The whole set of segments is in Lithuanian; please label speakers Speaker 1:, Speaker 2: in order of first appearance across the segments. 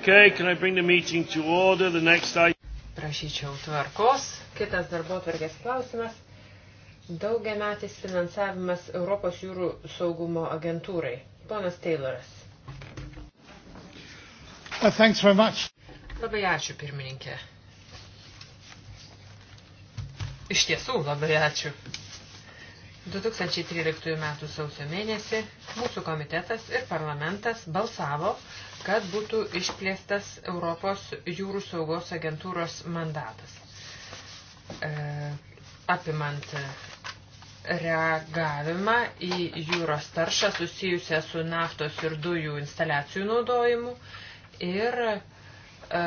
Speaker 1: Okay, can I bring the meeting to order? The next
Speaker 2: Prašyčiau tvarkos. Kitas darbo tvarkės klausimas. Daugiametis finansavimas Europos jūrų saugumo agentūrai. Ponas Tayloras.
Speaker 1: Uh, thanks very much.
Speaker 2: Labai ačiū, pirmininkė. Iš tiesų, labai ačiū. 2013 m. sausio mėnesį mūsų komitetas ir parlamentas balsavo, kad būtų išplėstas Europos jūrų saugos agentūros mandatas, e, apimant reagavimą į jūros taršą susijusią su naftos ir dujų instaliacijų naudojimu ir e,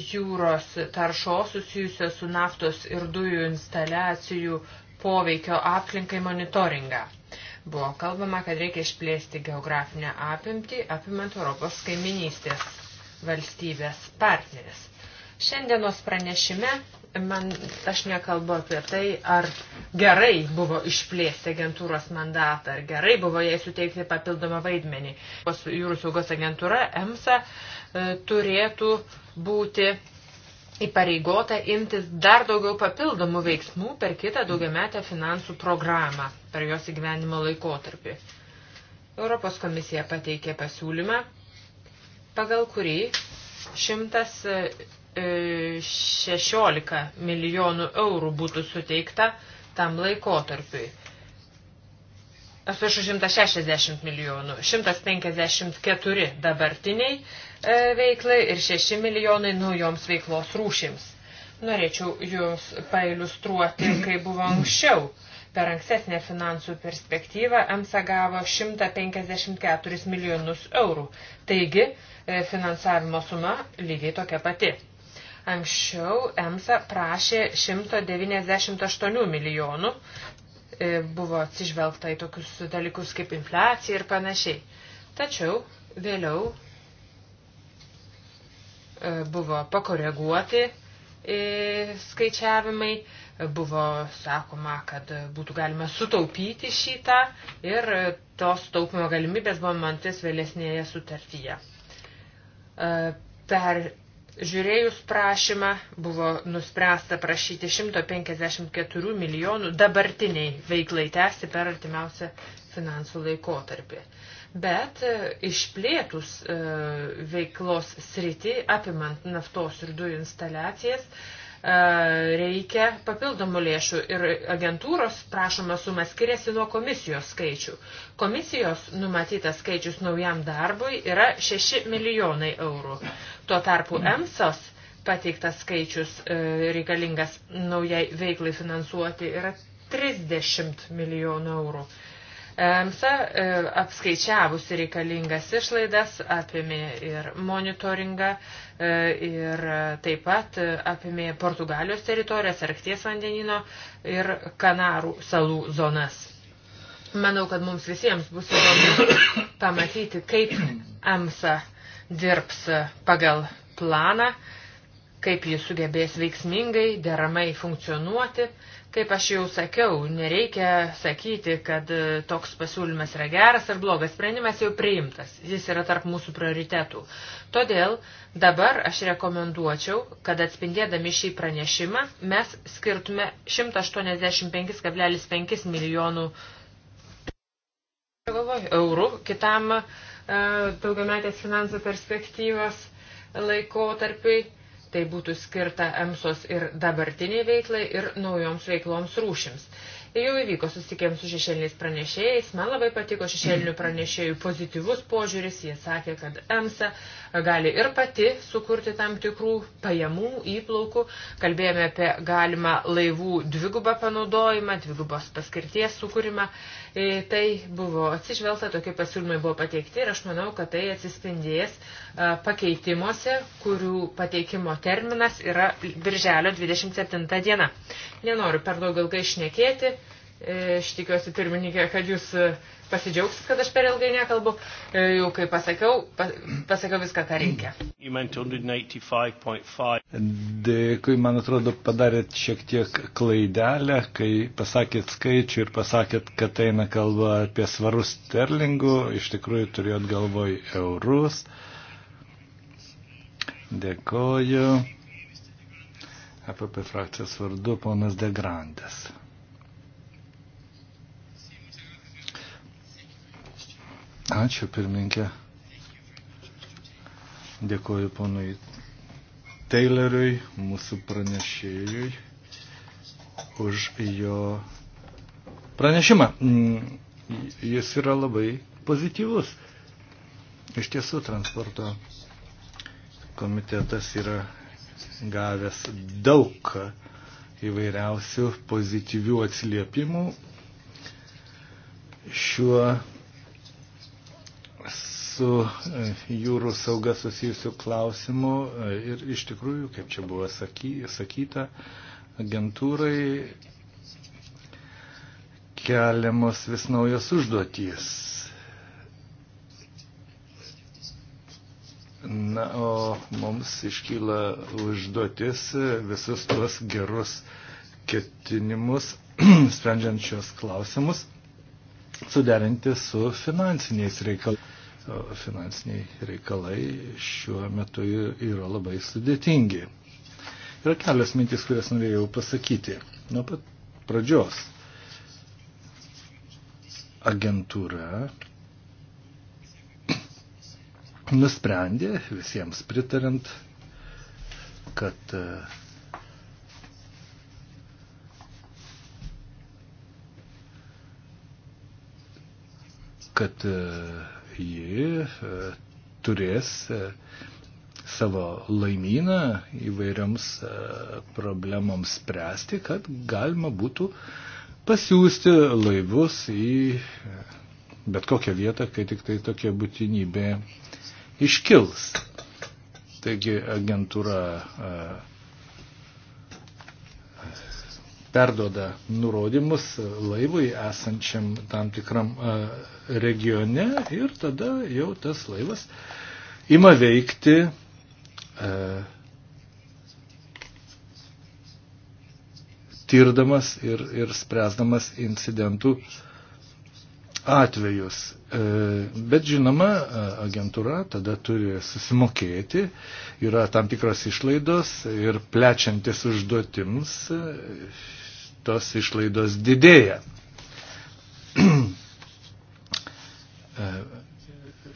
Speaker 2: jūros taršos susijusios su naftos ir dujų instaliacijų poveikio aplinkai monitoringą. Buvo kalbama, kad reikia išplėsti geografinę apimtį, apimant Europos kaiminystės valstybės partneris. Šiandienos pranešime man, aš nekalbu apie tai, ar gerai buvo išplėsti agentūros mandatą, ar gerai buvo jai suteikti papildomą vaidmenį. Jūrų saugos agentūra EMSA e, turėtų būti įpareigota imtis dar daugiau papildomų veiksmų per kitą daugiametę finansų programą per jos įgyvenimo laikotarpį. Europos komisija pateikė pasiūlymą, pagal kurį 100 16 e, milijonų eurų būtų suteikta tam laikotarpiui. Atsiprašau, 160 milijonų, 154 dabartiniai e, veiklai ir 6 milijonai naujoms veiklos rūšims. Norėčiau Jūs pailustruoti, kai buvo anksčiau. Per ankstesnę finansų perspektyvą EMSA gavo 154 milijonus eurų. Taigi, e, finansavimo suma lygiai tokia pati. Anksčiau EMSA prašė 198 milijonų, e, buvo atsižvelgta į tokius dalykus kaip infliacija ir panašiai. Tačiau vėliau e, buvo pakoreguoti e, skaičiavimai, buvo sakoma, kad būtų galima sutaupyti šitą ir tos taupimo galimybės buvo mantis vėlesnėje sutartyje. Per Žiūrėjus prašymą buvo nuspręsta prašyti 154 milijonų dabartiniai veiklai tęsti per artimiausią finansų laikotarpį. Bet e, išplėtus e, veiklos sritį, apimant naftos ir dujų instaliacijas, e, reikia papildomų lėšų ir agentūros prašoma suma skiriasi nuo komisijos skaičių. Komisijos numatytas skaičius naujam darbui yra 6 milijonai eurų. Tuo tarpu EMSOS pateiktas skaičius e, reikalingas naujai veiklai finansuoti yra 30 milijonų eurų. EMSA e, apskaičiavusi reikalingas išlaidas apimė ir monitoringą e, ir taip pat apimė Portugalijos teritorijas, Arkties vandenino ir Kanarų salų zonas. Manau, kad mums visiems bus įdomu pamatyti, kaip EMSA uh, dirbs pagal planą, kaip jis sugebės veiksmingai, deramai funkcionuoti. Kaip aš jau sakiau, nereikia sakyti, kad e, toks pasiūlymas yra geras ar blogas, sprendimas jau priimtas, jis yra tarp mūsų prioritetų. Todėl dabar aš rekomenduočiau, kad atspindėdami šį pranešimą mes skirtume 185,5 milijonų eurų kitam uh, E, daugiametės finansų perspektyvos laikotarpiai. Tai būtų skirta EMSOS ir dabartiniai veiklai ir naujoms veikloms rūšims. Tai jau įvyko susitikėm su šešėliniais pranešėjais, man labai patiko šešėlinių pranešėjų pozityvus požiūris, jie sakė, kad EMSA gali ir pati sukurti tam tikrų pajamų įplaukų, kalbėjome apie galimą laivų dvigubą panaudojimą, dvigubos paskirties sukūrimą, e, tai buvo atsižvelgta, tokie pasiūlymai buvo pateikti ir aš manau, kad tai atsispindės e, pakeitimuose, kurių pateikimo terminas yra birželio 27 diena. Nenoriu per daug ilgai išnekėti, E, aš tikiuosi, pirmininkė, kad jūs e, pasidžiaugsit, kad aš per ilgai nekalbu. E, jau kai pasakiau, pasakiau viską, ką reikia.
Speaker 1: Dėkui, man atrodo, padarėt šiek tiek klaidelę, kai pasakėt skaičių ir pasakėt, kad eina kalba apie svarus sterlingų, iš tikrųjų turėjot galvoj eurus. Dėkoju. APP frakcijos vardu ponas Degrandės. Ačiū, pirmininkė. Dėkuoju ponui Taylorui, mūsų pranešėjui, už jo pranešimą. Jis yra labai pozityvus. Iš tiesų, transporto komitetas yra gavęs daug įvairiausių pozityvių atsiliepimų šiuo su e, jūrų sauga susijusių klausimų e, ir iš tikrųjų, kaip čia buvo saky, sakyta, agentūrai keliamos vis naujos užduotys. Na, o mums iškyla užduotis visus tuos gerus ketinimus, sprendžiančios klausimus, suderinti su finansiniais reikalais finansiniai reikalai šiuo metu yra labai sudėtingi. Yra kelias mintis, kurias norėjau pasakyti. Nuo pat pradžios agentūra nusprendė visiems pritarant, kad kad ji e, turės e, savo laimyną įvairioms e, problemoms spręsti, kad galima būtų pasiūsti laivus į bet kokią vietą, kai tik tai tokia būtinybė iškils. Taigi agentūra perdoda nurodymus laivui esančiam tam tikram regione ir tada jau tas laivas ima veikti tirdamas ir, ir spręsdamas incidentų atvejus. E, bet žinoma, agentūra tada turi susimokėti, yra tam tikros išlaidos ir plečiantis užduotims tos išlaidos didėja. E,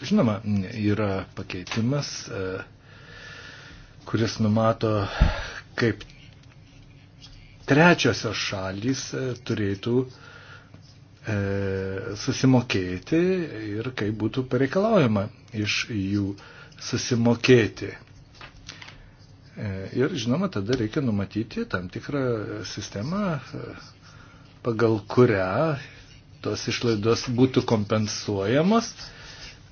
Speaker 1: žinoma, yra pakeitimas, e, kuris numato, kaip trečiosios šalys e, turėtų susimokėti ir kaip būtų pareikalaujama iš jų susimokėti. E, ir žinoma, tada reikia numatyti tam tikrą sistemą, e, pagal kurią tos išlaidos būtų kompensuojamos.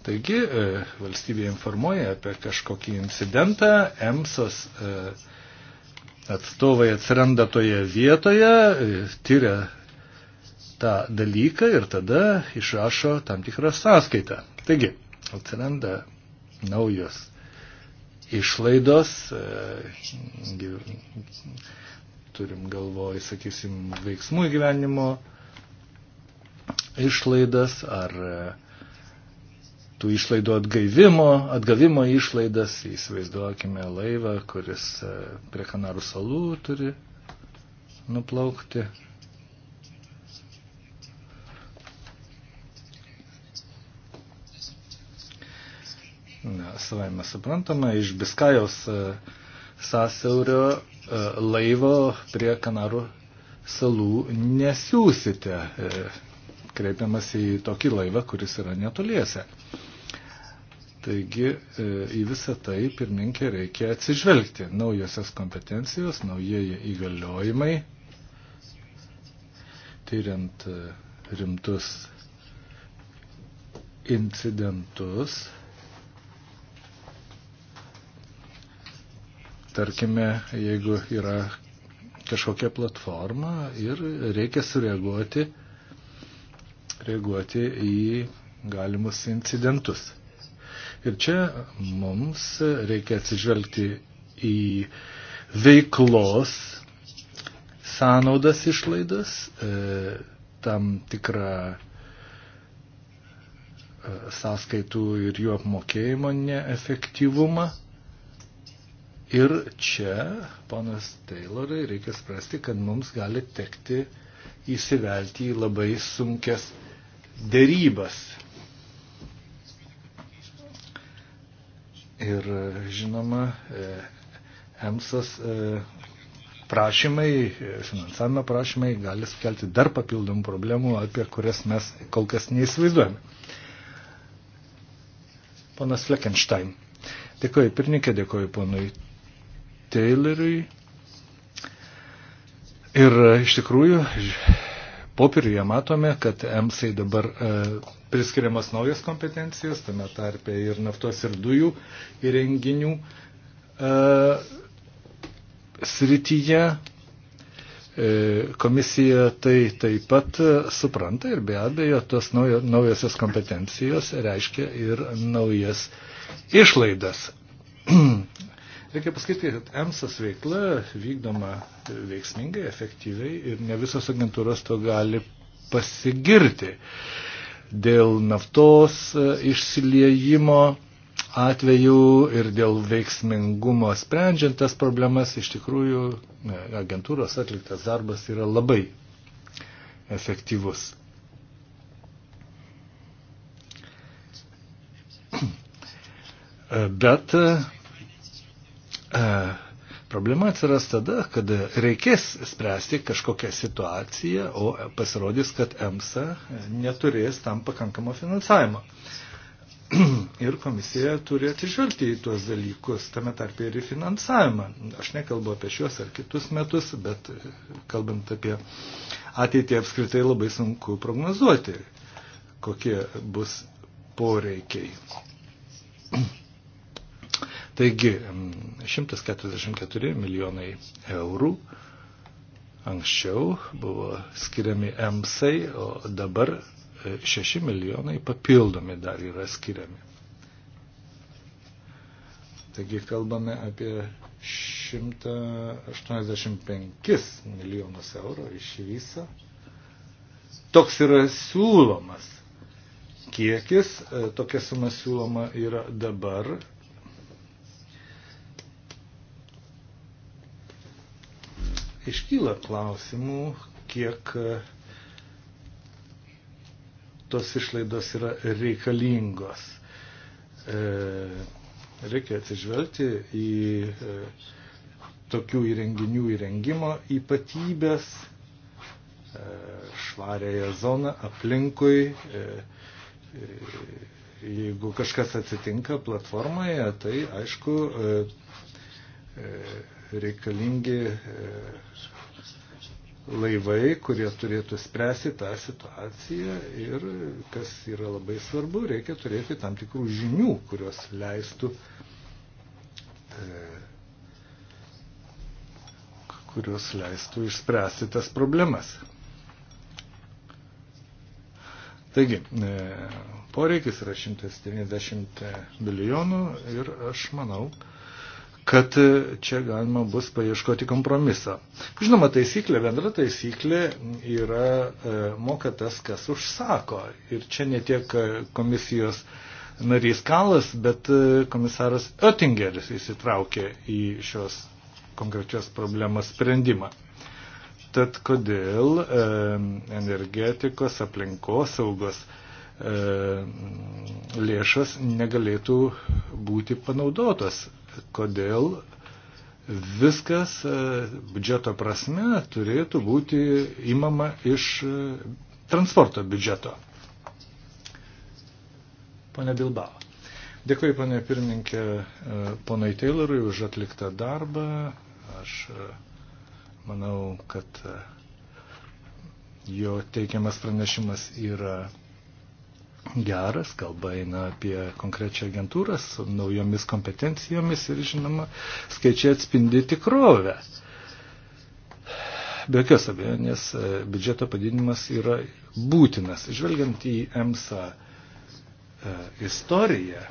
Speaker 1: Taigi e, valstybė informuoja apie kažkokį incidentą, EMSOS atstovai atsiranda toje vietoje, tyria tą dalyką ir tada išrašo tam tikrą sąskaitą. Taigi atsiranda naujos išlaidos, e, turim galvoj, sakysim, veiksmų įgyvenimo išlaidas ar e, tų išlaidų atgaivimo, atgavimo išlaidas, įsivaizduokime laivą, kuris e, prie Kanarų salų turi nuplaukti Na, savaime suprantama, iš Biskajaus e, sąsiaurio e, laivo prie Kanarų salų nesiūsite, e, kreipiamas į tokį laivą, kuris yra netoliese. Taigi į visą tai pirminkė reikia atsižvelgti. Naujosios kompetencijos, naujieji įgaliojimai, tyriant rimtus incidentus Tarkime, jeigu yra kažkokia platforma ir reikia sureaguoti reaguoti į galimus incidentus. Ir čia mums reikia atsižvelgti į veiklos sąnaudas išlaidas, e, tam tikrą e, sąskaitų ir jų apmokėjimo neefektyvumą. Ir čia, ponas Taylorai, reikia spręsti, kad mums gali tekti įsivelti į labai sunkias dėrybas. Ir žinoma, e, EMSAS e, prašymai, e, finansavimo prašymai gali sukelti dar papildomų problemų, apie kurias mes kol kas neįsivaizduojame. Ponas Fleckenstein. Dėkoju pirmininkė, dėkoju ponui Tayloriui. Ir e, iš tikrųjų, popieriuje matome, kad EMSAI dabar e, priskiriamas naujas kompetencijas, tame tarpe ir naftos ir dujų įrenginių e, srityje. E, komisija tai taip pat supranta ir be abejo, tos naujasios kompetencijos reiškia ir naujas išlaidas. Reikia pasakyti, kad EMSAS veikla vykdoma veiksmingai, efektyviai ir ne visos agentūros to gali pasigirti. Dėl naftos e, išsiliejimo atveju ir dėl veiksmingumo sprendžiant tas problemas, iš tikrųjų e, agentūros atliktas darbas yra labai efektyvus. E, bet E, problema atsiras tada, kad reikės spręsti kažkokią situaciją, o pasirodys, kad EMSA neturės tam pakankamo finansavimo. Ir komisija turi atsižvelgti į tuos dalykus, tame tarpe ir į finansavimą. Aš nekalbu apie šiuos ar kitus metus, bet kalbant apie ateitį apskritai labai sunku prognozuoti, kokie bus poreikiai. Taigi 144 milijonai eurų anksčiau buvo skiriami EMSai, o dabar 6 e, milijonai papildomi dar yra skiriami. Taigi kalbame apie 185 milijonus eurų iš viso. Toks yra siūlomas kiekis, e, tokia suma siūloma yra dabar iškyla klausimų, kiek e, tos išlaidos yra reikalingos. E, reikia atsižvelgti į e, tokių įrenginių įrengimo ypatybės, švarėje zoną aplinkui. Jeigu kažkas atsitinka platformoje, tai aišku, reikalingi e, laivai, kurie turėtų spręsti tą situaciją ir, kas yra labai svarbu, reikia turėti tam tikrų žinių, kurios leistų, e, kurios leistų išspręsti tas problemas. Taigi, e, poreikis yra 190 milijonų ir aš manau, kad e, čia galima bus paieškoti kompromiso. Žinoma, taisyklė, bendra taisyklė yra e, moka tas, kas užsako. Ir čia ne tiek e, komisijos narys Kalas, bet e, komisaras Oettingeris įsitraukė į šios konkrečios problemos sprendimą. Tad kodėl e, energetikos, aplinkos saugos e, lėšas negalėtų būti panaudotos kodėl viskas e, biudžeto prasme turėtų būti imama iš e, transporto biudžeto. Pane Bilbao. Dėkui, pane pirmininkė, e, ponai Taylorui už atliktą darbą. Aš manau, kad jo teikiamas pranešimas yra geras, kalba eina apie konkrečią agentūrą su naujomis kompetencijomis ir, žinoma, skaičiai atspindi tikrovę. Be jokios abejonės e, biudžeto padidinimas yra būtinas. Žvelgiant į EMSA e, istoriją,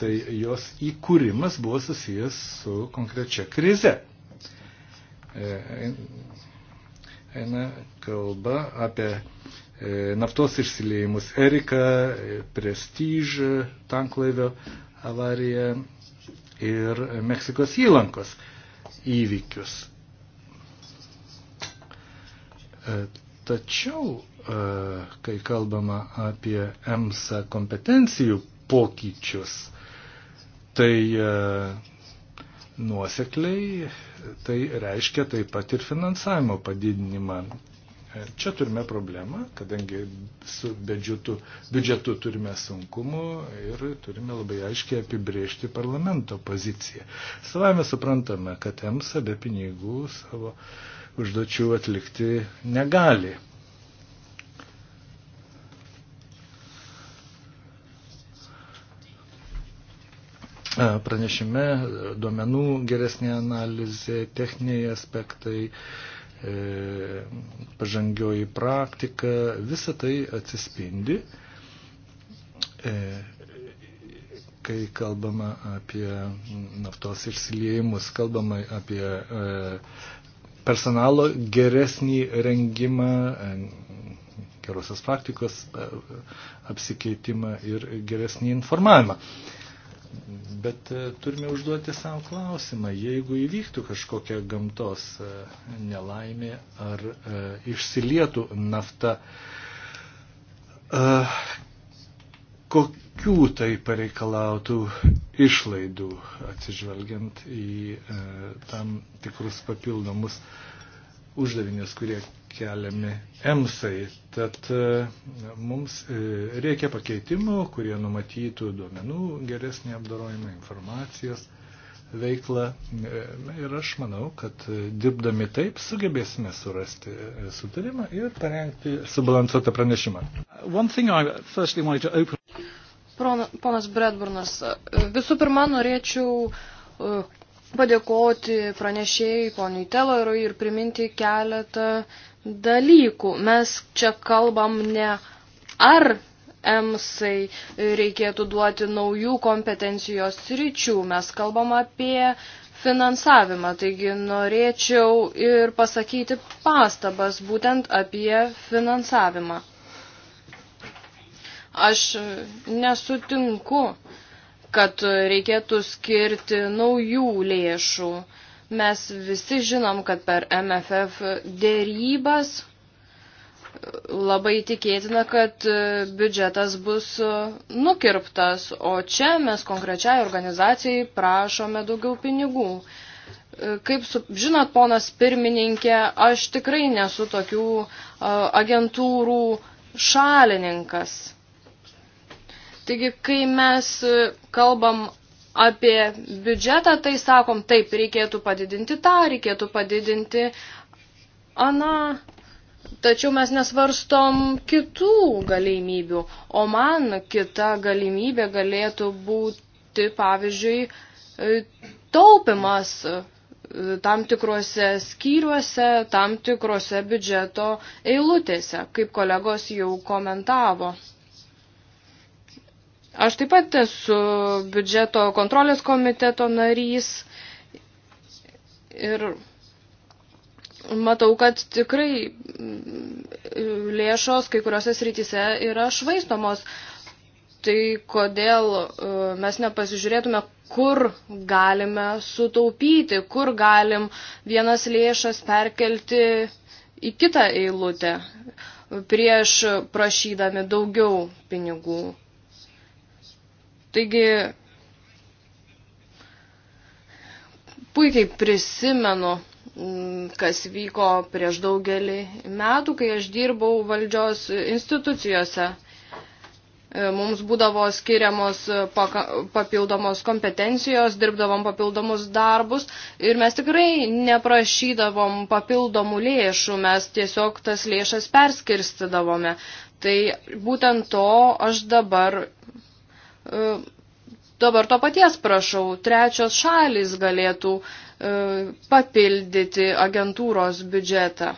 Speaker 1: tai jos įkūrimas buvo susijęs su konkrečia krize. E, eina kalba apie E, naftos išsiliejimus Erika, e, Prestiž tanklaivio avariją ir Meksikos įlankos įvykius. E, tačiau, kai kalbama apie EMSA kompetencijų pokyčius, tai nuosekliai tai reiškia taip pat ir finansavimo padidinimą Čia turime problemą, kadangi su biudžetu, biudžetu turime sunkumų ir turime labai aiškiai apibriežti parlamento poziciją. Savame suprantame, kad EMSA be pinigų savo užduočių atlikti negali. Pranešime duomenų geresnė analizė, techniniai aspektai, E, pažangioji praktika, visa tai atsispindi, e, kai kalbama apie naftos išsiliejimus, kalbama apie e, personalo geresnį rengimą, gerosios praktikos apsikeitimą ir geresnį informavimą. Bet e, turime užduoti savo klausimą, jeigu įvyktų kažkokia gamtos e, nelaimė ar e, išsilietų nafta, kokių tai pareikalautų išlaidų atsižvelgiant į tam tikrus papildomus uždavinius, kurie keliami emsai. Tad e, mums e, reikia pakeitimų, kurie numatytų duomenų, geresnį apdarojimą informacijos veiklą. E, ir aš manau, kad dirbdami taip sugebėsime surasti sutarimą ir parengti subalansuotą pranešimą.
Speaker 3: Ponas Bredburnas, visų pirma, norėčiau padėkoti pranešėjai poniai Telorui ir priminti keletą dalykų. Mes čia kalbam ne ar EMSai reikėtų duoti naujų kompetencijos ryčių, mes kalbam apie finansavimą. Taigi norėčiau ir pasakyti pastabas būtent apie finansavimą. Aš nesutinku, kad reikėtų skirti naujų lėšų. Uh, Mes visi žinom, kad per MFF dėrybas labai tikėtina, kad e, biudžetas bus e, nukirptas, o čia mes konkrečiai organizacijai prašome daugiau pinigų. E, kaip su, žinot, ponas pirmininkė, aš tikrai nesu tokių agentūrų šalininkas. Taigi, kai mes kalbam apie biudžetą, tai sakom, taip, reikėtų padidinti tą, reikėtų padidinti aną. Tačiau mes nesvarstom kitų galimybių, o man kita galimybė galėtų būti, pavyzdžiui, e, taupimas e, tam tikrose skyriuose, tam tikrose biudžeto eilutėse, kaip kolegos jau komentavo. Aš taip pat esu biudžeto kontrolės komiteto narys ir matau, kad tikrai mm, lėšos kai kuriuose srityse yra švaistomos. Tai kodėl e, mes nepasižiūrėtume, kur galime sutaupyti, kur galim vienas lėšas perkelti į kitą eilutę prieš prašydami daugiau pinigų. Taigi, puikiai prisimenu, mm, kas vyko prieš daugelį metų, kai aš dirbau valdžios institucijose. E, mums būdavo skiriamos papildomos kompetencijos, dirbdavom papildomus darbus ir mes tikrai neprašydavom papildomų lėšų, mes tiesiog tas lėšas perskirstydavome. Tai būtent to aš dabar E, dabar to paties prašau, trečios šalis galėtų e, papildyti agentūros biudžetą.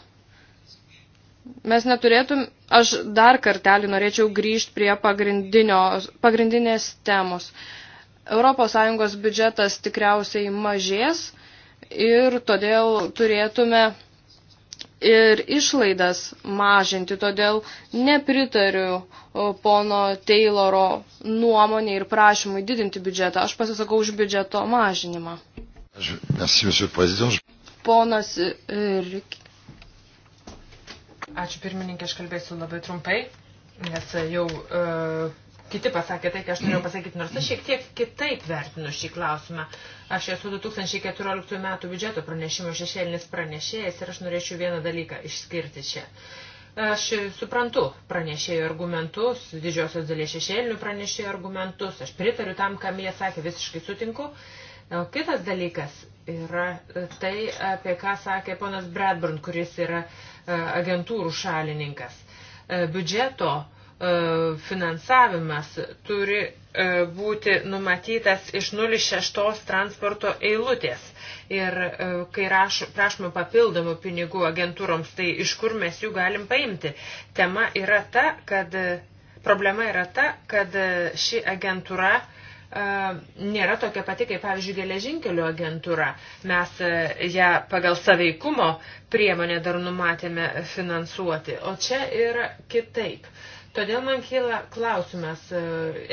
Speaker 3: Mes neturėtum, aš dar kartelį norėčiau grįžti prie pagrindinės temos. ES biudžetas tikriausiai mažės ir todėl turėtume ir išlaidas mažinti, todėl nepritariu pono Tayloro nuomonė ir prašymui didinti biudžetą. Aš pasisakau už biudžeto mažinimą.
Speaker 1: Merci,
Speaker 3: Ponas e, Rik. Ačiū pirmininkė, aš kalbėsiu
Speaker 2: labai trumpai, nes jau uh, kiti pasakė tai, ką aš norėjau pasakyti, nors aš šiek tiek kitaip vertinu šį klausimą. Aš esu 2014 metų biudžeto pranešimo šešėlinis pranešėjas ir aš norėčiau vieną dalyką išskirti čia. Aš suprantu pranešėjų argumentus, didžiosios dalies šešėlinių pranešėjų argumentus, aš pritariu tam, kam jie sakė, visiškai sutinku. O kitas dalykas yra tai, apie ką sakė ponas Bradburn, kuris yra e, agentūrų šalininkas. E, biudžeto uh, E, finansavimas turi e, būti numatytas iš 06 transporto eilutės. Ir e, kai raš, prašome papildomų pinigų agentūroms, tai iš kur mes jų galim paimti? Tema yra ta, kad problema yra ta, kad ši agentūra nėra tokia pati kaip, pavyzdžiui, geležinkelių agentūra. Mes ją pagal saveikumo priemonę dar numatėme finansuoti, o čia yra kitaip. Uh, Todėl man kyla klausimas e,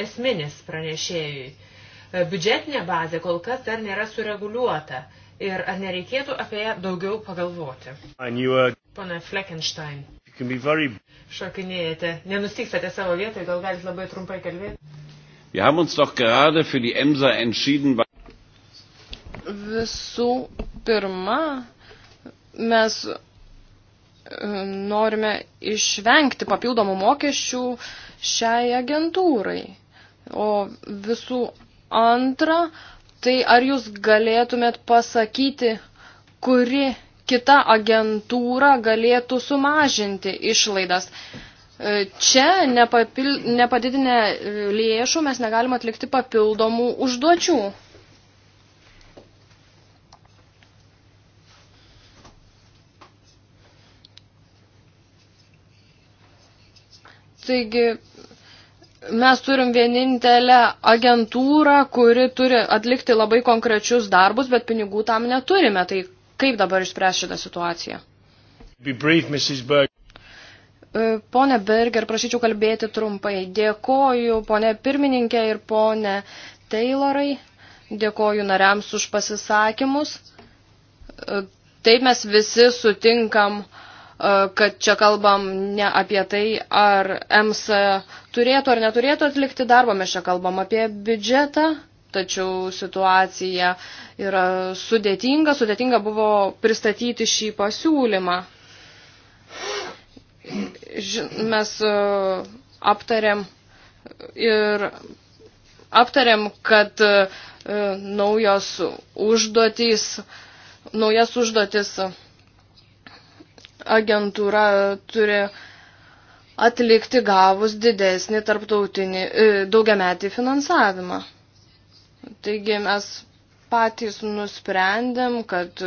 Speaker 2: esminis pranešėjui. E, biudžetinė bazė kol kas dar nėra sureguliuota ir ar nereikėtų apie ją daugiau pagalvoti. Pone Fleckenstein, very... šokinėjate, nenustikstate savo vietoje, gal galite labai trumpai kalbėti?
Speaker 3: Wir haben uns doch gerade für die EMSA entschieden. Visų pirma, mes norime išvengti papildomų mokesčių šiai agentūrai. O visų antra, tai ar jūs galėtumėt pasakyti, kuri kita agentūra galėtų sumažinti išlaidas? E, čia nepapil, nepadidinę lėšų mes negalime atlikti papildomų užduočių. Taigi mes turim vienintelę agentūrą, kuri turi atlikti labai konkrečius darbus, bet pinigų tam neturime. Tai kaip dabar išspręs šitą situaciją?
Speaker 2: Be brief, Mrs. Berg.
Speaker 3: E, pone Berger, prašyčiau kalbėti trumpai. Dėkoju, ponė pirmininkė ir ponė Taylorai. Dėkoju nariams už pasisakymus. E, taip mes visi sutinkam uh, E, kad čia kalbam ne apie tai, ar EMS turėtų ar neturėtų atlikti darbą, mes čia kalbam apie biudžetą, tačiau situacija yra sudėtinga, sudėtinga buvo pristatyti šį pasiūlymą. Mes e, aptarėm ir aptarėm, kad e, naujos užduotys, naujas užduotis agentūra turi atlikti gavus didesnį tarptautinį e, daugiametį finansavimą. Taigi mes patys nusprendėm, kad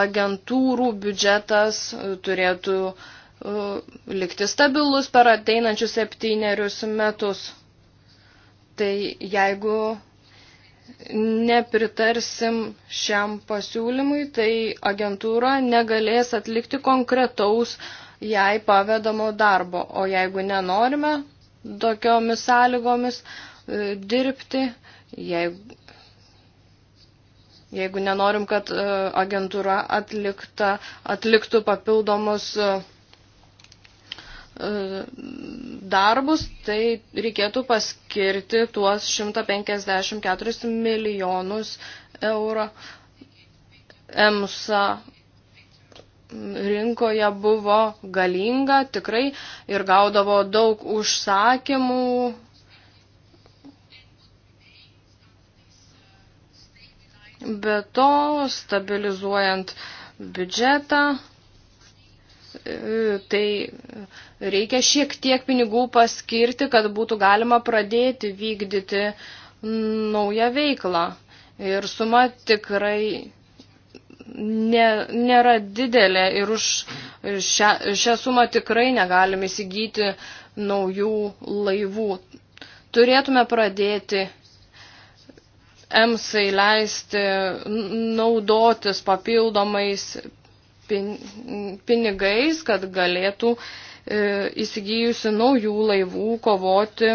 Speaker 3: agentūrų biudžetas turėtų e, likti stabilus per ateinančius septynerius metus. Tai jeigu nepritarsim šiam pasiūlymui, tai agentūra negalės atlikti konkretaus jai pavedamo darbo. O jeigu nenorime tokiomis sąlygomis e, dirbti, jeigu, jeigu nenorim, kad e, agentūra atlikta, atliktų papildomus e, E, darbus, tai reikėtų paskirti tuos 154 milijonus eurų. EMSA rinkoje buvo galinga tikrai ir gaudavo daug užsakymų. Be to, stabilizuojant biudžetą, tai reikia šiek tiek pinigų paskirti, kad būtų galima pradėti vykdyti naują veiklą. Ir suma tikrai ne, nėra didelė ir už šią, šią sumą tikrai negalim įsigyti naujų laivų. Turėtume pradėti EMSai leisti naudotis papildomais pin, pinigais, kad galėtų e, įsigijusi naujų laivų kovoti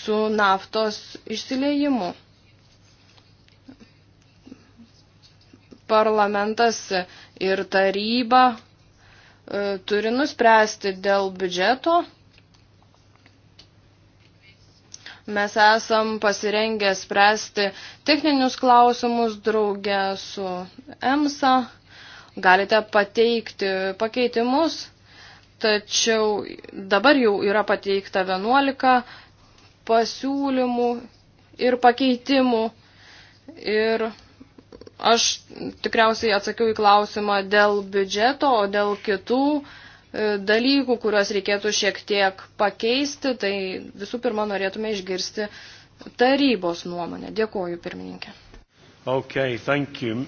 Speaker 3: su naftos išsileimu. Parlamentas ir taryba e, turi nuspręsti dėl biudžeto. Mes esam pasirengę spręsti techninius klausimus draugę su EMSA galite pateikti pakeitimus, tačiau dabar jau yra pateikta 11 pasiūlymų ir pakeitimų. Ir aš tikriausiai atsakiau į klausimą dėl biudžeto, o dėl kitų e, dalykų, kuriuos reikėtų šiek tiek pakeisti, tai visų pirma norėtume išgirsti tarybos nuomonę. Dėkuoju, pirmininkė.
Speaker 1: Okay, thank you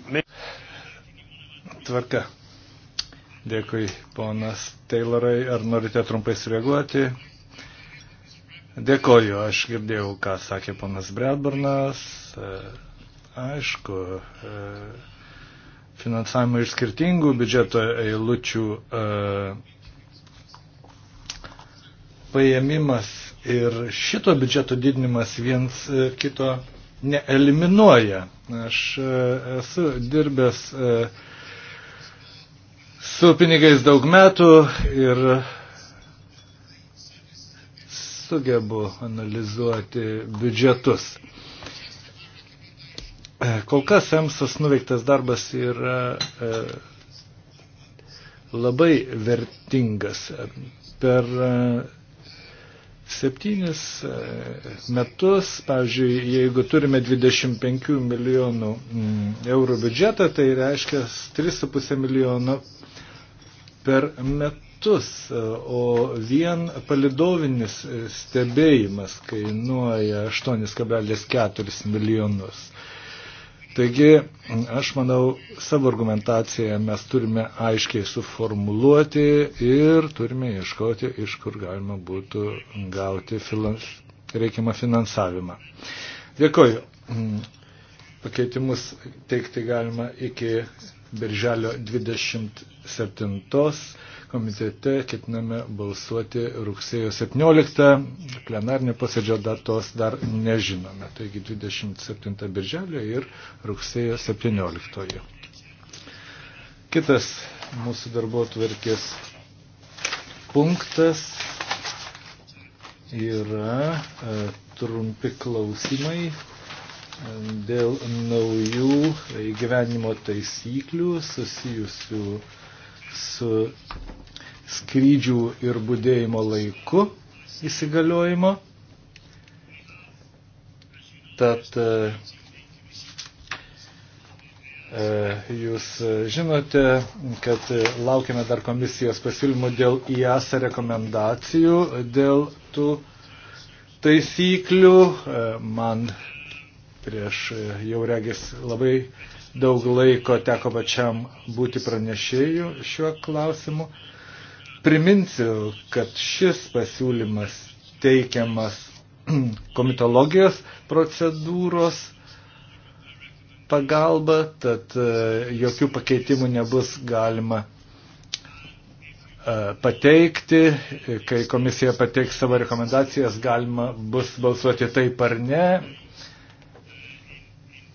Speaker 1: tvarka. Dėkui, ponas Taylorai. Ar norite trumpai sureaguoti? Dėkoju, aš girdėjau, ką sakė ponas Bradburnas. E, aišku, e, finansavimo iš skirtingų biudžeto eilučių e, paėmimas ir šito biudžeto didinimas viens kito neeliminuoja. Aš esu dirbęs su pinigais daug metų ir sugebu analizuoti biudžetus. E, kol kas EMSAS nuveiktas darbas yra e, labai vertingas. Per e, septynis metus, pavyzdžiui, jeigu turime 25 milijonų mm, eurų biudžetą, tai reiškia 3,5 milijono per metus, o vien palidovinis stebėjimas kainuoja 8,4 milijonus. Taigi, aš manau, savo argumentaciją mes turime aiškiai suformuluoti ir turime ieškoti, iš kur galima būtų gauti filans, reikiamą finansavimą. Dėkoju. Pakeitimus teikti galima iki birželio 20 7 komitete ketiname balsuoti rugsėjo 17, plenarnio posėdžio datos dar nežinome, taigi 27 birželio ir rugsėjo 17. Kitas mūsų darbo tvarkės punktas yra e, trumpi klausimai e, dėl naujų gyvenimo taisyklių susijusių su skrydžių ir būdėjimo laiku įsigaliojimo. Tad e, e, Jūs žinote, kad laukiame dar komisijos pasiūlymų dėl IASA rekomendacijų, dėl tų taisyklių. E, man prieš jau regis labai daug laiko teko pačiam būti pranešėjų šiuo klausimu. Priminsiu, kad šis pasiūlymas teikiamas komitologijos procedūros pagalba, tad e, jokių pakeitimų nebus galima e, pateikti. Kai komisija pateiks savo rekomendacijas, galima bus balsuoti taip ar ne.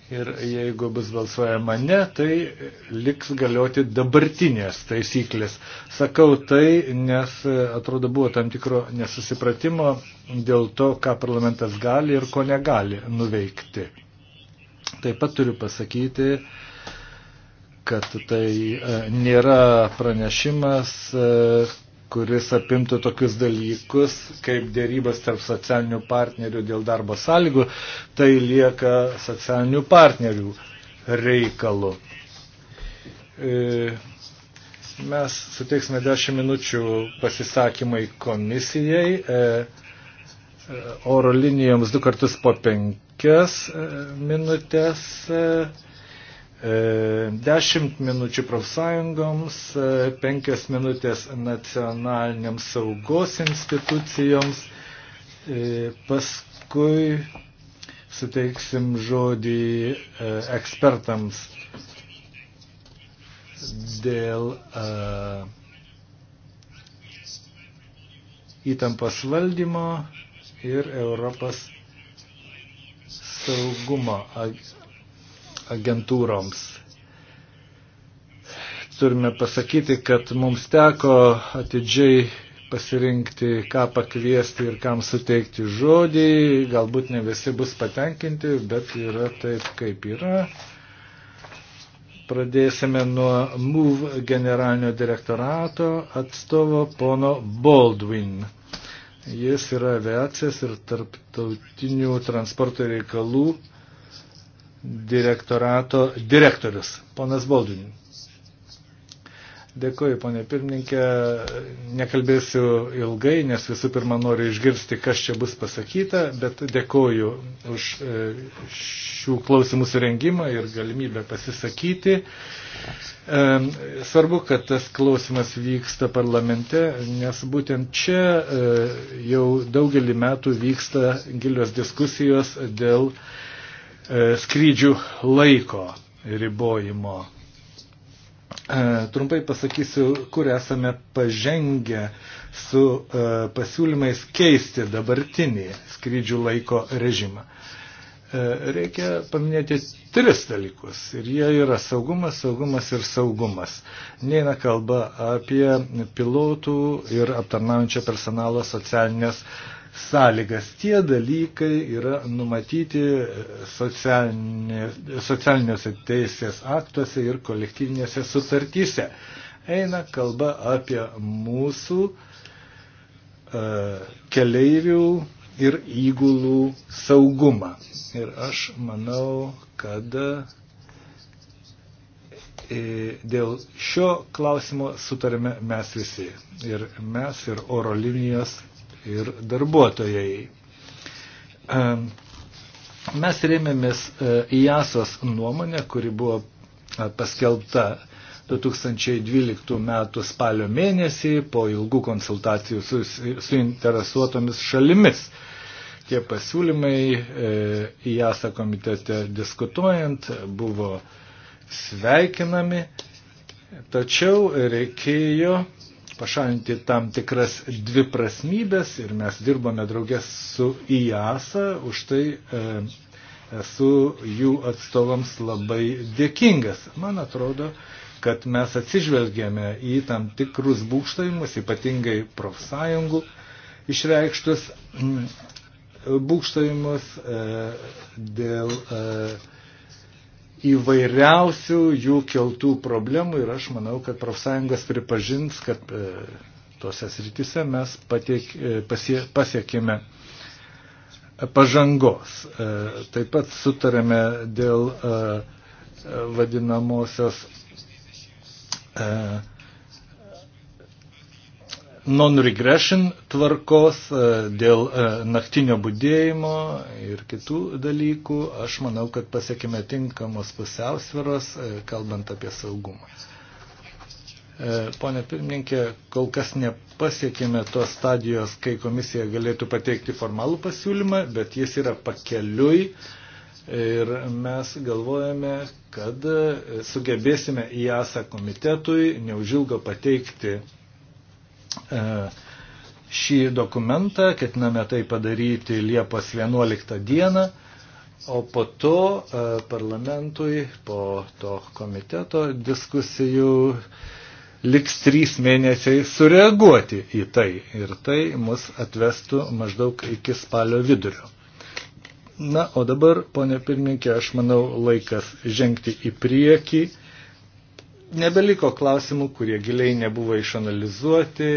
Speaker 1: Ir jeigu bus balsuojama ne, tai liks galioti dabartinės taisyklės. Sakau tai, nes atrodo buvo tam tikro nesusipratimo dėl to, ką parlamentas gali ir ko negali nuveikti. Taip pat turiu pasakyti, kad tai e, nėra pranešimas e, kuris apimtų tokius dalykus, kaip dėrybas tarp socialinių partnerių dėl darbo sąlygų, tai lieka socialinių partnerių reikalu. E, mes suteiksime 10 minučių pasisakymai komisijai, e, oro linijoms du kartus po penkias e, minutės 10 e, minučių profsąjungoms, 5 e, minutės nacionaliniams saugos institucijoms, e, paskui suteiksim žodį ekspertams dėl įtampos valdymo ir Europos saugumo agentūroms. Turime pasakyti, kad mums teko atidžiai pasirinkti, ką pakviesti ir kam suteikti žodį. Galbūt ne visi bus patenkinti, bet yra taip, kaip yra. Pradėsime nuo MUV generalinio direktorato atstovo pono Baldwin. Jis yra aviacijos ir tarptautinių transporto reikalų direktorato direktorius, ponas Boldvin. Dėkuoju, ponė pirmininkė, nekalbėsiu ilgai, nes visų pirma noriu išgirsti, kas čia bus pasakyta, bet dėkuoju už e, šių klausimų surengimą ir galimybę pasisakyti. E, svarbu, kad tas klausimas vyksta parlamente, nes būtent čia e, jau daugelį metų vyksta gilios diskusijos dėl E, skrydžių laiko ribojimo. E, trumpai pasakysiu, kur esame pažengę su e, pasiūlymais keisti dabartinį skrydžių laiko režimą. Reikia paminėti tris dalykus ir jie yra saugumas, saugumas ir saugumas. Neina kalba apie pilotų ir aptarnaujančio personalo socialinės sąlygas. Tie dalykai yra numatyti socialinė, socialiniuose teisės aktuose ir kolektyvinėse sutartyse. Eina kalba apie mūsų uh, keleivių ir įgulų saugumą. Ir aš manau, kad e, dėl šio klausimo sutarėme mes visi. Ir mes, ir oro linijos ir darbuotojai. E, mes rėmėmės e, IASOS nuomonę, kuri buvo e, paskelbta 2012 m. spalio mėnesį po ilgų konsultacijų su, su interesuotomis šalimis. Tie pasiūlymai IASA komitete diskutuojant buvo sveikinami, tačiau reikėjo pašalinti tam tikras dviprasmybės ir mes dirbame draugės su IASA, už tai e, esu jų atstovams labai dėkingas. Man atrodo, kad mes atsižvelgėme į tam tikrus būkštavimus, ypatingai profsąjungų išreikštus būkštavimus e, dėl e, įvairiausių jų keltų problemų ir aš manau, kad profsąjungas pripažins, kad e, tuose srityse mes patiek, e, pasie, pasiekime pažangos. E, taip pat sutarėme dėl vadinamosios non-regression tvarkos, e, dėl e, naktinio būdėjimo ir kitų dalykų, aš manau, kad pasiekime tinkamos pusiausviros, e, kalbant apie saugumą. Pone pirmininkė, kol kas nepasiekime tos stadijos, kai komisija galėtų pateikti formalų pasiūlymą, bet jis yra pakeliui ir mes galvojame, kad sugebėsime į ASA komitetui neužilgo pateikti E, šį dokumentą, ketiname tai padaryti Liepos 11 dieną, o po to e, parlamentui, po to komiteto diskusijų liks trys mėnesiai sureaguoti į tai ir tai mus atvestų maždaug iki spalio vidurio. Na, o dabar, ponė pirmininkė, aš manau laikas žengti į priekį nebeliko klausimų, kurie giliai nebuvo išanalizuoti.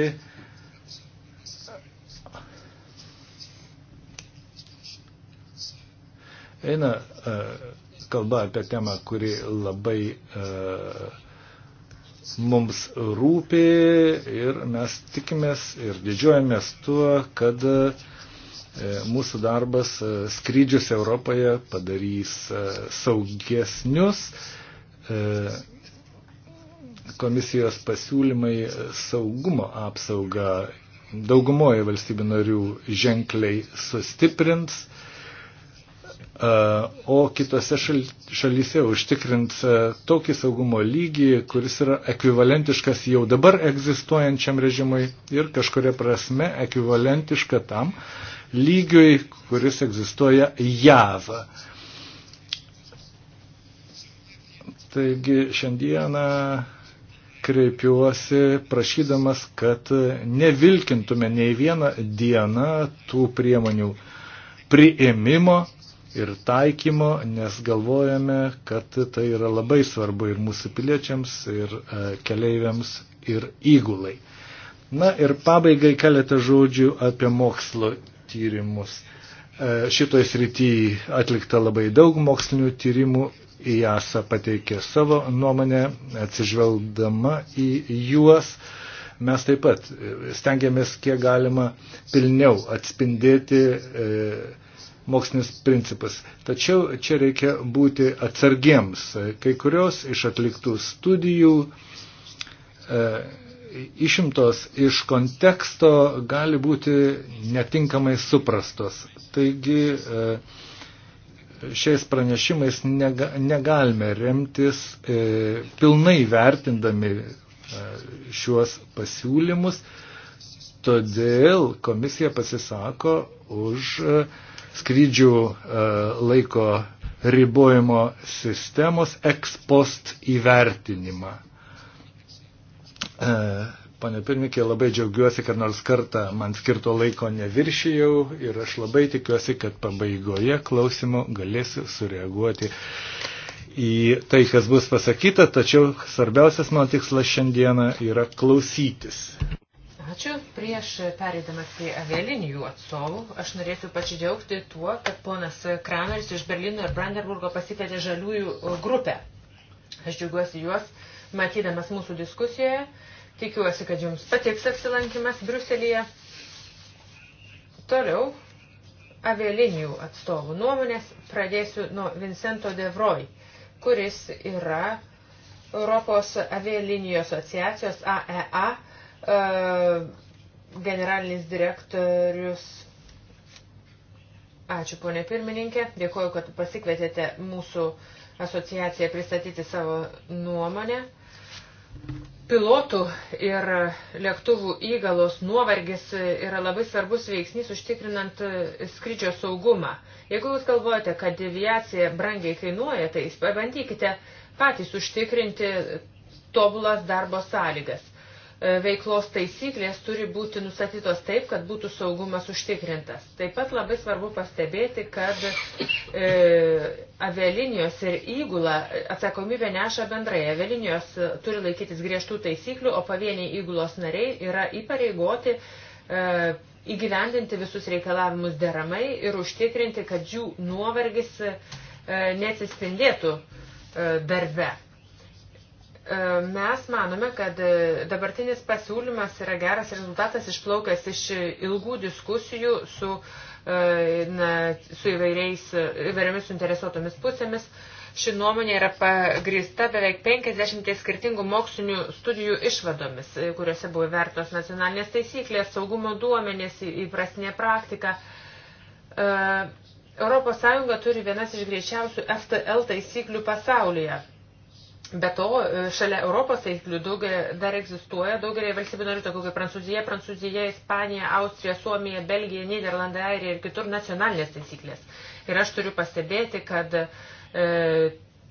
Speaker 1: Eina e, kalba apie temą, kuri labai e, mums rūpi ir mes tikimės ir didžiuojamės tuo, kad e, mūsų darbas skrydžius Europoje padarys saugesnius komisijos pasiūlymai saugumo apsaugą daugumoje valstybių narių ženkliai sustiprins, o kitose šalyse užtikrins tokį saugumo lygį, kuris yra ekvivalentiškas jau dabar egzistuojančiam režimui ir kažkuria prasme ekvivalentiška tam lygiui, kuris egzistuoja JAV. Taigi šiandieną kreipiuosi prašydamas, kad nevilkintume nei vieną dieną tų priemonių priėmimo ir taikymo, nes galvojame, kad tai yra labai svarbu ir mūsų piliečiams, ir e, keleiviams, ir įgulai. Na ir pabaigai keletą žodžių apie mokslo tyrimus. E, Šitoje srityje atlikta labai daug mokslinių tyrimų IASA pateikė savo nuomonę, atsižvelgdama į juos. Mes taip pat stengiamės kiek galima pilniau atspindėti e, mokslinis principas. Tačiau čia reikia būti atsargiems. Kai kurios iš atliktų studijų e, išimtos iš konteksto gali būti netinkamai suprastos. Taigi, e, šiais pranešimais nega, negalime remtis e, pilnai vertindami e, šiuos pasiūlymus, todėl komisija pasisako už e, skrydžių e, laiko ribojimo sistemos ekspost įvertinimą. E, Pane pirmikė, labai džiaugiuosi, kad nors kartą man skirto laiko neviršijau ir aš labai tikiuosi, kad pabaigoje klausimo galėsiu sureaguoti į tai, kas bus pasakyta, tačiau svarbiausias mano tikslas šiandieną yra klausytis.
Speaker 2: Ačiū. Prieš perėdamas į avialinijų atstovų, aš norėčiau pasidžiaugti tuo, kad ponas Krameris iš Berlyno ir Brandenburgo pasikvietė žaliųjų grupę. Aš džiaugiuosi juos, matydamas mūsų diskusijoje Tikiuosi, kad jums patiks apsilankimas Bruselėje. Toliau avialinijų atstovų nuomonės pradėsiu nuo Vincento Devroj, kuris yra Europos avialinijų asociacijos AEA e e, generalinis direktorius. Ačiū, ponė pirmininkė. Dėkuoju, kad pasikvietėte mūsų asociaciją pristatyti savo nuomonę. Pilotų ir lėktuvų įgalos nuovargis yra labai svarbus veiksnys užtikrinant skrydžio saugumą. Jeigu jūs galvojate, kad aviacija brangiai kainuoja, tai pabandykite patys užtikrinti tobulas darbo sąlygas. E, veiklos taisyklės turi būti nustatytos taip, kad būtų saugumas užtikrintas. Taip pat labai svarbu pastebėti, kad e, avialinijos ir įgula e, atsakomybę neša bendrai. Avialinijos e, turi laikytis griežtų taisyklių, o pavieniai įgulos nariai yra įpareigoti e, įgyvendinti visus reikalavimus deramai ir užtikrinti, kad jų nuovargis e, neatsispindėtų e, darbe. E, mes manome, kad e, dabartinis pasiūlymas yra geras rezultatas išplaukęs iš ilgų diskusijų su, e, na, su įvairiais, įvairiomis suinteresuotomis pusėmis. Ši nuomonė yra pagrįsta beveik 50 skirtingų mokslinių studijų išvadomis, kuriuose buvo vertos nacionalinės taisyklės, saugumo duomenės, įprastinė praktika. Europos Sąjunga turi vienas iš greičiausių FTL taisyklių pasaulyje Be to, e, šalia Europos taisyklių dar egzistuoja daugelį valstybių narių, tokių kaip Prancūzija, Prancūzija, Ispanija, Austrija, Suomija, Belgija, Niderlandai, Airija ir kitur nacionalinės taisyklės. Ir aš turiu pastebėti, kad e,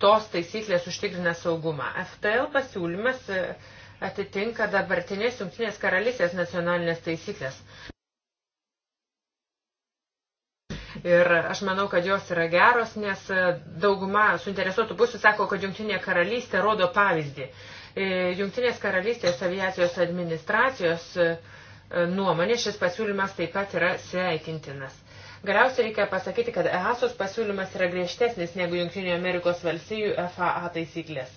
Speaker 2: tos taisyklės užtikrina saugumą. FTL pasiūlymas e, atitinka dabartinės Junktinės karalystės nacionalinės taisyklės. Ir aš manau, kad jos yra geros, nes e, dauguma suinteresuotų pusių sako, kad Junktinė karalystė rodo pavyzdį. E, Junktinės karalystės aviacijos administracijos e, nuomonė šis pasiūlymas taip pat yra sveikintinas. Galiausiai reikia pasakyti, kad EASOS pasiūlymas yra griežtesnis negu Junktinių Amerikos valstijų FAA taisyklės.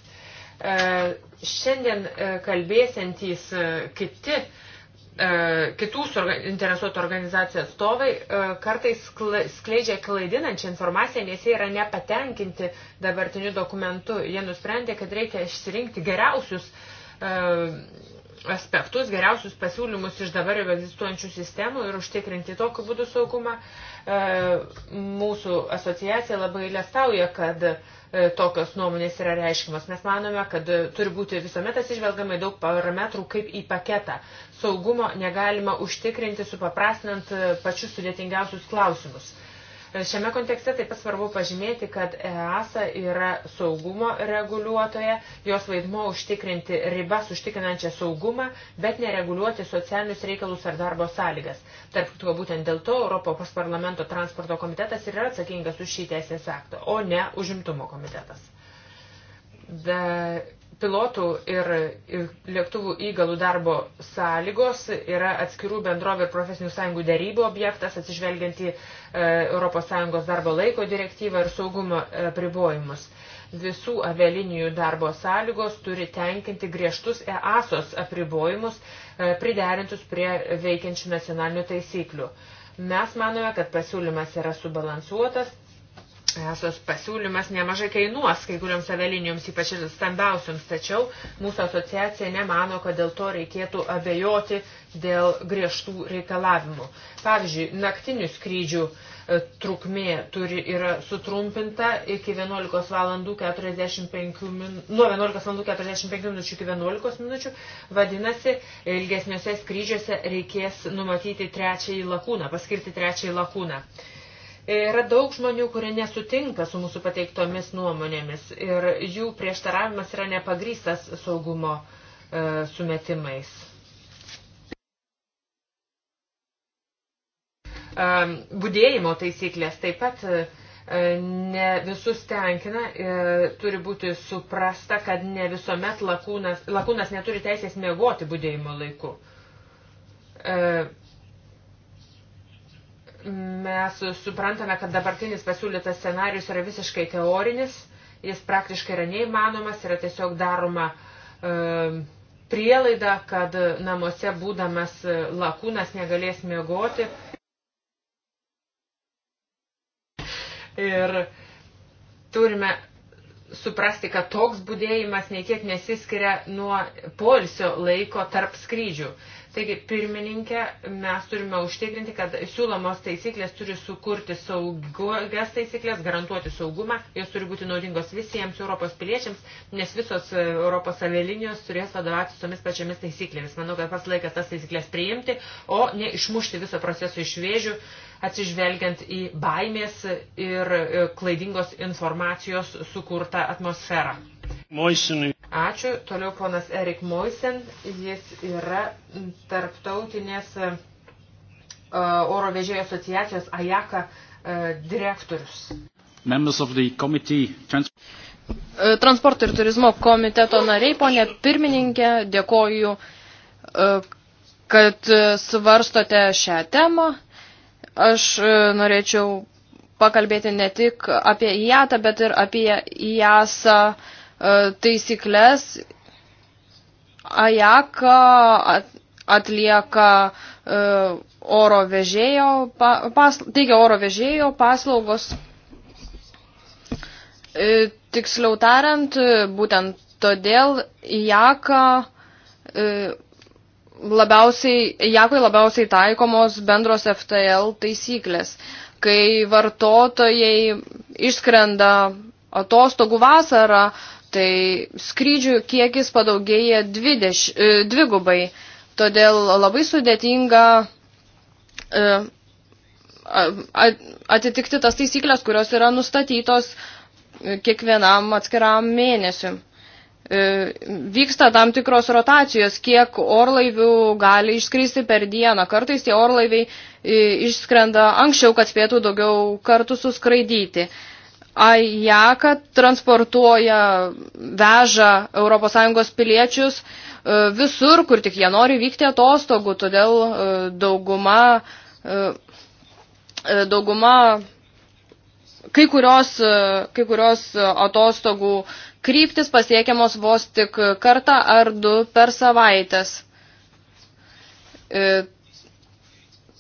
Speaker 2: Šiandien kalbėsiantys kiti E, kitų interesuotų organizacijų atstovai e, kartais skleidžia klaidinančią informaciją, nes jie yra nepatenkinti dabartiniu dokumentu. Jie nusprendė, kad reikia išsirinkti geriausius e, aspektus, geriausius pasiūlymus iš dabar jau egzistuojančių sistemų ir užtikrinti tokiu būdu saugumą. Mūsų asociacija labai lėstauja, kad E, tokios nuomonės yra reiškimas. Mes manome, kad e, turi būti visuomet atsižvelgamai daug parametrų kaip į paketą. Saugumo negalima užtikrinti supaprastinant e, pačius sudėtingiausius klausimus. Šiame kontekste taip pat svarbu pažymėti, kad EASA yra saugumo reguliuotoja, jos vaidmo užtikrinti ribas užtikrinančią saugumą, bet nereguliuoti socialinius reikalus ar darbo sąlygas. Tarp to būtent dėl to Europos parlamento transporto komitetas yra atsakingas už šį teisės aktą, o ne užimtumo komitetas. Da, pilotų ir, ir lėktuvų įgalų darbo sąlygos yra atskirų bendrovė ir profesinių sąjungų dėrybų objektas, atsižvelgiant į E, ES darbo laiko direktyvą ir saugumo pribojimus. Visų avialinijų darbo sąlygos turi tenkinti griežtus EASOS apribojimus, e, priderintus prie veikiančių nacionalinių taisyklių. Mes manome, kad pasiūlymas yra subalansuotas, Esos pasiūlymas nemažai kainuos kai kuriams avelinijoms, ypač ir stambiausiams, tačiau mūsų asociacija nemano, kad dėl to reikėtų abejoti dėl griežtų reikalavimų. Pavyzdžiui, naktinių skrydžių e, trukmė turi, yra sutrumpinta iki 11 valandų 45 min, nuo 11 valandų 45 minučių iki 11 minučių. Vadinasi, ilgesniuose skrydžiuose reikės numatyti trečiąjį lakūną, paskirti trečiąjį lakūną. Uh, E, yra daug žmonių, kurie nesutinka su mūsų pateiktomis nuomonėmis ir jų prieštaravimas yra nepagrystas saugumo e, sumetimais. E, budėjimo taisyklės taip pat e, ne visus tenkina, e, turi būti suprasta, kad ne visuomet lakūnas, lakūnas neturi teisės mėgoti budėjimo laiku. E, mes suprantame, kad dabartinis pasiūlytas scenarius yra visiškai teorinis, jis praktiškai yra neįmanomas, yra tiesiog daroma e, prielaida, kad namuose būdamas e, lakūnas negalės miegoti. Ir turime suprasti, kad toks būdėjimas nei kiek nesiskiria nuo polsio laiko tarp skrydžių. Taigi, pirmininkė, mes turime užtikrinti, kad siūlomos taisyklės turi sukurti saugias taisyklės, garantuoti saugumą, jos turi būti naudingos visiems Europos piliečiams, nes visos Europos avialinijos turės vadovauti tomis pačiamis taisyklėmis. Manau, kad pas laikas tas taisyklės priimti, o ne išmušti viso proceso iš vėžių, atsižvelgiant į baimės ir klaidingos informacijos sukurtą atmosferą. Moisin Ačiū. Toliau ponas Erik Moisen. Jis yra tarptautinės e, oro vežėjų asociacijos AJAKA e, direktorius.
Speaker 1: E,
Speaker 3: transporto ir turizmo komiteto nariai, ponė pirmininkė, dėkoju, kad svarstote šią temą. Aš norėčiau pakalbėti ne tik apie IATA, bet ir apie IASA E, taisyklės AJAKA atlieka e, oro vežėjo, pasla, teigia oro vežėjo paslaugos. E, tiksliau tariant, būtent todėl JAKA labiausiai, jakui labiausiai taikomos bendros FTL taisyklės, kai vartotojai išskrenda atostogų vasarą, tai skrydžių kiekis padaugėja dvideš, e, dvigubai. Todėl labai sudėtinga e, atitikti tas taisyklės, kurios yra nustatytos e, kiekvienam atskiram mėnesiu. Vyksta tam tikros rotacijos, kiek orlaivių gali išskristi per dieną. Kartais tie orlaiviai išskrenda anksčiau, kad spėtų daugiau kartų suskraidyti. Ajaka transportuoja, veža ES piliečius e, visur, kur tik jie nori vykti atostogų, todėl e, dauguma, e, dauguma kai, kurios, kai kurios atostogų kryptis pasiekiamos vos tik kartą ar du per savaitės.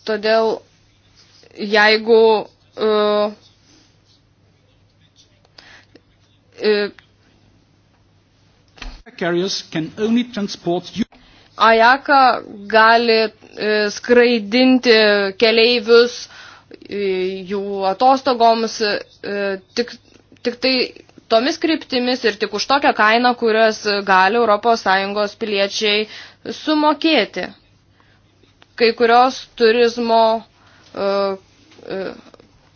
Speaker 3: Todėl jeigu uh, Ajaka gali e, skraidinti keleivius e, jų atostogoms e, tik, tik tai tomis kryptimis ir tik už tokią kainą, kurias gali ES piliečiai sumokėti. Kai kurios turizmo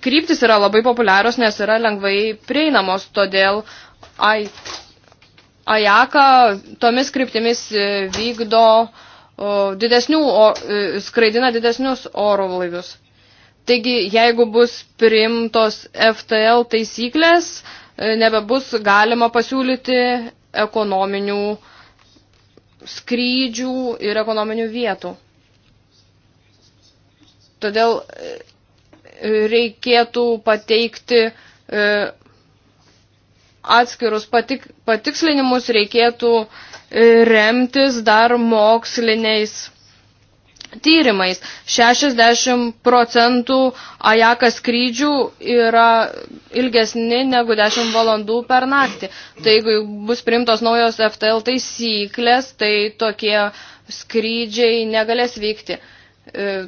Speaker 3: kryptis yra labai populiarios, nes yra lengvai prieinamos, todėl ai, ajaka tomis kryptimis e, vykdo o, didesnių, o, e, skraidina didesnius oro laivius. Taigi, jeigu bus primtos FTL taisyklės, e, nebebus galima pasiūlyti ekonominių skrydžių ir ekonominių vietų. Todėl reikėtų pateikti e, atskirus patik, patikslinimus, reikėtų e, remtis dar moksliniais tyrimais. 60 procentų ajaka skrydžių yra ilgesni negu 10 valandų per naktį. Tai jeigu bus primtos naujos FTL taisyklės, tai tokie skrydžiai negalės vykti. E,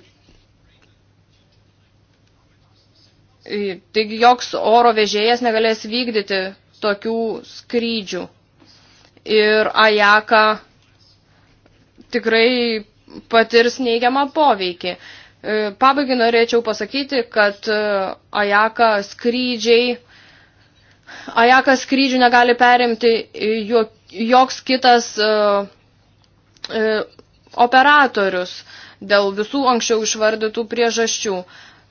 Speaker 3: Taigi joks oro vežėjas negalės vykdyti tokių skrydžių. Ir Ajaka tikrai patirs neigiamą poveikį. Pabaigai norėčiau pasakyti, kad e, Ajaka skrydžiai, Ajaka skrydžių negali perimti joks kitas e, e, operatorius dėl visų anksčiau išvardytų priežasčių.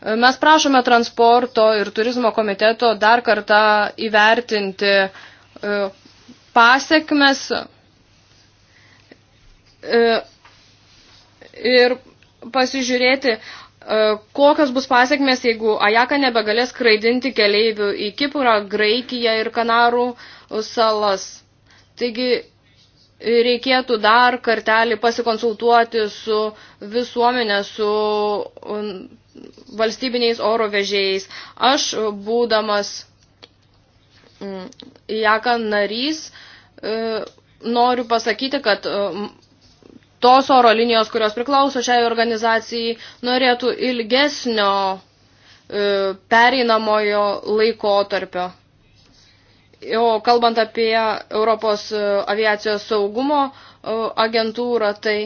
Speaker 3: Mes prašome transporto ir turizmo komiteto dar kartą įvertinti e, pasiekmes e, ir pasižiūrėti, e, kokios bus pasiekmes, jeigu Ajaka nebegalės skraidinti keleivių į Kipurą, Graikiją ir Kanarų salas. Taigi reikėtų dar kartelį pasikonsultuoti su visuomenė, su valstybiniais oro vežėjais. Aš, būdamas mm, JAKA narys, e, noriu pasakyti, kad e, tos oro linijos, kurios priklauso šiai organizacijai, norėtų ilgesnio e, pereinamojo laikotarpio. O kalbant apie Europos aviacijos saugumo agentūrą, tai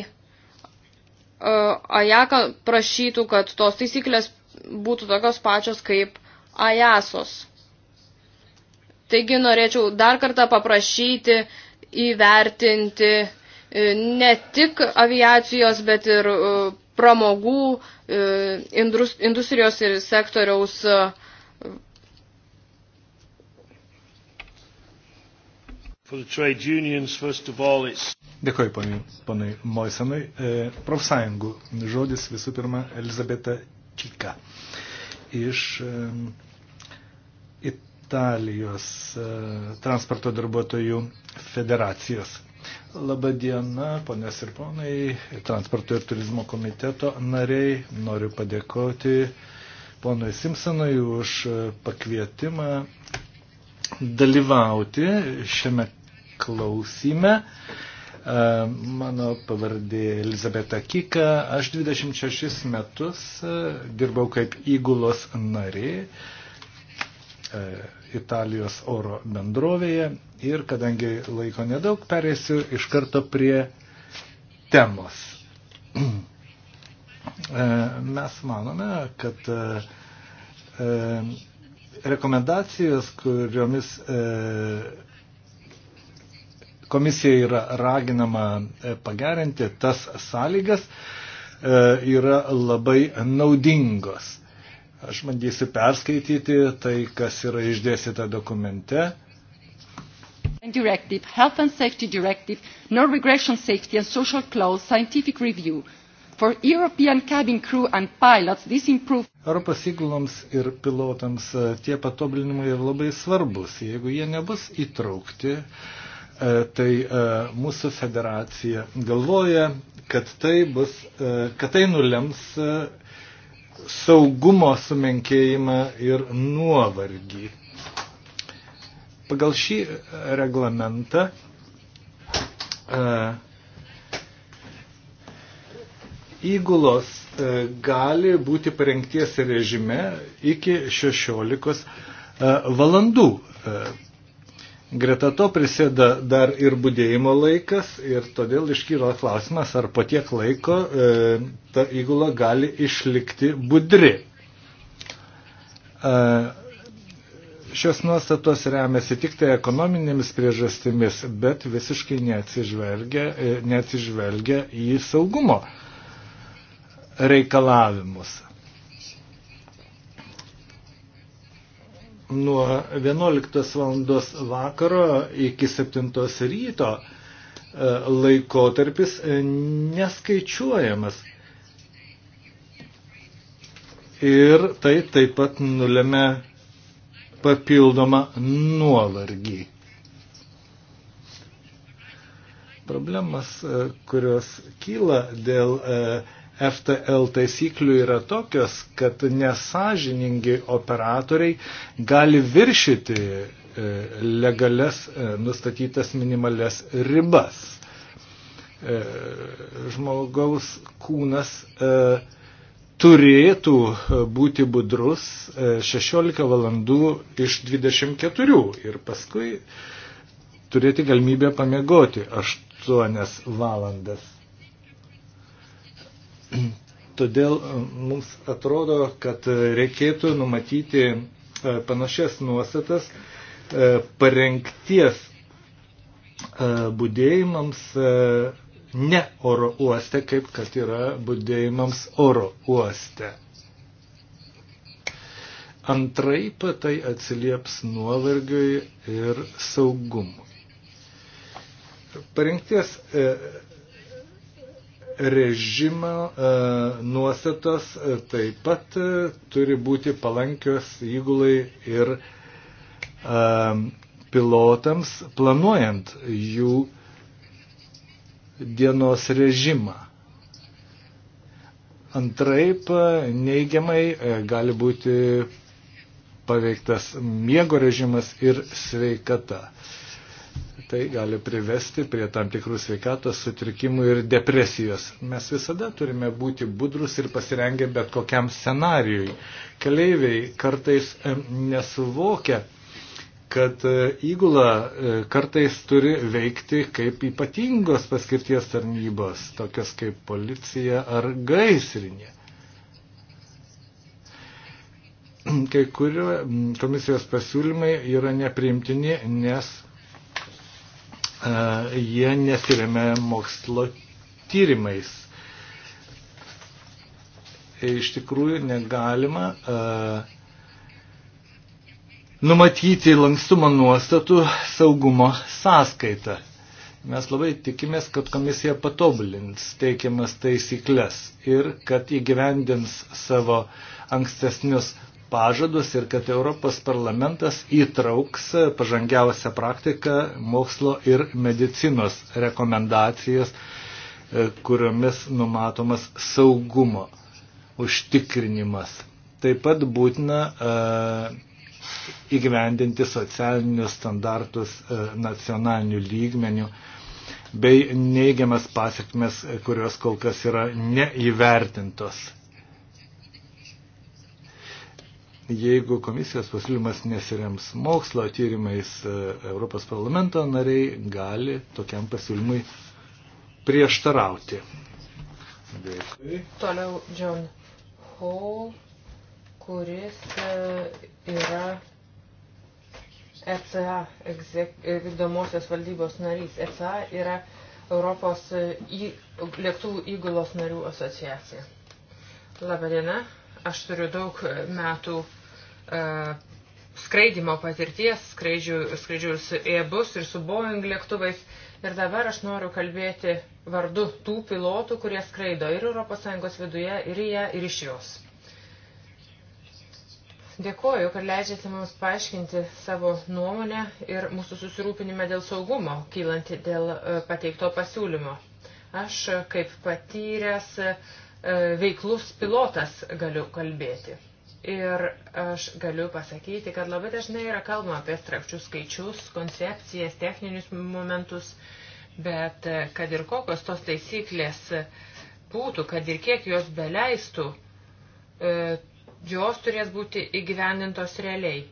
Speaker 3: E, Ajaka prašytų, kad tos taisyklės būtų tokios pačios kaip Ajasos. Taigi norėčiau dar kartą paprašyti įvertinti e, ne tik aviacijos, bet ir e, pramogų industrijos ir sektoriaus
Speaker 1: For the trade unions, first of all, it's Dėkoju panai, panai Moisenui. E, profsąjungų žodis visų pirma Elizabeta Čika iš e, Italijos e, transporto darbuotojų federacijos. Labadiena, ponės ir ponai, transporto ir turizmo komiteto nariai. Noriu padėkoti ponui Simpsonui už e, pakvietimą dalyvauti šiame klausime. E, E, mano pavardė Elizabeta Kika. Aš 26 metus e, dirbau kaip įgulos narė e, Italijos oro bendrovėje ir kadangi laiko nedaug, perėsiu iš karto prie temos. Mes manome, kad rekomendacijos, kuriomis komisija yra raginama e, pagerinti tas sąlygas, e, yra labai naudingos. Aš bandysiu perskaityti tai, kas yra išdėsita dokumente.
Speaker 2: Directive, Health and Safety Directive, No Regression Safety and Social Clause, Scientific Review. For European cabin crew and pilots, this
Speaker 1: improve... Europos įguloms ir pilotams e, tie patobulinimai yra labai svarbus. Jeigu jie nebus įtraukti, uh, E, tai e, mūsų federacija galvoja, kad tai, bus, e, kad tai nulems saugumo sumenkėjimą ir nuovargį. Pagal šį reglamentą įgulos gali būti parengties režime iki 16 valandų Greta to prisėda dar ir būdėjimo laikas ir todėl iškyla klausimas, ar po tiek laiko e, ta įgula gali išlikti budri. E, šios nuostatos remiasi tik tai ekonominėmis priežastimis, bet visiškai neatsižvelgia, e, neatsižvelgia į saugumo reikalavimus. nuo 11 val. vakaro iki 7 ryto e, laikotarpis e, neskaičiuojamas. Ir tai taip pat nulėmė papildomą nuovargį. Problemas, e, kurios kyla dėl e, FTL taisyklių yra tokios, kad nesažiningi operatoriai gali viršyti e, legales e, nustatytas minimales ribas. E, žmogaus kūnas turėtų būti budrus 16 valandų iš 24 ir paskui turėti galimybę pamiegoti 8 valandas. Todėl e, mums atrodo, kad e, reikėtų numatyti e, panašias nuostatas parengties būdėjimams ne oro uoste, kaip kad yra būdėjimams oro uoste. Antraip tai atsilieps nuovargiui ir saugumui. Parengties režimo e, nuostatos e, taip pat e, turi būti palankios įgulai ir e, pilotams planuojant jų dienos režimą. Antraip e, neigiamai e, gali būti paveiktas miego režimas ir sveikata. E, tai gali privesti prie tam tikrų sveikatos sutrikimų ir depresijos. Mes visada turime būti budrus ir pasirengę bet kokiam scenarijui. Keleiviai kartais nesuvokia, kad e, įgula e, kartais turi veikti kaip ypatingos paskirties tarnybos, tokios kaip policija ar gaisrinė kai kurio komisijos pasiūlymai yra nepriimtini, nes jie nesiremia mokslo tyrimais. Iš tikrųjų negalima numatyti lankstumo nuostatų saugumo sąskaitą. Mes labai tikimės, kad komisija patobulins teikiamas taisyklės ir kad įgyvendins savo ankstesnius pažadus ir kad Europos parlamentas įtrauks pažangiausią praktiką mokslo ir medicinos rekomendacijas, e, kuriomis numatomas saugumo užtikrinimas. Taip pat būtina e, įgyvendinti socialinius standartus e, nacionalinių lygmenių bei neigiamas pasiekmes, kurios kol kas yra neįvertintos. Jeigu komisijos pasiūlymas nesirems mokslo tyrimais, e, Europos parlamento nariai gali tokiam pasiūlymui prieštarauti. Dėkui.
Speaker 2: Toliau John Hall, kuris e, yra ECA e, vykdomosios valdybos narys. ECA yra Europos į, lėktuvų įgulos narių asociacija. Labadiena, aš turiu daug metų E, skraidimo patirties, skraidžiu, skraidžiu ir su Airbus, ir su Boeing lėktuvais. Ir dabar aš noriu kalbėti vardu tų pilotų, kurie skraido ir ES viduje, ir į ją, ir iš jos. Dėkoju, kad leidžiate mums paaiškinti savo nuomonę ir mūsų susirūpinimą dėl saugumo, kylanti dėl e, pateikto pasiūlymo. Aš kaip patyręs e, veiklus pilotas galiu kalbėti. Ir aš galiu pasakyti, kad labai dažnai yra kalbama apie strakčius skaičius, koncepcijas, techninius momentus, bet e, kad ir kokios tos taisyklės būtų, kad ir kiek jos beleistų, e, jos turės būti įgyvendintos realiai.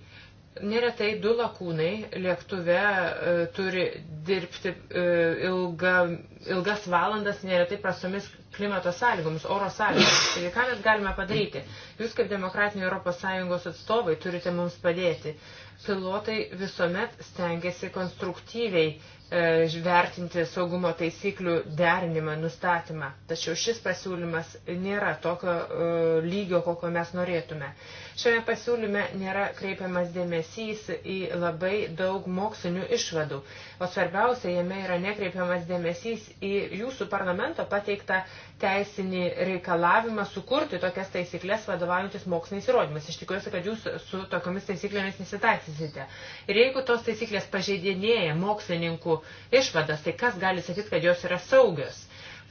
Speaker 2: Neretai du lakūnai lėktuve e, turi dirbti e, ilga, ilgas valandas, neretai prastomis klimato sąlygomis, oro sąlygomis. Taigi, ką mes galime padaryti? Jūs kaip demokratiniai ES atstovai turite mums padėti. Pilotai visuomet stengiasi konstruktyviai E, vertinti saugumo taisyklių derinimą, nustatymą. Tačiau šis pasiūlymas nėra tokio e, lygio, kokio mes norėtume. Šiame pasiūlyme nėra kreipiamas dėmesys į labai daug mokslinių išvadų, o svarbiausia, jame yra nekreipiamas dėmesys į jūsų parlamento pateiktą teisinį reikalavimą sukurti tokias taisyklės vadovaujantis moksliniais įrodymais. Aš tikiuosi, kad jūs su tokiamis taisyklėmis nesitaisysite. Ir jeigu tos taisyklės pažeidinėja mokslininkų išvadas, tai kas gali sakyti, kad jos yra saugios?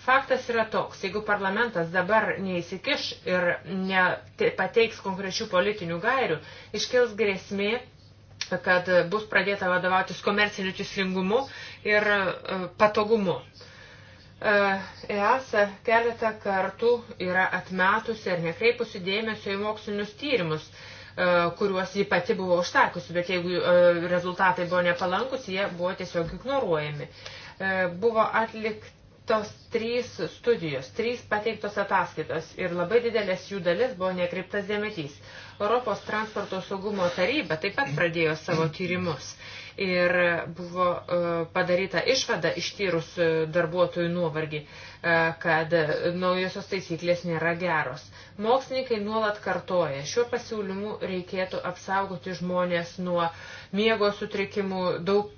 Speaker 2: Faktas yra toks, jeigu parlamentas dabar neįsikiš ir nepateiks konkrečių politinių gairių, iškils grėsmė kad bus pradėta vadovautis komerciniu tikslingumu ir e, patogumu. E, EASA keletą kartų yra atmetusi ir nekreipusi dėmesio į mokslinius tyrimus e, kuriuos ji pati buvo užtakusi, bet jeigu e, rezultatai buvo nepalankus, jie buvo tiesiog ignoruojami. Buvo atliktos trys studijos, trys pateiktos ataskaitos ir labai didelės jų dalis buvo nekreiptas dėmesys. Europos transporto saugumo taryba taip pat pradėjo savo tyrimus ir buvo e, padaryta išvada ištyrus e, darbuotojų nuovargį, e, kad naujosios taisyklės nėra geros. Mokslininkai nuolat kartoja, šiuo pasiūlymu reikėtų apsaugoti žmonės nuo miego sutrikimų, daug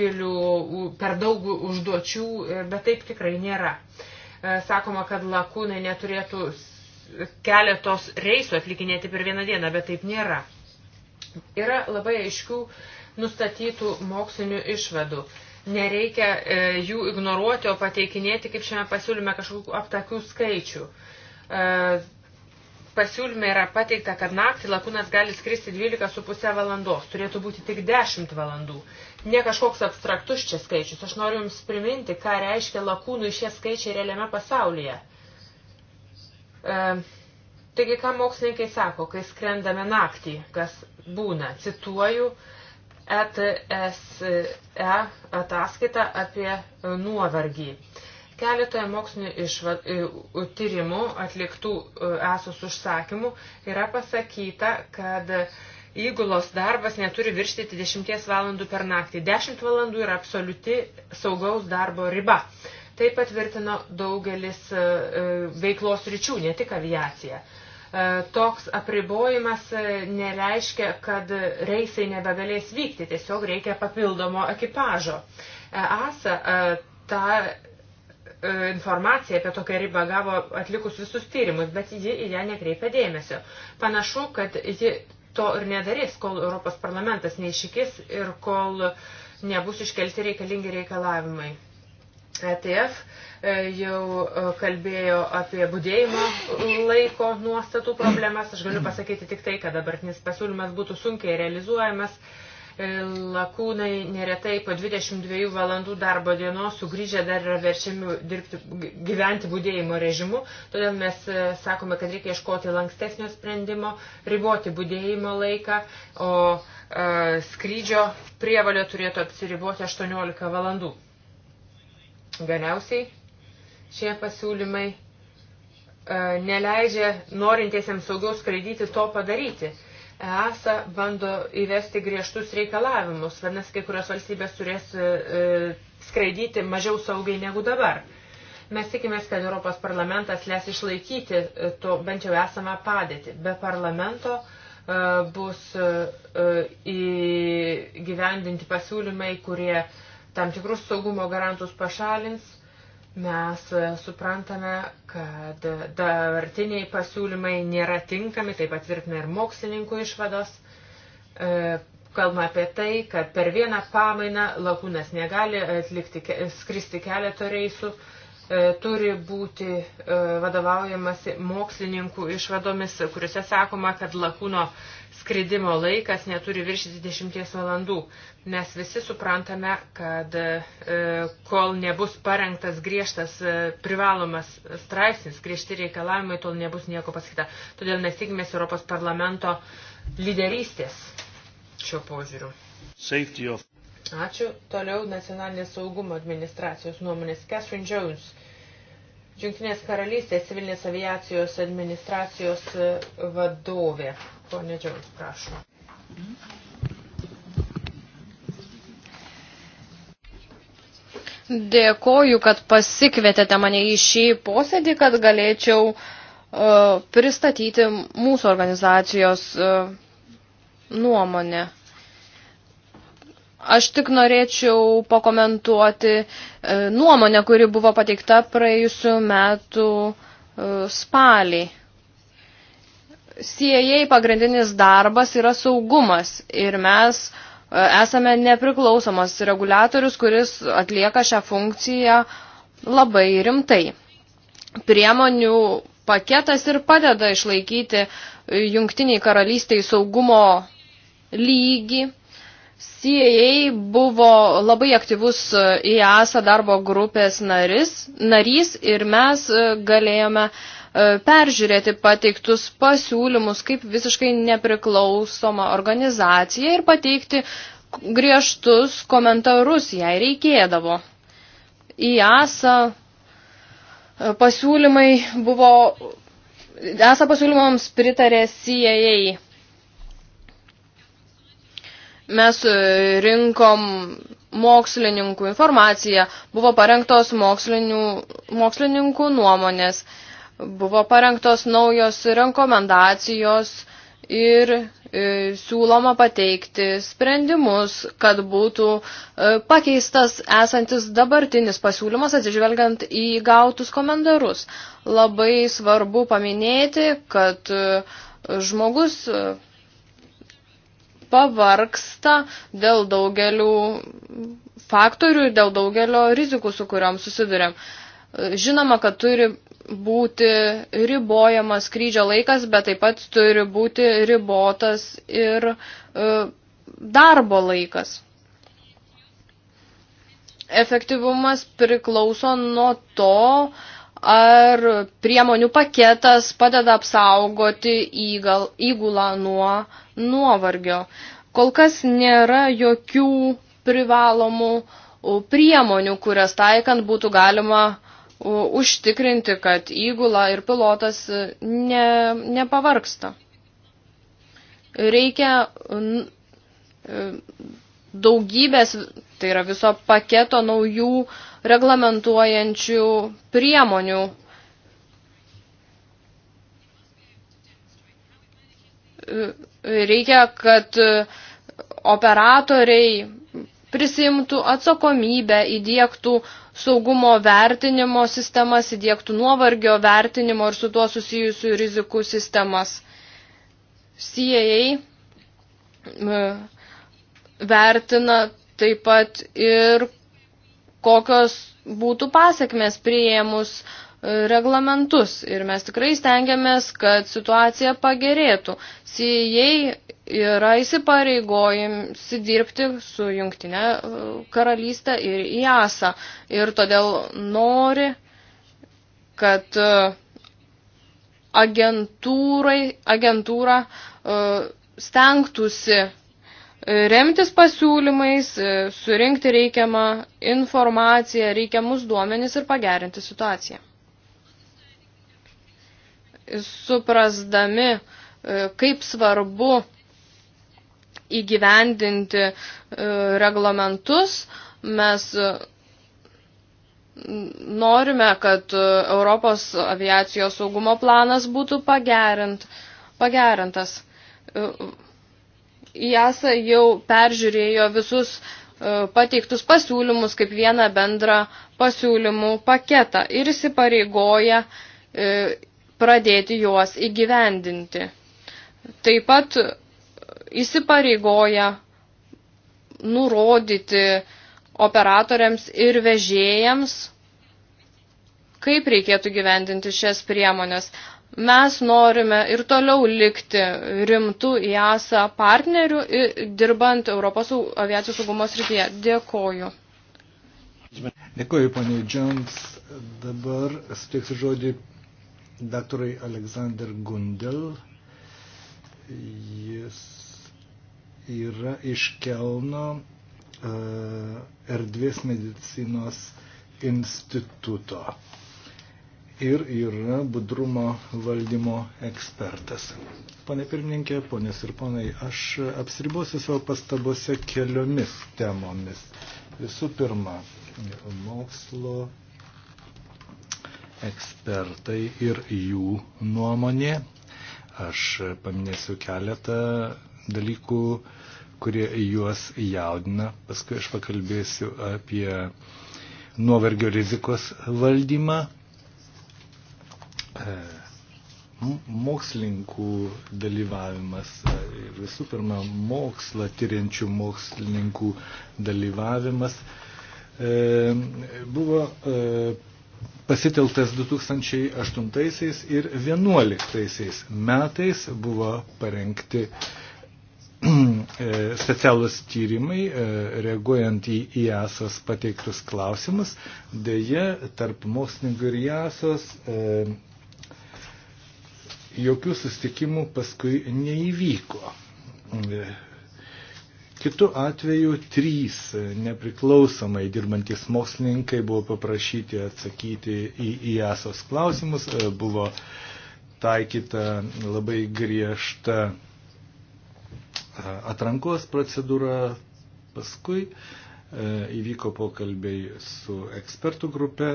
Speaker 2: gilių, per daug užduočių, bet taip tikrai nėra. Sakoma, kad lakūnai neturėtų keletos reisų atlikinėti per vieną dieną, bet taip nėra. Yra labai aiškių uh, nustatytų mokslinių išvadų. Nereikia e, jų ignoruoti, o pateikinėti, kaip šiame pasiūlyme, kažkokių aptakių skaičių. E, pasiūlyme yra pateikta, kad naktį lakūnas gali skristi 12,5 valandos, turėtų būti tik 10 valandų. Ne kažkoks abstraktus čia skaičius. Aš noriu Jums priminti, ką reiškia lakūnų šie skaičiai realiame pasaulyje. E, Taigi, ką mokslininkai sako, kai skrendame naktį, kas būna, cituoju, ETSE ataskaitą apie nuovargį. Keletoje mokslinio išva, tyrimų atliktų e, esus užsakymų yra pasakyta, kad įgulos darbas neturi viršti 10 valandų per naktį. 10 valandų yra absoliuti saugaus darbo riba. Tai patvirtino daugelis e, e, veiklos ryčių, ne tik aviacija. E, toks apribojimas e, nereiškia, kad reisai nebegalės vykti, tiesiog reikia papildomo ekipažo. EASA e, tą informaciją apie tokią ribą gavo atlikus visus tyrimus, bet ji į ją nekreipia dėmesio. Panašu, kad ji to ir nedarys, kol Europos parlamentas neišikis ir kol nebus iškelti reikalingi reikalavimai. ETF E, jau e, kalbėjo apie budėjimo laiko nuostatų problemas. Aš galiu pasakyti tik tai, kad dabartinis pasiūlymas būtų sunkiai realizuojamas. E, lakūnai neretai po 22 valandų darbo dienos sugrįžę dar yra verčiami dirbti, gyventi budėjimo režimu, todėl mes sakome, kad reikia ieškoti lankstesnio sprendimo, riboti budėjimo laiką, o skrydžio prievalė turėtų apsiriboti 18 valandų. Galiausiai Šie pasiūlymai e, neleidžia norintiesiems saugiau skraidyti to padaryti. EASA bando įvesti griežtus reikalavimus, vadinasi, kai kurios valstybės turės e, e, skraidyti mažiau saugiai negu dabar. Mes tikimės, kad Europos parlamentas lės išlaikyti e, to bent jau esamą padėtį. Be parlamento e, bus e, įgyvendinti pasiūlymai, kurie tam tikrus saugumo garantus pašalins Mes e, suprantame, kad dabartiniai pasiūlymai nėra tinkami, taip patvirtina ir mokslininkų išvados. E, kalbame apie tai, kad per vieną pamainą lakūnas negali atlikti, skristi keletą reisų, e, turi būti vadovaujamasi mokslininkų išvadomis, kuriuose sakoma, kad lakūno skridimo laikas neturi viršyti 10 valandų. Mes visi suprantame, kad e, kol nebus parengtas griežtas e, privalomas straipsnis, griežti reikalavimai, tol nebus nieko pasakyta. Todėl mes tikimės Europos parlamento lyderystės šio požiūriu. Ačiū. Toliau nacionalinės saugumo administracijos nuomonės Catherine Jones Junktinės karalystės civilinės aviacijos administracijos e, vadovė. Pone Džiaus, prašau.
Speaker 3: Dėkoju, kad pasikvietėte mane į šį posėdį, kad galėčiau uh, pristatyti mūsų organizacijos uh, nuomonę. Aš tik norėčiau pakomentuoti e, nuomonę, kuri buvo pateikta praėjusiu metu e, spalį. CIA pagrindinis darbas yra saugumas ir mes e, esame nepriklausomas reguliatorius, kuris atlieka šią funkciją labai rimtai. Priemonių paketas ir padeda išlaikyti jungtiniai karalystiai saugumo lygį CIA buvo labai aktyvus IASA e, e darbo grupės naris, narys ir mes e, galėjome peržiūrėti pateiktus pasiūlymus kaip visiškai nepriklausoma organizacija ir pateikti griežtus komentarus, jei reikėdavo. IASA pasiūlymai buvo, ESA pasiūlymams pritarė CIA mes e, rinkom mokslininkų informaciją, buvo parengtos mokslininkų nuomonės, buvo parengtos naujos rekomendacijos ir e, siūloma pateikti sprendimus, kad būtų e, pakeistas esantis dabartinis pasiūlymas atsižvelgiant į gautus komendarus. Labai svarbu paminėti, kad e, žmogus. E, pavarksta dėl daugelių faktorių ir dėl daugelio rizikų, su kuriuom susidurėm. Žinoma, kad turi būti ribojamas skrydžio laikas, bet taip pat turi būti ribotas ir e, darbo laikas. Efektyvumas priklauso nuo to, ar priemonių paketas padeda apsaugoti įgal, įgulą nuo nuovargio. Kol kas nėra jokių privalomų priemonių, kurias taikant būtų galima užtikrinti, kad įgula ir pilotas e, ne, nepavarksta. Reikia e, daugybės Tai yra viso paketo naujų reglamentuojančių priemonių. Reikia, kad operatoriai prisimtų atsakomybę, įdėktų saugumo vertinimo sistemas, įdėktų nuovargio vertinimo ir su tuo susijusių rizikų sistemas. CIA vertina taip pat ir kokios būtų pasiekmes priėmus e, reglamentus. Ir mes tikrai stengiamės, kad situacija pagerėtų. Sijai e yra įsipareigojusi dirbti su jungtinė e, karalystė ir JASA. Ir todėl nori, kad agentūrai, agentūra stengtųsi remtis pasiūlymais, e, surinkti reikiamą informaciją, reikiamus duomenis ir pagerinti situaciją. Suprasdami, e, kaip svarbu įgyvendinti e, reglamentus, mes norime, kad Europos aviacijos saugumo planas būtų pagerint, pagerintas JASA e jau peržiūrėjo visus e, pateiktus pasiūlymus kaip vieną bendrą pasiūlymų paketą ir įsipareigoja e, pradėti juos įgyvendinti. Taip pat įsipareigoja nurodyti operatoriams ir vežėjams, kaip reikėtų gyvendinti šias priemonės. Mes norime ir toliau likti rimtų IASA e partnerių, dirbant Europos aviacijos saugumo srityje. Dėkoju.
Speaker 1: Dėkoju, ponė Jones. Dabar suteiksiu žodį daktarui Aleksander Gundel. Jis yra iš Kelno e, erdvės medicinos instituto ir yra budrumo valdymo ekspertas. Pane pirmininkė, ponės ir ponai, aš apsiribosiu savo pastabose keliomis temomis. Visų pirma, mokslo ekspertai ir jų nuomonė. Aš paminėsiu keletą dalykų, kurie juos jaudina. Paskui aš pakalbėsiu apie nuovargio rizikos valdymą mokslininkų dalyvavimas e, ir visų pirma mokslą tyriančių mokslininkų dalyvavimas e, buvo e, pasiteltas 2008 ir 2011 metais buvo parengti specialus tyrimai, reaguojant į IASOS pateiktus klausimus. Deja, tarp mokslininkų ir IASOS jokių sustikimų paskui neįvyko. E, Kitu atveju trys nepriklausomai dirbantis mokslininkai buvo paprašyti atsakyti į IASOS klausimus, e, buvo taikyta labai griežta e, atrankos procedūra, paskui įvyko pokalbiai su ekspertų grupė,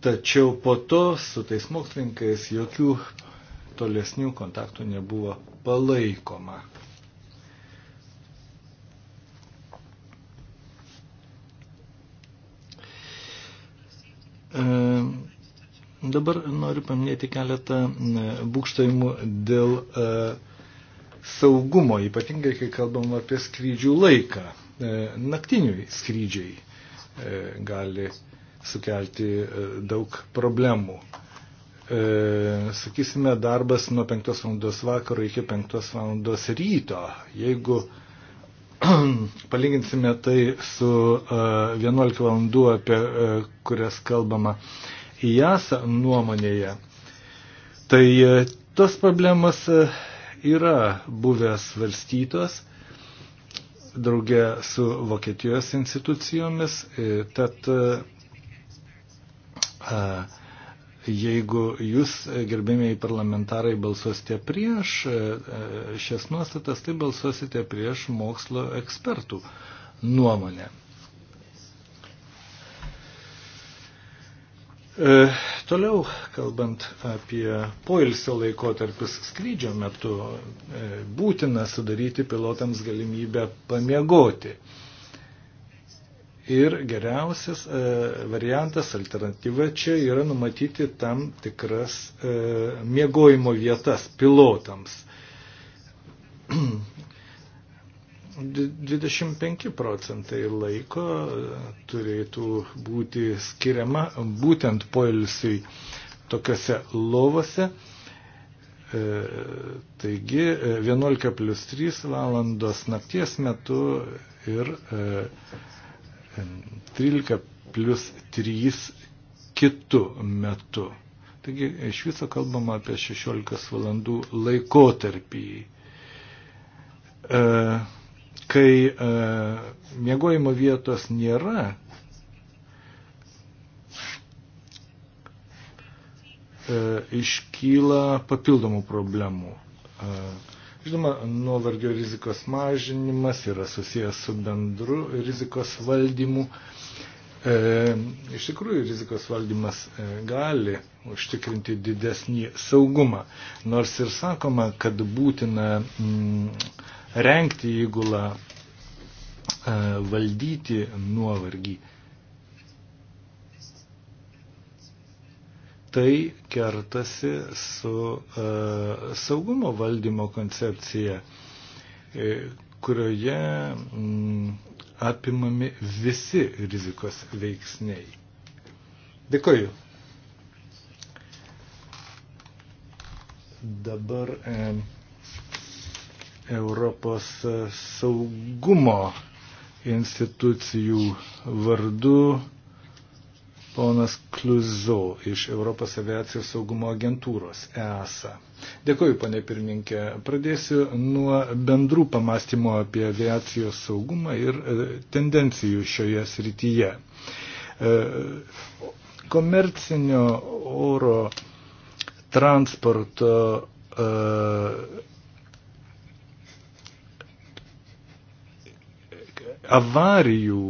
Speaker 1: Tačiau po to su tais mokslininkais jokių tolesnių kontaktų nebuvo palaikoma. E, dabar noriu paminėti keletą e, būkštojimų dėl e, saugumo, ypatingai kai kalbam apie skrydžių laiką. E, naktiniai skrydžiai e, gali sukelti e, daug problemų. E, sakysime, darbas nuo 5 val. vakaro iki 5 val. ryto. Jeigu palyginsime tai su 11 e, valandų, apie kurias kalbama JASA nuomonėje, tai tos problemas yra buvęs svarstytos draugė su Vokietijos institucijomis, tad Jeigu jūs, gerbėmiai parlamentarai, balsuosite prieš e, e, šias nuostatas, tai balsuosite prieš mokslo ekspertų nuomonę. E, toliau, kalbant apie poilsio laikotarpis skrydžio metu, e, būtina sudaryti pilotams galimybę pamiegoti. E, Ir geriausias e, variantas, alternatyva čia yra numatyti tam tikras e, miegojimo vietas pilotams. 25 procentai laiko e, turėtų būti skiriama būtent poilsiui tokiuose lovose. E, taigi 11 plus 3 valandos nakties metu ir e, 13 plus 3 kitų metų. Taigi iš viso kalbama apie 16 valandų laikotarpį. E, kai e, miegojimo vietos nėra, e, iškyla papildomų problemų. E, Žinoma, nuovargio rizikos mažinimas yra susijęs su bendru rizikos valdymu. E, iš tikrųjų, rizikos valdymas e, gali užtikrinti didesnį saugumą. Nors ir sakoma, kad būtina m, mm, renkti įgulą, e, valdyti nuovargį. E, tai kertasi su e, saugumo valdymo koncepcija, e, kurioje m, mm, apimami visi rizikos veiksniai. Dėkoju. Dabar e, Europos saugumo institucijų vardu ponas Kliuzo iš Europos aviacijos saugumo agentūros EASA. Dėkuoju, ponė pirminkė. Pradėsiu nuo bendrų pamastymų apie aviacijos saugumą ir e, tendencijų šioje srityje. E, komercinio oro transporto e, avarijų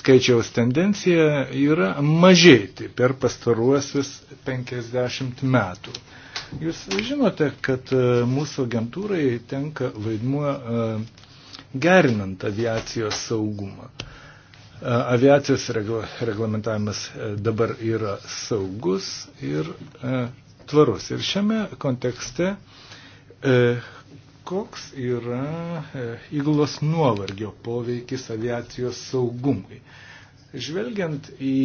Speaker 1: skaičiaus tendencija yra mažėti per pastaruosius 50 metų. Jūs žinote, kad e, mūsų agentūrai tenka vaidmuo e, gerinant aviacijos saugumą. E, aviacijos reglamentavimas dabar yra saugus ir tvarus. Ir šiame kontekste koks yra e, įgulos nuovargio poveikis aviacijos saugumui. Žvelgiant į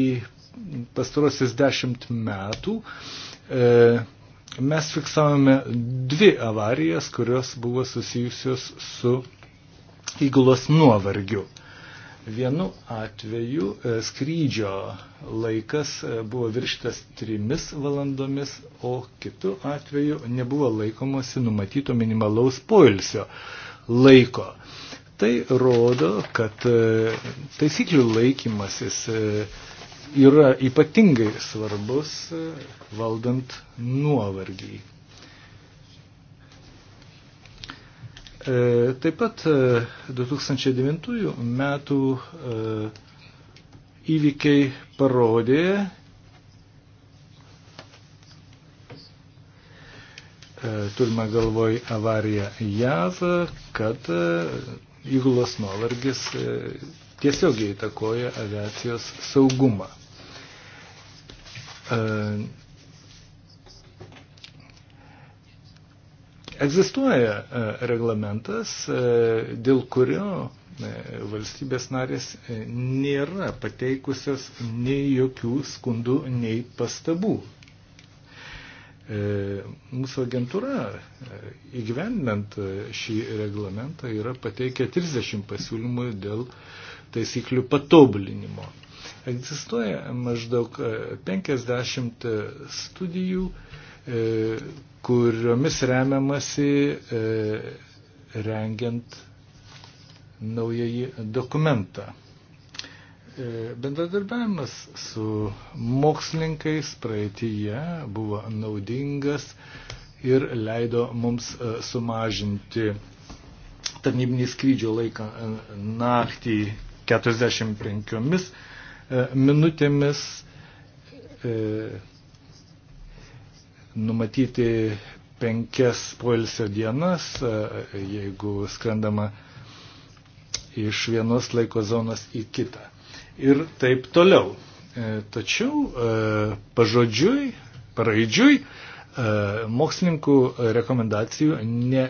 Speaker 1: pastarosius dešimt metų, e, mes fiksavome dvi avarijas, kurios buvo susijusios su įgulos nuovargiu. Vienu atveju e, skrydžio laikas e, buvo virštas trimis valandomis, o kitu atveju nebuvo laikomasi numatyto minimalaus poilsio laiko. Tai rodo, kad e, taisyklių laikymasis yra ypatingai svarbus valdant nuovargį. E, taip pat 2009 e, metų e, įvykiai parodė, turime galvoj avariją JAV, kad įgulos nuovargis tiesiogiai įtakoja aviacijos saugumą. Egzistuoja e, reglamentas, e, dėl kurio e, valstybės narės nėra pateikusios nei jokių skundų, nei pastabų. Mūsų agentūra įgyvendinant šį reglamentą yra pateikę 30 pasiūlymų dėl taisyklių patobulinimo. Egzistuoja maždaug 50 studijų kuriomis remiamasi e, rengiant naująjį dokumentą. E, bendradarbiavimas su mokslininkais praeitįje buvo naudingas ir leido mums e, sumažinti tarnybinį skrydžio laiką e, naktį 45 minutėmis numatyti penkias poilsio dienas, e, jeigu skrendama iš vienos laiko zonos į kitą. Ir taip toliau. E, tačiau e, pažodžiui, paraidžiui, mokslininkų rekomendacijų ne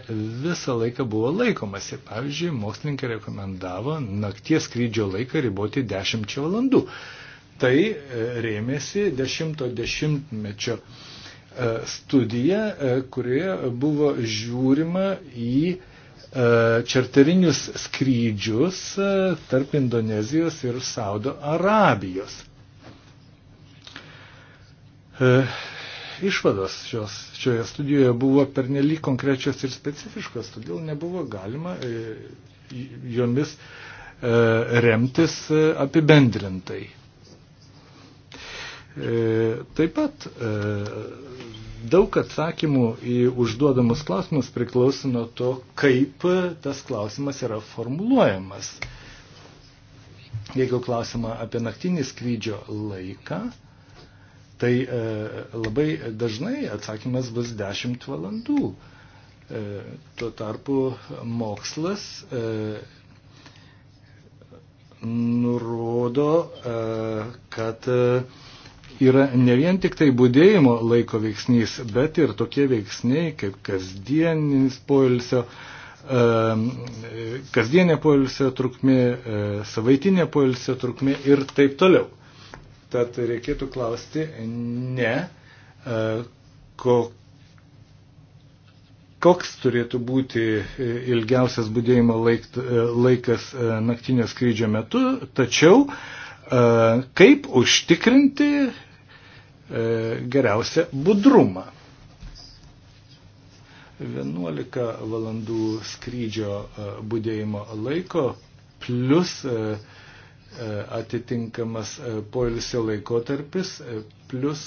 Speaker 1: visą laiką buvo laikomasi. Pavyzdžiui, mokslininkai rekomendavo nakties skrydžio laiką riboti 10 valandų. Tai rėmėsi 10-mečio 10 E, studiją, e, kurioje buvo žiūrima į e, čarterinius skrydžius tarp Indonezijos ir Saudo Arabijos. Išvados šios, šioje studijoje buvo pernelyg konkrečios ir specifiškos, todėl nebuvo galima jomis remtis apibendrintai. E, taip pat e, daug atsakymų į užduodamus klausimus priklauso nuo to, kaip tas klausimas yra formuluojamas. Jeigu klausimą apie naktinį skrydžio laiką, tai e, labai dažnai atsakymas bus 10 valandų. Tuo tarpu mokslas nurodo, kad yra ne vien tik tai būdėjimo laiko veiksnys, bet ir tokie veiksniai kaip kasdieninis poilsio, kasdienė poilsio trukmė, e, savaitinė poilsio trukmė ir taip toliau. Tad reikėtų klausti ne, e, koks turėtų būti e, ilgiausias būdėjimo laikas naktinio skrydžio metu, tačiau kaip užtikrinti E, geriausią budrumą. 11 valandų skrydžio e, būdėjimo laiko plus e, atitinkamas poilsio laikotarpis plus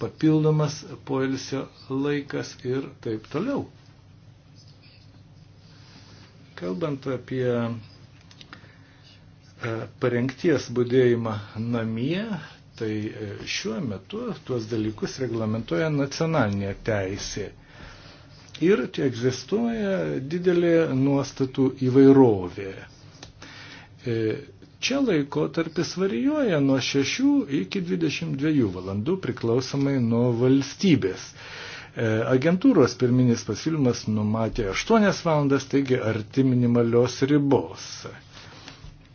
Speaker 1: papildomas poilsio laikas ir taip toliau. Kalbant apie E, parengties būdėjimą namie, tai e, šiuo metu tuos dalykus reglamentoja nacionalinė teisė. Ir čia egzistuoja didelė nuostatų įvairovė. E, čia laiko tarpis varijuoja nuo 6 iki 22 valandų priklausomai nuo valstybės. Agentūros pirminis pasiūlymas numatė 8 valandas, taigi arti minimalios ribos.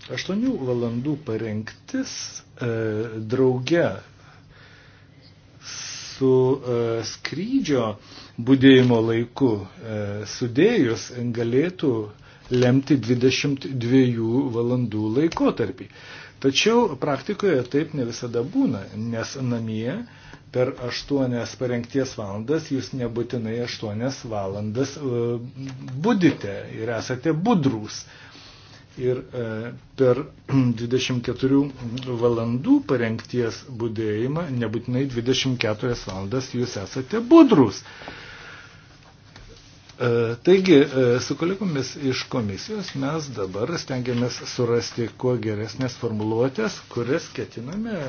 Speaker 1: Aštuonių valandų parengtis e, drauge su e, skrydžio būdėjimo laiku e, sudėjus galėtų lemti 22 valandų laikotarpį. Tačiau praktikoje taip ne visada būna, nes namie per 8 parengties valandas jūs nebūtinai 8 valandas e, budite ir esate budrūs ir e, per 24 valandų parengties būdėjimą nebūtinai 24 valandas jūs esate budrus. E, taigi, e, su kolegomis iš komisijos mes dabar stengiamės surasti kuo geresnės formuluotės, kurias ketiname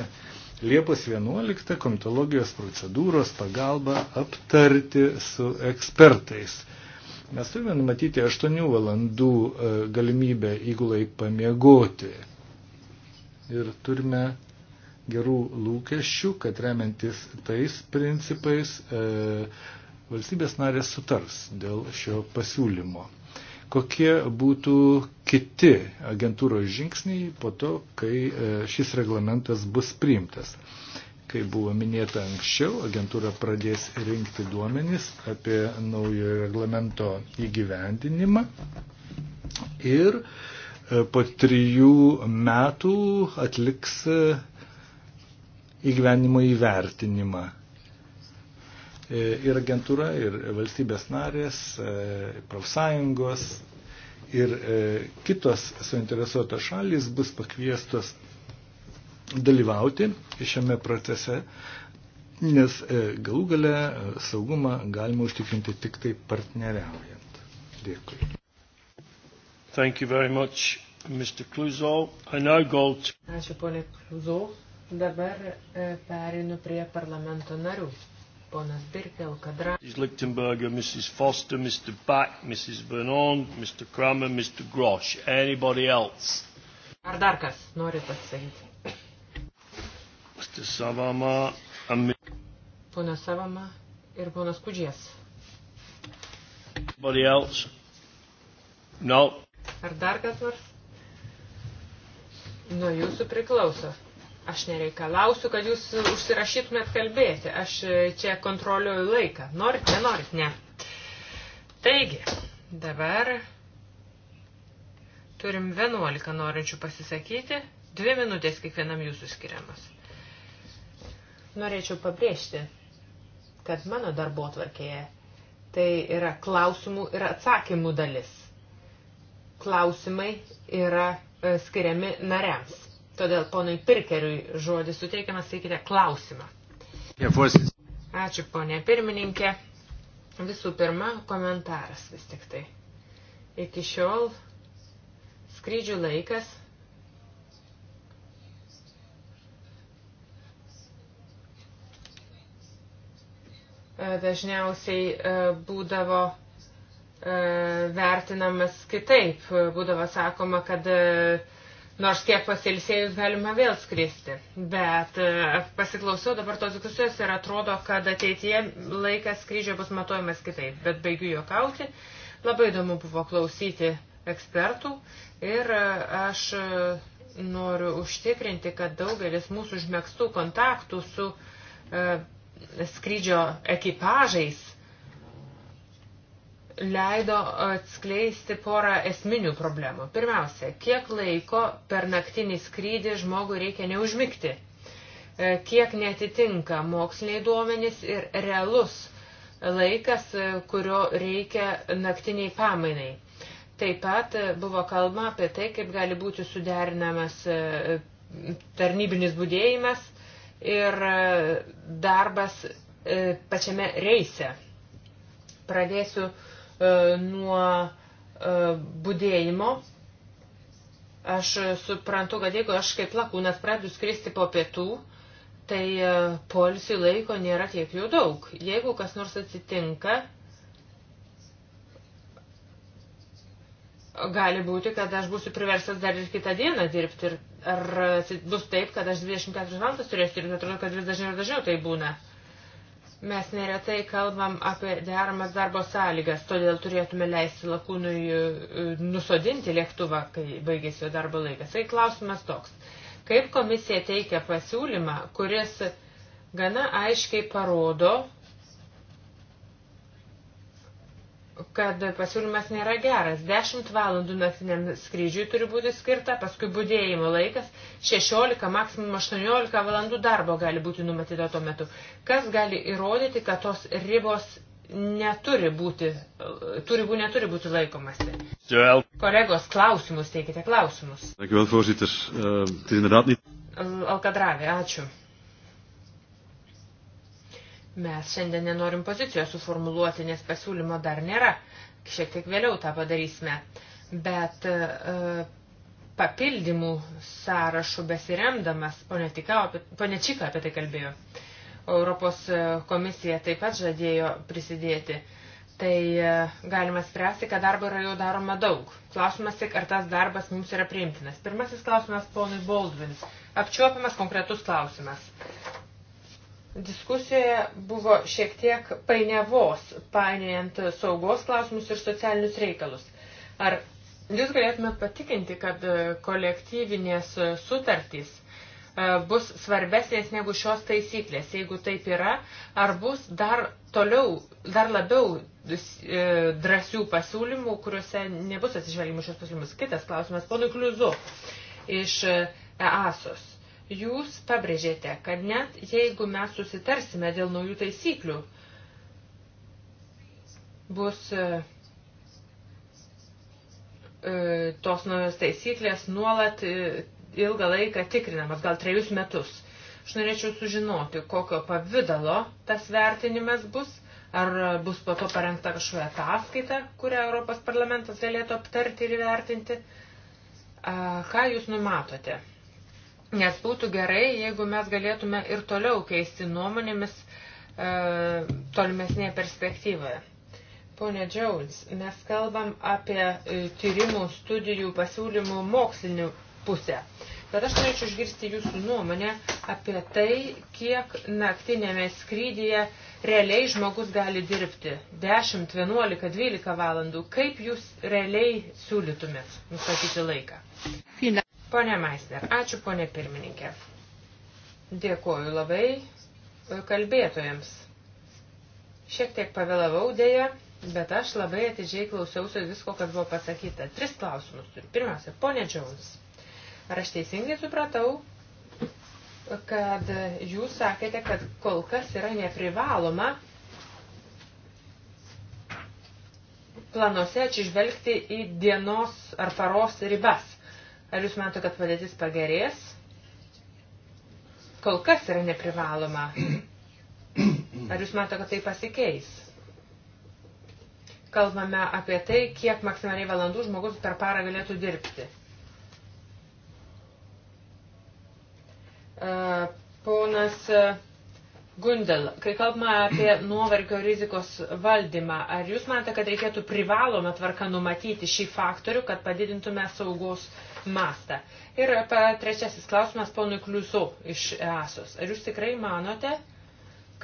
Speaker 1: Liepos 11 komitologijos procedūros pagalba aptarti su ekspertais. Mes turime numatyti 8 valandų e, galimybę įgulai pamiegoti. Ir turime gerų lūkesčių, kad remiantis tais principais e, valstybės narės sutars dėl šio pasiūlymo. Kokie būtų kiti agentūros žingsniai po to, kai e, šis reglamentas bus priimtas? E, Kai buvo minėta anksčiau, agentūra pradės rinkti duomenis apie naujo reglamento įgyvendinimą ir e, po trijų metų atliks e, įgyvenimo įvertinimą. E, ir agentūra, ir valstybės narės, profsąjungos ir kitos suinteresuotos šalys bus pakviestos dalyvauti šiame procese, nes e, galų gale e, saugumą galima užtikrinti tik tai partneriaujant. Dėkui. Thank you very much, Mr. Kluzo. I now go to...
Speaker 2: Ačiū, ponė Kluzo. Dabar e, perinu prie parlamento narių. Ponas Pirkel, Kadra.
Speaker 1: Mrs. Lichtenberger, Mrs. Foster, Mr. Back, Mrs. Vernon, Mr. Kramer, Mr. Grosh. Anybody else?
Speaker 2: Ar dar kas nori pasakyti?
Speaker 1: Savama.
Speaker 2: Ponas Savama ir ponas Kudžės. No. Ar dar kas nors? Nuo jūsų priklauso. Aš nereikalausiu, kad jūs užsirašytumėt kalbėti. Aš e, čia kontroliuoju laiką. Norit, nenorit, ne. Taigi, dabar turim 11 norinčių pasisakyti. Dvi minutės kiekvienam jūsų skiriamas. Norėčiau pabrėžti, kad mano darbo tvarkėje tai yra klausimų ir atsakymų dalis. Klausimai yra e, skiriami nariams. Todėl ponui Pirkeriui žodis suteikiamas, sakykite, klausimą. Ačiū, ponė pirmininkė. Visų pirma, komentaras vis tik tai. Iki šiol skrydžių laikas E, dažniausiai e, būdavo e, vertinamas kitaip. Būdavo sakoma, kad nors kiek pasilsėjus galima vėl skristi. Bet pasiklausiau dabar tos diskusijos ir atrodo, kad ateityje laikas skrydžio bus matuojamas kitaip. Bet baigiu juokauti. Labai įdomu buvo klausyti ekspertų ir aš noriu užtikrinti, kad daugelis mūsų užmėgstų kontaktų su skrydžio ekipažais leido atskleisti porą esminių problemų. Pirmiausia, kiek laiko per naktinį skrydį žmogui reikia neužmigti, e, kiek netitinka moksliniai duomenys ir realus laikas, e, kurio reikia naktiniai pamainai. Taip pat e, buvo kalba apie tai, kaip gali būti suderinamas tarnybinis būdėjimas ir e, darbas e, pačiame reise. Pradėsiu e, nuo būdėjimo. Aš suprantu, kad jeigu aš kaip lakūnas pradedu skristi po pietų, tai polisių laiko nėra tiek jau daug. Jeigu kas nors atsitinka, gali būti, kad aš būsiu priverstas dar ir kitą dieną dirbti ir Ar bus taip, kad aš 24 valandas turėsiu dirbti, atrodo, kad vis dažniau ir dažniau tai būna. Mes neretai kalbam apie deramas darbo sąlygas, todėl turėtume leisti lakūnui e, e, nusodinti lėktuvą, kai baigėsi jo darbo laikas. Tai klausimas toks. Kaip komisija teikia pasiūlymą, kuris gana aiškiai parodo, kad pasiūlymas nėra geras. 10 valandų naktiniam skrydžiui turi būti skirta, paskui budėjimo laikas 16, maksimum 18 valandų darbo gali būti numatyta tuo metu. Kas gali įrodyti, kad tos ribos neturi būti, tų ribų neturi būti laikomasi? Kolegos, klausimus teikite, klausimus.
Speaker 1: Eh,
Speaker 2: Alkadravė, ačiū. Mes šiandien nenorim pozicijos suformuluoti, nes pasiūlymo dar nėra. Šiek tiek vėliau tą padarysime. Bet e, papildymų sąrašų besiremdamas, ponė, Tikau, ponė Čika apie tai kalbėjo, Europos e, komisija taip pat žadėjo prisidėti, tai e, galima spręsti, kad darbo yra jau daroma daug. Klausimas tik, ar tas darbas mums yra priimtinas. Pirmasis klausimas ponui Baldwin. Apčiuopiamas konkretus klausimas. Diskusijoje buvo šiek tiek painiavos, painiojant saugos klausimus ir socialinius reikalus. Ar jūs galėtumėt patikinti, kad kolektyvinės sutartys e, bus svarbesnės negu šios taisyklės. Jeigu taip yra, ar bus dar toliau, dar labiau e, drąsių pasiūlymų, kuriuose nebus atsižvelgimų šios pasiūlymus. Kitas klausimas, ponui Kliuzu iš EASOS. Jūs pabrėžėte, kad net jeigu mes susitarsime dėl naujų taisyklių, bus e, e, tos naujos taisyklės nuolat e, ilgą laiką tikrinamas, gal trejus metus. Aš norėčiau sužinoti, kokio pavydalo tas vertinimas bus, ar bus po to parengta kažkokia ataskaita, kurią Europos parlamentas galėtų aptarti ir įvertinti. Ką jūs numatote? Nes būtų gerai, jeigu mes galėtume ir toliau keisti nuomonėmis e, tolimesnėje perspektyvoje. Pone Jones, mes kalbam apie e, tyrimų, studijų, pasiūlymų mokslinių pusę. Bet aš norėčiau išgirsti jūsų nuomonę apie tai, kiek naktinėme skrydyje realiai žmogus gali dirbti. 10, 11, 12 valandų. Kaip jūs realiai siūlytumėt nustatyti laiką? Fina. Pone Maisner, ačiū ponė pirmininkė. Dėkuoju labai kalbėtojams. Šiek tiek pavėlavau dėja, bet aš labai atidžiai klausiausi visko, kas buvo pasakyta. Tris klausimus turiu. Pirmiausia, ponė Jones, ar aš teisingai supratau, kad jūs sakėte, kad kol kas yra neprivaloma planuose atsižvelgti į dienos ar paros ribas. Ar jūs matote, kad padėtis pagerės? Kol kas yra neprivaloma. Ar jūs matote, kad tai pasikeis? Kalbame apie tai, kiek maksimaliai valandų žmogus per parą galėtų dirbti. Ponas uh, Gundel, kai kalbama apie nuovargio rizikos valdymą, ar jūs manote, kad reikėtų privalomą tvarką numatyti šį faktorių, kad padidintume saugos mastą? Ir trečiasis klausimas ponui Kliusu iš EASOS. Ar jūs tikrai manote,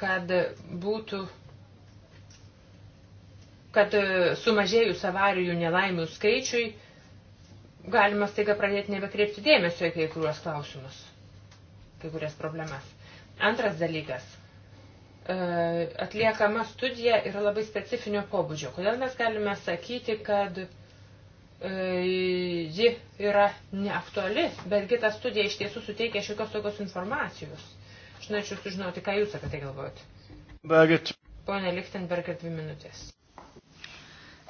Speaker 2: kad būtų kad sumažėjus avarijų nelaimių skaičiui galima staiga pradėti nebekreipti dėmesio į kai kuriuos klausimus, kai kurias problemas. Antras dalykas – E, atliekama studija yra labai specifinio pobūdžio. Kodėl mes galime sakyti, kad e, ji yra neaktuali, betgi ta studija iš tiesų suteikia šiokios tokios informacijos. Aš norėčiau sužinoti, ką jūs apie tai galvojate. Bergit. Pone Lichtenberger, dvi minutės.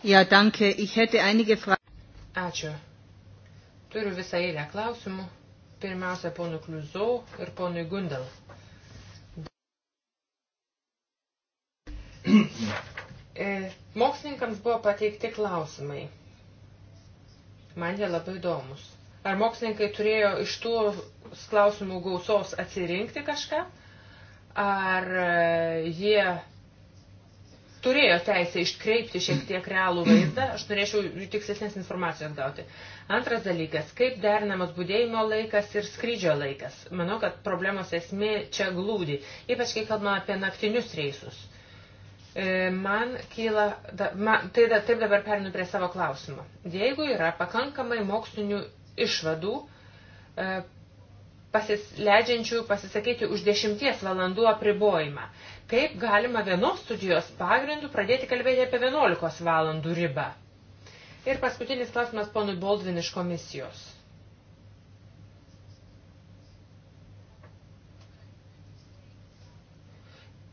Speaker 2: Ja, danke. Ich hätte einige Fragen. Ačiū. Turiu visą eilę klausimų. Pirmiausia, ponu Kliuzau ir ponui Gundel. E, mokslininkams buvo pateikti klausimai. Man jie labai įdomus. Ar mokslininkai turėjo iš tų klausimų gausos atsirinkti kažką? Ar e, jie turėjo teisę iškreipti šiek tiek realų vaizdą, aš norėčiau tikslesnės informacijos gauti. Antras dalykas, kaip derinamas būdėjimo laikas ir skrydžio laikas. Manau, kad problemos esmė čia glūdi, ypač kai kalbame apie naktinius reisus. E, man kyla, da, man, tai da, taip dabar perinu prie savo klausimo. Jeigu yra pakankamai mokslinių išvadų, e, pasis, leidžiančių pasisakyti už dešimties valandų apribojimą, kaip galima vienos studijos pagrindų pradėti kalbėti apie vienuolikos valandų ribą? Ir paskutinis klausimas ponui Boldvin iš komisijos.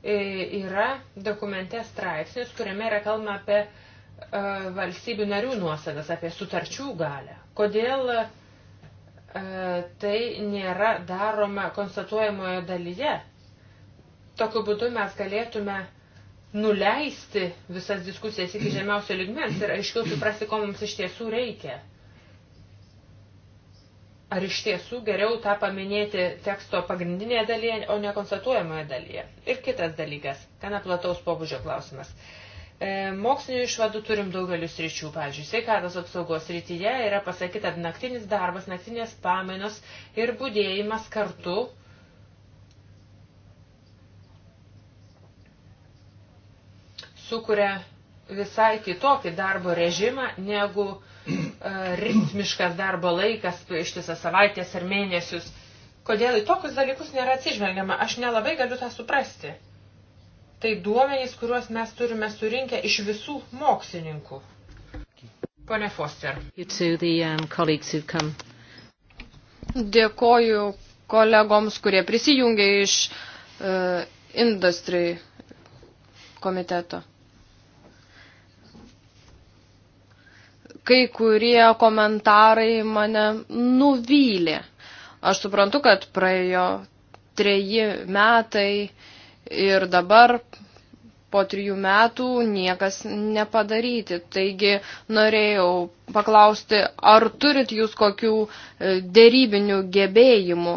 Speaker 2: E, yra dokumente straipsnis, kuriame yra kalbama apie e, valstybių narių nuosadas, apie sutarčių galę. Kodėl e, tai nėra daroma konstatuojamojo dalyje? Tokiu būdu mes galėtume nuleisti visas diskusijas iki žemiausio lygmens ir aiškiau suprasti, ko mums iš tiesų reikia ar iš tiesų geriau tą paminėti teksto pagrindinėje dalyje, o ne konstatuojamoje dalyje. Ir kitas dalykas, gana plataus pobūdžio klausimas. E, mokslinių išvadų turim daugelius ryčių. Pavyzdžiui, sveikatos apsaugos rytyje yra pasakyta, kad naktinis darbas, naktinės pamainos ir būdėjimas kartu sukuria visai kitokį darbo režimą negu e, E, ritmiškas darbo laikas, ištisas savaitės ar mėnesius. Kodėl į tokius dalykus nėra atsižvelgiama, aš nelabai galiu tą suprasti. Tai duomenys, kuriuos mes turime surinkę iš visų mokslininkų. Pone Foster.
Speaker 1: Um,
Speaker 3: Dėkoju kolegoms, kurie prisijungia iš uh, industry komiteto. kai kurie komentarai mane nuvylė. Aš suprantu, kad praėjo treji metai ir dabar po trijų metų niekas nepadaryti. Taigi norėjau paklausti, ar turit jūs kokių e, dėrybinių gebėjimų?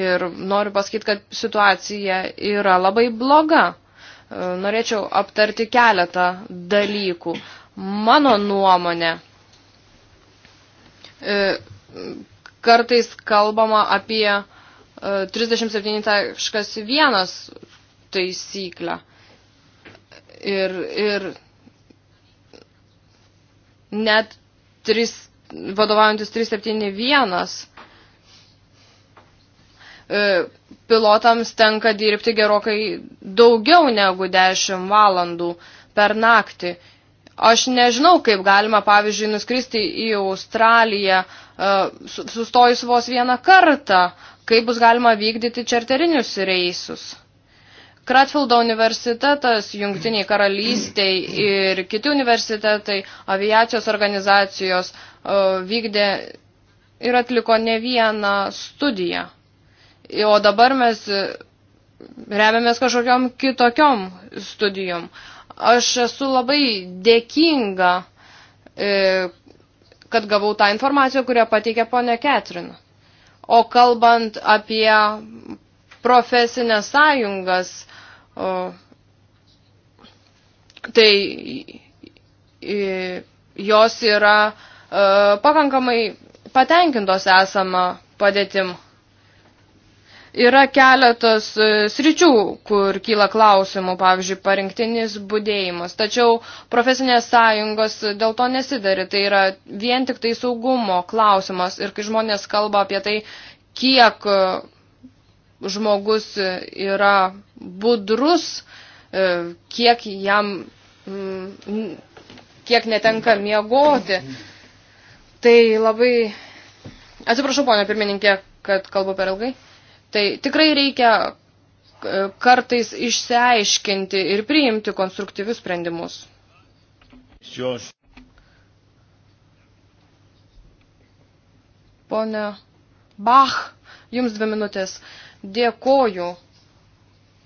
Speaker 3: Ir noriu pasakyti, kad situacija yra labai bloga. E, norėčiau aptarti keletą dalykų. Mano nuomonė, e, kartais kalbama apie 37.1 e, taisyklę. Ir, ir net 3, vadovaujantis 371 e, pilotams tenka dirbti gerokai daugiau negu 10 valandų per naktį. Aš nežinau, kaip galima, pavyzdžiui, nuskristi į Australiją, e, sustojus vos vieną kartą, kaip bus galima vykdyti čarterinius reisus. Kratfildo universitetas, Jungtiniai karalystiai ir kiti universitetai, aviacijos organizacijos e, vykdė ir atliko ne vieną studiją. O dabar mes remiamės kažkokiom kitokiom studijom. Aš esu labai dėkinga, e, kad gavau tą informaciją, kurią pateikė ponė Ketrin. O kalbant apie profesinės sąjungas, tai jos yra e, pakankamai patenkintos esama padėtim Yra keletas e, sričių, kur kyla klausimų, pavyzdžiui, parinktinis būdėjimas. Tačiau profesinės sąjungos dėl to nesidari. Tai yra vien tik tai saugumo klausimas. Ir kai žmonės kalba apie tai, kiek e, žmogus yra budrus, e, kiek jam, mm, kiek netenka miegoti, tai labai. Atsiprašau, ponia pirmininkė, kad kalbu per ilgai. Tai tikrai reikia e, kartais išsiaiškinti ir priimti konstruktyvius sprendimus. Šios. Pone Bach, jums dvi minutės. Dėkoju,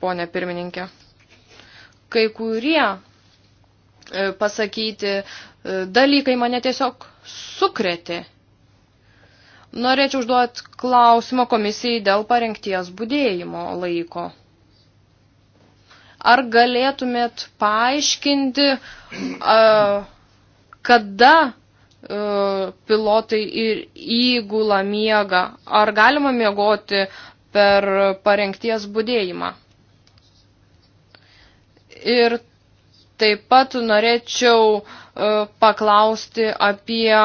Speaker 3: ponė pirmininkė. Kai kurie e, pasakyti e, dalykai mane tiesiog sukretė Norėčiau užduoti klausimą komisijai dėl parengties budėjimo laiko. Ar galėtumėt paaiškinti, kada pilotai ir įgula miega? Ar galima miegoti per parengties budėjimą? Ir taip pat norėčiau paklausti apie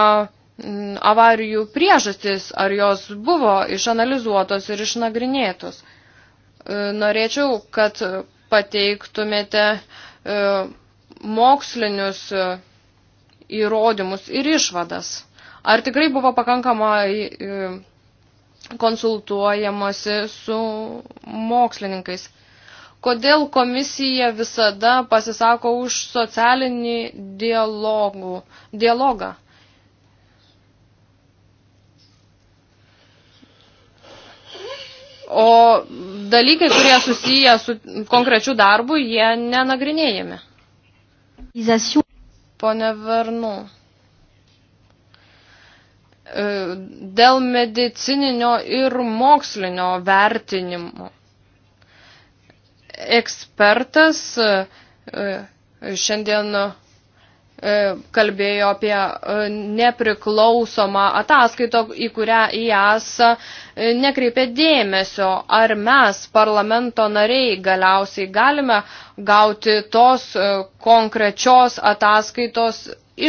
Speaker 3: avarijų priežastis, ar jos buvo išanalizuotos ir išnagrinėtos. E, norėčiau, kad pateiktumėte e, mokslinius e, įrodymus ir išvadas. Ar tikrai buvo pakankamai konsultuojamasi su mokslininkais? Kodėl komisija visada pasisako už socialinį dialogų, dialogą? O dalykai, kurie susiję su konkrečiu darbu, jie nenagrinėjami. Pone Varnu. E, dėl medicininio ir mokslinio vertinimo. Ekspertas e, šiandien E, kalbėjo apie e, nepriklausomą ataskaitą, į kurią IAS e, nekreipė dėmesio, ar mes, parlamento nariai, galiausiai galime gauti tos konkrečios ataskaitos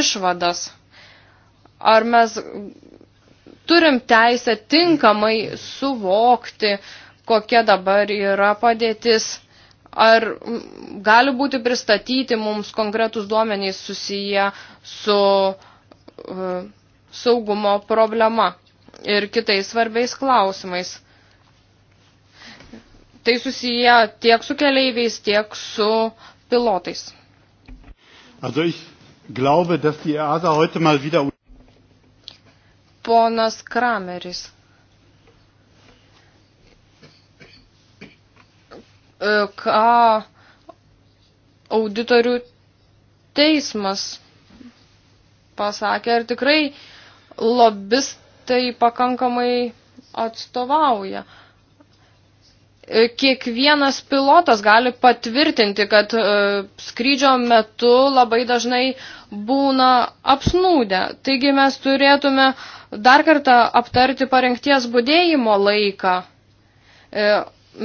Speaker 3: išvadas. Ar mes turim teisę tinkamai suvokti, kokia dabar yra padėtis Ar gali būti pristatyti mums konkretus duomenys susiję su uh, saugumo problema ir kitais svarbiais klausimais? Tai susiję tiek su keleiviais, tiek su pilotais.
Speaker 1: Also ich glaube, dass die EASA heute mal wieder...
Speaker 3: Ponas Krameris. ką auditorių teismas pasakė, ar tikrai lobistai pakankamai atstovauja. Kiekvienas pilotas gali patvirtinti, kad e, skrydžio metu labai dažnai būna apsnūdę. Taigi mes turėtume dar kartą aptarti parengties būdėjimo laiką e,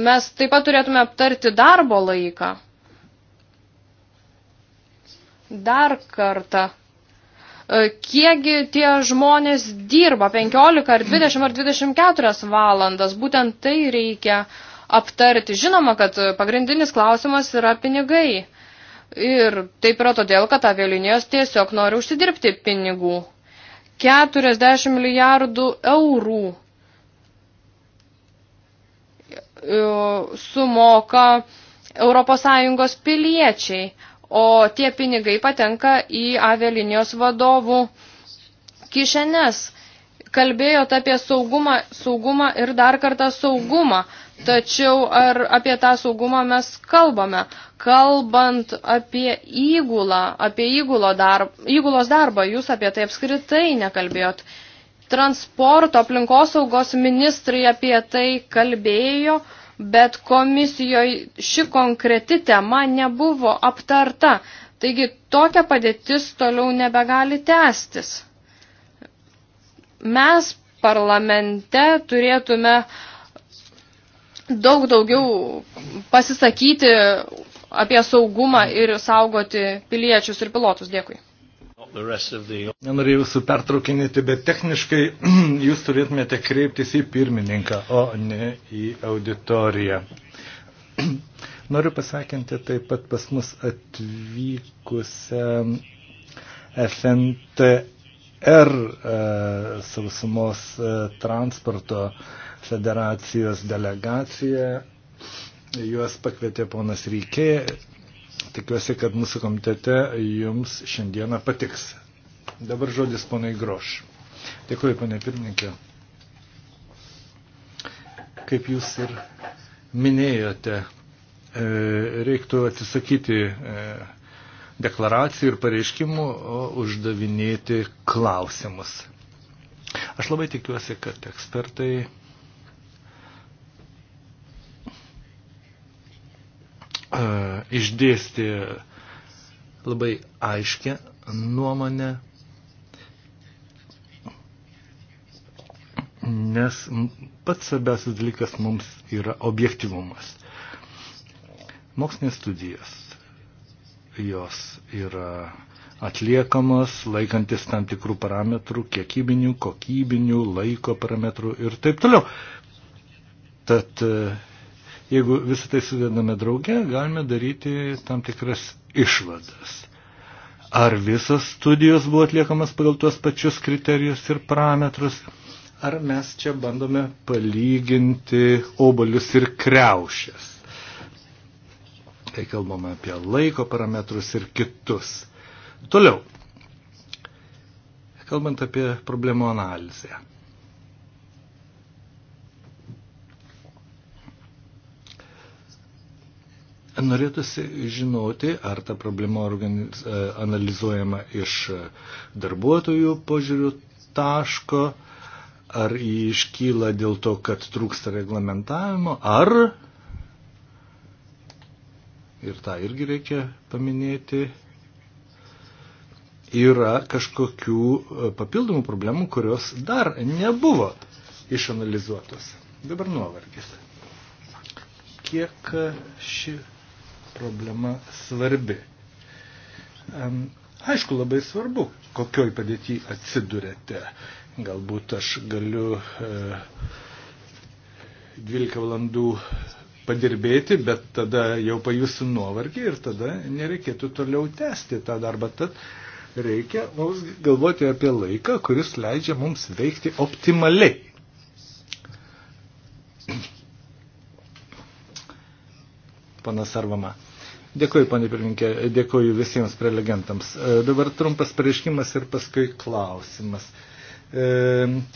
Speaker 3: Mes taip pat turėtume aptarti darbo laiką. Dar kartą. E, kiekgi tie žmonės dirba 15 ar 20 ar 24 valandas, būtent tai reikia aptarti. Žinoma, kad pagrindinis klausimas yra pinigai. Ir taip yra todėl, kad avialinijos tiesiog nori užsidirbti pinigų. 40 milijardų eurų E, sumoka ES piliečiai, o tie pinigai patenka į avialinijos vadovų kišenes. Kalbėjote apie saugumą, saugumą ir dar kartą saugumą. Tačiau ar apie tą saugumą mes kalbame? Kalbant apie įgulą, apie įgulo darb, įgulos darbą, jūs apie tai apskritai nekalbėjot transporto aplinkosaugos ministrai apie tai kalbėjo, bet komisijoje ši konkreti tema nebuvo aptarta. Taigi tokia padėtis toliau nebegali tęstis. Mes parlamente turėtume daug daugiau pasisakyti apie saugumą ir saugoti piliečius ir pilotus. Dėkui
Speaker 1: the... Nenorėjau jūsų pertraukinėti, bet techniškai jūs turėtumėte kreiptis į pirmininką, o ne į auditoriją. Noriu pasakinti taip pat pas mus atvykusią FNTR e, sausumos e, transporto federacijos delegaciją. Juos pakvietė ponas Rykė, Tikiuosi, kad mūsų komitete jums šiandieną patiks. Dabar žodis ponai Groš. Dėkuoju, ponė pirmininkė. Kaip jūs ir minėjote, e, reiktų atsisakyti e, deklaracijų ir pareiškimų, o uždavinėti klausimus. Aš labai tikiuosi, kad ekspertai išdėsti labai aiškę nuomonę, nes pats svarbiausias dalykas mums yra objektivumas. Mokslinės studijas, jos yra atliekamos laikantis tam tikrų parametrų, kiekybinių, kokybinių, laiko parametrų ir taip toliau. Tad Jeigu visą tai sudedame drauge, galime daryti tam tikras išvadas. Ar visos studijos buvo atliekamas pagal tuos pačius kriterijus ir parametrus, ar mes čia bandome palyginti obalius ir kreušės. Kai kalbame apie laiko parametrus ir kitus. Toliau, kalbant apie problemų analizę Norėtųsi žinoti, ar ta problema organiz, e, analizuojama iš darbuotojų požiūrių taško, ar jį iškyla dėl to, kad trūksta reglamentavimo, ar, ir tą irgi reikia paminėti, yra kažkokių e, papildomų problemų, kurios dar nebuvo išanalizuotos. Dabar nuovargis. Kiek ši problema svarbi. Aišku, labai svarbu, kokioj padėtyje atsidurėte. Galbūt aš galiu 12 e, valandų padirbėti, bet tada jau pajusiu nuovargį ir tada nereikėtų toliau tęsti tą darbą. Tad reikia mums galvoti apie laiką, kuris leidžia mums veikti optimaliai. Panas Arvama. Dėkuoju, panė pirminkė, dėkuoju visiems prelegentams. E, dabar trumpas pareiškimas ir paskui klausimas. E,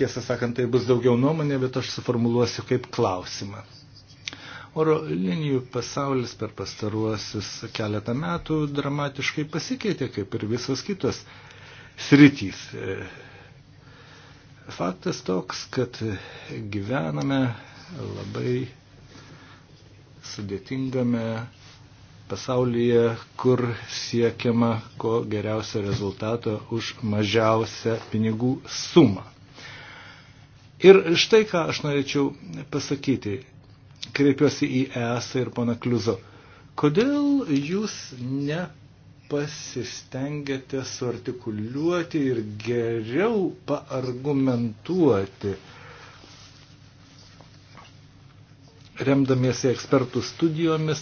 Speaker 1: tiesą sakant, tai bus daugiau nuomonė, bet aš suformuluosiu kaip klausimą. Oro linijų pasaulis per pastaruosius keletą metų dramatiškai pasikeitė, kaip ir visos kitos sritys. E, faktas toks, kad gyvename labai sudėtingame pasaulyje, kur siekiama ko geriausio rezultato už mažiausią pinigų sumą. Ir štai ką aš norėčiau pasakyti. Kreipiuosi į ESA ir pana Kliuzo. Kodėl jūs nepasistengiate suartikuliuoti ir geriau paargumentuoti, remdamiesi ekspertų studijomis,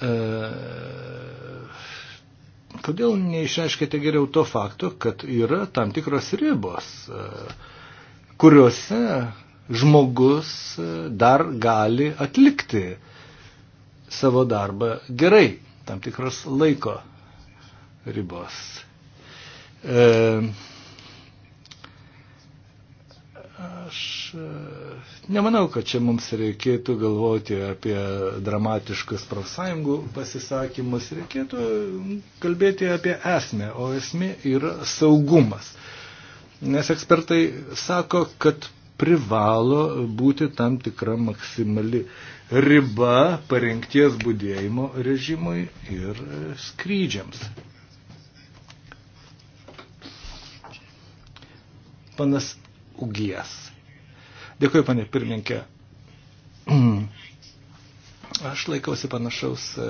Speaker 1: Kodėl e, neišreiškite geriau to fakto, kad yra tam tikros ribos, e, kuriuose žmogus e, dar gali atlikti savo darbą gerai, tam tikros laiko ribos. E, Aš e, nemanau, kad čia mums reikėtų galvoti apie dramatiškus profsąjungų pasisakymus, reikėtų kalbėti apie esmę, o esmė yra saugumas. Nes ekspertai sako, kad privalo būti tam tikra maksimali riba parengties būdėjimo režimui ir skrydžiams. Panas Ugijas. Dėkuoju, panė pirmininkė. Aš laikausi panašaus e,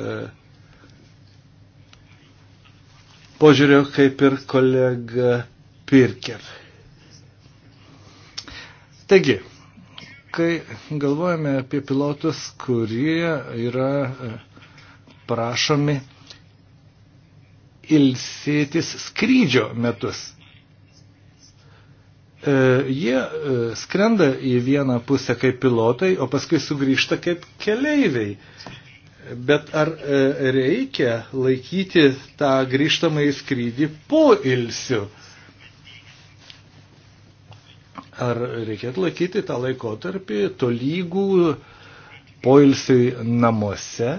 Speaker 1: požiūrio kaip ir kolega Pirker. Taigi, kai galvojame apie pilotus, kurie yra e, prašomi ilsėtis skrydžio metus. E, jie e, skrenda į vieną pusę kaip pilotai, o paskui sugrįžta kaip keleiviai. Bet ar e, reikia laikyti tą grįžtamą į skrydį po ilsiu? Ar reikėtų laikyti tą laikotarpį tolygų poilsiui namuose?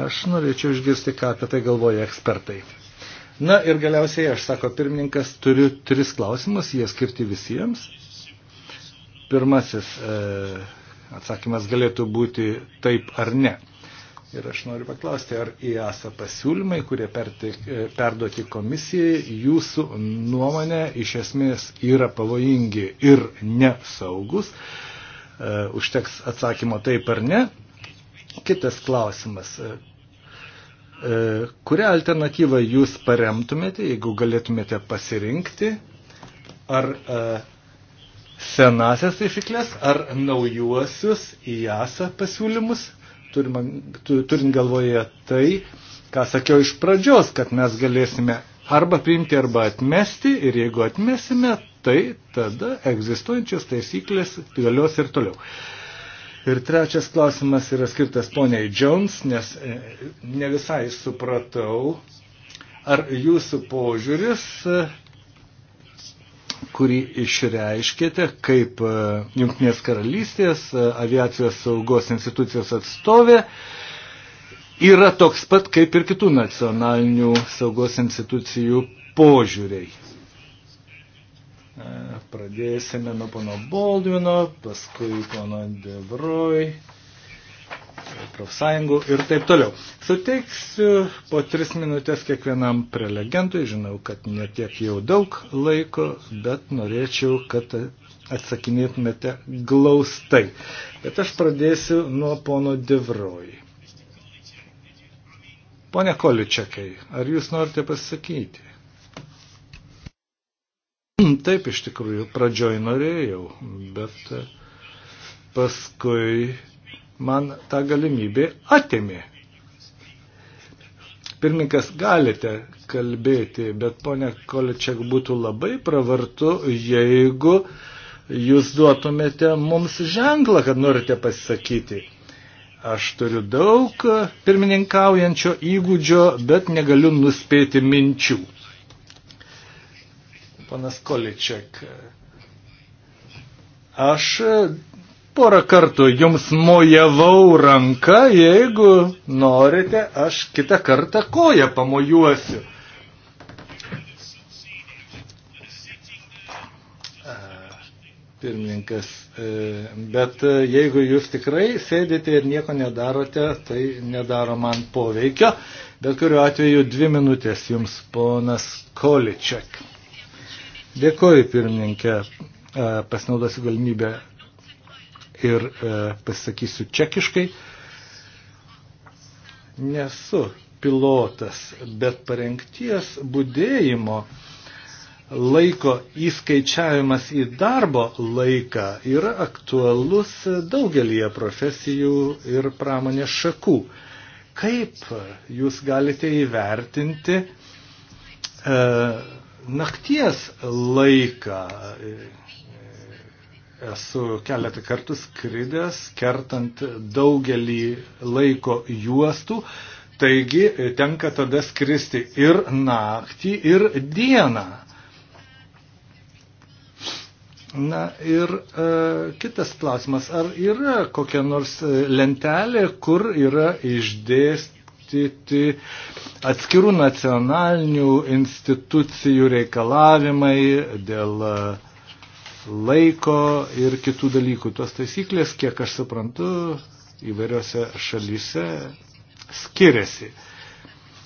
Speaker 1: Aš norėčiau išgirsti, ką apie tai galvoja ekspertai. Na ir galiausiai, aš sako pirmininkas, turiu tris klausimus, jie skirti visiems. Pirmasis e, atsakymas galėtų būti taip ar ne. Ir aš noriu paklausti, ar įasa pasiūlymai, kurie pertik, e, perduoti komisijai, jūsų nuomonė iš esmės yra pavojingi ir nesaugus. E, užteks atsakymo taip ar ne. Kitas klausimas. E, E, kurią alternatyvą jūs paremtumėte, jeigu galėtumėte pasirinkti? Ar e, senasias taisyklės, ar naujuosius IASA e pasiūlymus? Turint galvoje tai, ką sakiau iš pradžios, kad mes galėsime arba priimti, arba atmesti ir jeigu atmesime, tai tada egzistuojančios taisyklės galios ir toliau. Ir trečias klausimas yra skirtas poniai Jones, nes e, ne visai supratau, ar jūsų požiūris, e, kurį išreiškėte kaip e, Junktinės karalystės aviacijos saugos institucijos atstovė, yra toks pat kaip ir kitų nacionalinių saugos institucijų požiūriai. E, pradėsime nuo pono Baldvino, paskui pono Devroj, profsąjungų ir taip toliau. Suteiksiu po tris minutės kiekvienam prelegentui, žinau, kad netiek jau daug laiko, bet norėčiau, kad atsakinėtumėte glaustai. Bet aš pradėsiu nuo pono Devroj. Pone Količiakai, ar jūs norite pasakyti? Taip iš tikrųjų pradžioj norėjau, bet e, paskui man tą galimybę atėmė. Pirmininkas, galite kalbėti, bet ponia Količiak būtų labai pravartu, jeigu jūs duotumėte mums ženklą, kad norite pasisakyti. Aš turiu daug pirmininkaujančio įgūdžio, bet negaliu nuspėti minčių. Panas Količek. Aš e, porą kartų jums mojavau ranką, jeigu norite, aš kitą kartą koją pamojuosiu. E, pirmininkas, e, bet jeigu jūs tikrai sėdite ir nieko nedarote, tai nedaro man poveikio. Bet kuriuo atveju dvi minutės jums, ponas Količek. Dėkoju, pirmininkė, e, pasinaudosiu galimybę ir e, pasakysiu čekiškai. Nesu pilotas, bet parengties būdėjimo laiko įskaičiavimas į darbo laiką yra aktualus daugelie profesijų ir pramonės šakų. Kaip jūs galite įvertinti e, nakties laiką. E, e, esu keletą kartų skridęs, kertant daugelį laiko juostų, taigi e, tenka tada skristi ir naktį, ir dieną. Na ir e, kitas klausimas, ar yra kokia nors lentelė, kur yra išdėst, dėstyti atskirų nacionalinių institucijų reikalavimai dėl e, laiko ir kitų dalykų. Tos taisyklės, kiek aš suprantu, įvairiose šalyse skiriasi.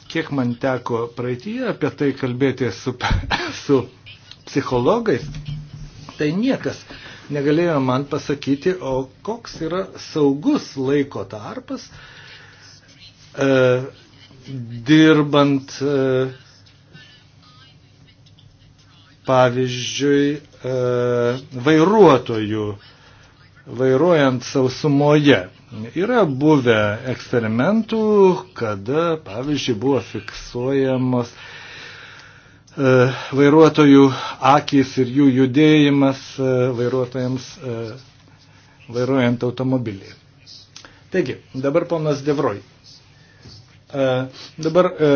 Speaker 1: Kiek man teko praeitie apie tai kalbėti su, su psichologais, tai niekas negalėjo man pasakyti, o koks yra saugus laiko tarpas, e, dirbant, e, pavyzdžiui, e, vairuotojų, vairuojant sausumoje. Yra buvę eksperimentų, kada, pavyzdžiui, buvo fiksuojamos e, vairuotojų akys ir jų judėjimas e, vairuotojams e, vairuojant automobilį. Taigi, dabar ponas Devroj. E, dabar e,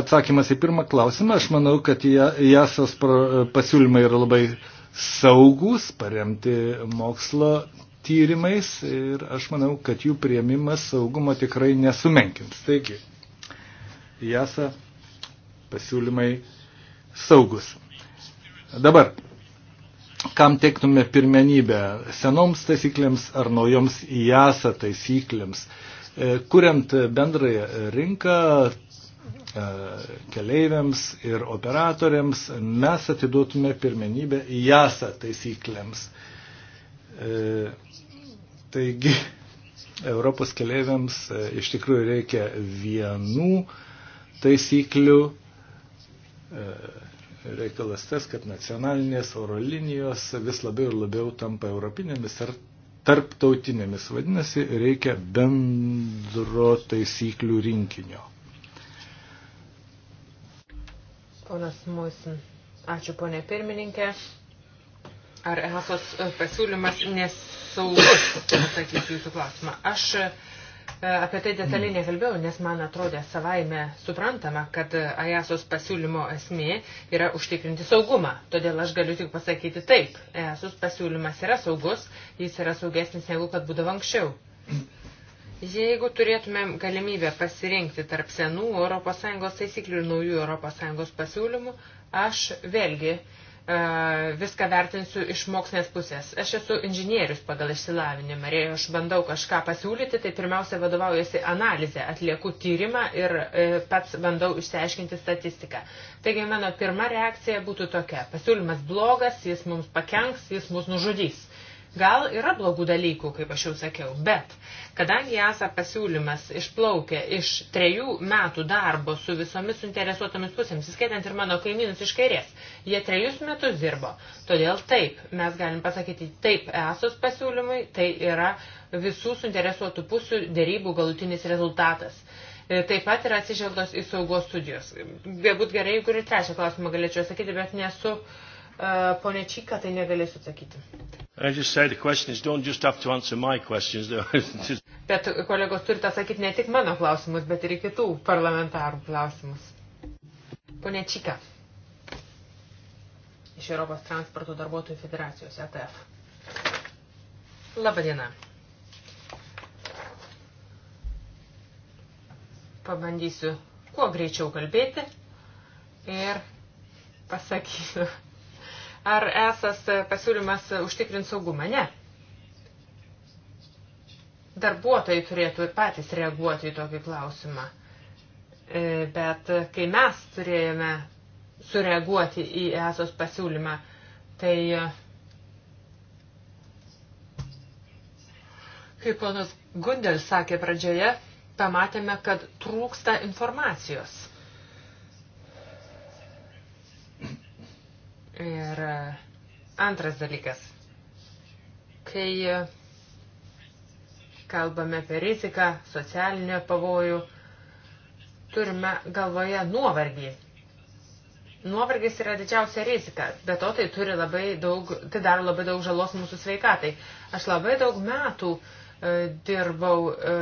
Speaker 1: atsakymas į pirmą klausimą. Aš manau, kad JASOS e, pasiūlymai yra labai saugus, paremti mokslo tyrimais ir aš manau, kad jų prieimimas saugumo tikrai nesumenkins. Taigi, JASA pasiūlymai saugus. Dabar, kam teiktume pirmenybę? Senoms taisyklėms ar naujoms JASA taisyklėms? Uh, E, kuriant bendrąją rinką e, keleiviams ir operatoriams, mes atiduotume pirmenybę JASA taisyklėms. E, taigi, Europos keleiviams iš tikrųjų reikia vienų taisyklių. Reikalas tas, kad nacionalinės oro linijos vis labiau ir labiau tampa europinėmis ir tarptautinėmis. Vadinasi, reikia bendro taisyklių rinkinio.
Speaker 2: Ponas Muisin, ačiū ponė pirmininkė. Ar ESOS pasiūlymas nesaugus, atsakysiu jūsų klausimą. Aš E, apie tai detaliai nekalbėjau, nes man atrodė savaime suprantama, kad AESOS pasiūlymo esmė yra užtikrinti saugumą. Todėl aš galiu tik pasakyti taip. AESOS pasiūlymas yra saugus, jis yra saugesnis negu kad būdavo anksčiau. Jeigu turėtumėm galimybę pasirinkti tarp senų ES taisyklių ir naujų ES pasiūlymų, aš vėlgi uh, E, viską vertinsiu iš mokslinės pusės. Aš esu inžinierius pagal išsilavinimą ir aš bandau kažką pasiūlyti, tai pirmiausia vadovaujasi analizė, atlieku tyrimą ir e, pats bandau išsiaiškinti statistiką. Taigi mano pirma reakcija būtų tokia, pasiūlymas blogas, jis mums pakenks, jis mus nužudys. Gal yra blogų dalykų, kaip aš jau sakiau, bet kadangi ESA pasiūlymas išplaukė iš trejų metų darbo su visomis suinteresuotomis pusėmis, įskaitant ir mano kaimynus iš kairės, jie trejus metus dirbo. Todėl taip, mes galim pasakyti taip ESOS pasiūlymui, tai yra visų suinteresuotų pusių dėrybų galutinis rezultatas. E, taip pat yra atsižvelgtos į saugos studijos. Galbūt gerai, kurį trečią klausimą galėčiau sakyti, bet nesu uh, Uh, pone Čika, tai negalėsiu atsakyti. Bet kolegos turite atsakyti ne tik mano klausimus, bet ir kitų parlamentarų klausimus. Pone Čika, iš Europos transporto darbuotojų federacijos ETF. Labadiena. Pabandysiu kuo greičiau kalbėti ir pasakysiu Ar esas pasiūlymas užtikrins saugumą? Ne. Darbuotojai turėtų ir patys reaguoti į tokį klausimą. E, bet kai mes turėjome sureaguoti į esos pasiūlymą, tai kaip ponas Gundel sakė pradžioje, pamatėme, kad trūksta informacijos. Ir e, antras dalykas. Kai e, kalbame apie riziką, socialinę pavojų, turime galvoje nuovargį. Nuovargis yra didžiausia rizika, bet to tai turi labai daug, tai daro labai daug žalos mūsų sveikatai. Aš labai daug metų e, dirbau e,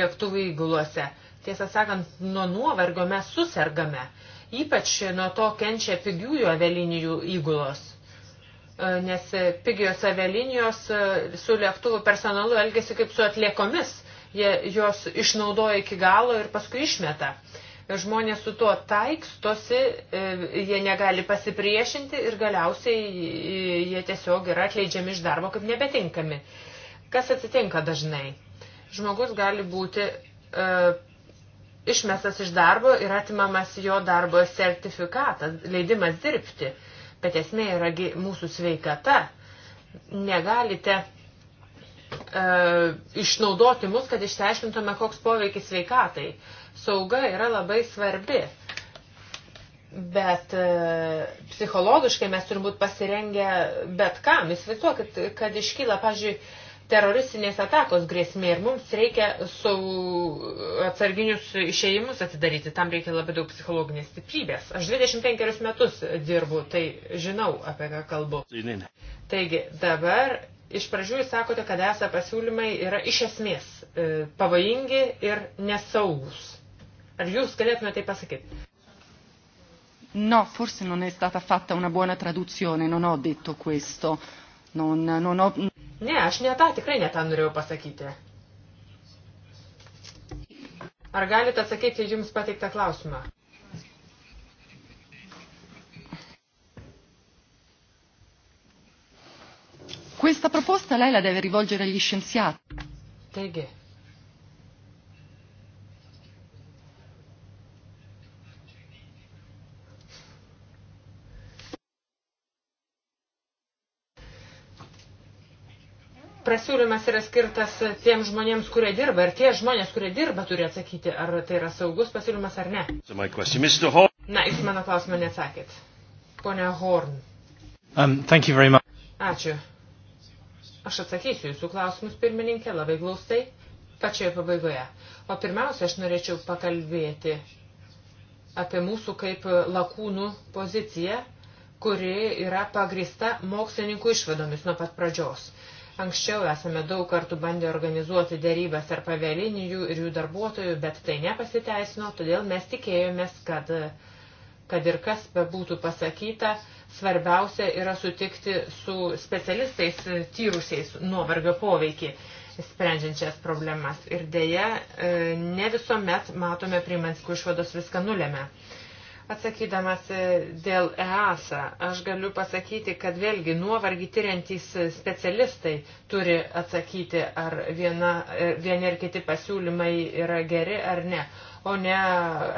Speaker 2: lėktuvų įgulose. Tiesą sakant, nuo nuovargio mes susergame. E, Ypač nuo to kenčia pigiųjų avialinijų įgulos, e, nes pigios avialinijos e, su lėktuvų personalu elgesi kaip su atliekomis, jie jos išnaudoja iki galo ir paskui išmeta e, žmonės su tuo taikstosi, jie negali pasipriešinti ir galiausiai jie tiesiog yra atleidžiami iš darbo kaip nebetinkami. Kas atsitinka dažnai? Žmogus gali būti išmestas iš darbo ir atimamas jo darbo sertifikatas, leidimas dirbti. Bet esmė yra mūsų sveikata. Negalite e, išnaudoti mus, kad išsiaiškintume, koks poveikis sveikatai. Sauga yra labai svarbi. Bet e, psichologiškai mes turbūt pasirengę bet kam. Įsivaizduokit, kad iškyla, pažiūrėjau, teroristinės atakos grėsmė ir mums reikia su atsarginius išėjimus atidaryti, tam reikia labai daug psichologinės stiprybės. Aš 25 metus dirbu, tai žinau, apie ką kalbu. Taigi, dabar iš pradžių jūs sakote, kad esą pasiūlymai yra iš esmės e, pavojingi ir nesaugus. Ar jūs galėtumėte tai pasakyti? No, forse non è stata fatta una buona traduzione, non ho detto questo. Non, non ho... Ne, aš ne tą, tikrai ne tą norėjau pasakyti. Ar galite atsakyti jums pateiktą klausimą? Questa proposta lei la deve rivolgere agli scienziati. Taigi, pasiūlymas yra skirtas tiems žmonėms, kurie dirba. Ir tie žmonės, kurie dirba, turi atsakyti, ar tai yra saugus pasiūlymas ar ne. Na, jūs mano klausimą neatsakėt. Pone Horn. Um, Ačiū. Aš atsakysiu jūsų klausimus, pirmininkė, labai glaustai, pačioje pabaigoje. O pirmiausia, aš norėčiau pakalbėti apie mūsų kaip lakūnų poziciją, kuri yra pagrista mokslininkų išvadomis nuo pat pradžios. Uh, Anksčiau esame daug kartų bandę organizuoti dėrybas tarp avialinijų ir jų darbuotojų, bet tai nepasiteisino, todėl mes tikėjomės, kad, kad ir kas bebūtų pasakyta, svarbiausia yra sutikti su specialistais tyrusiais nuovargio poveikį sprendžiančias problemas. Ir dėja, e, ne visuomet matome priimanskų išvados viską nulėmę. Atsakydamas e, dėl EASA, aš galiu pasakyti, kad vėlgi nuovargį tyriantys specialistai turi atsakyti, ar viena, e, vieni ar kiti pasiūlymai yra geri ar ne, o ne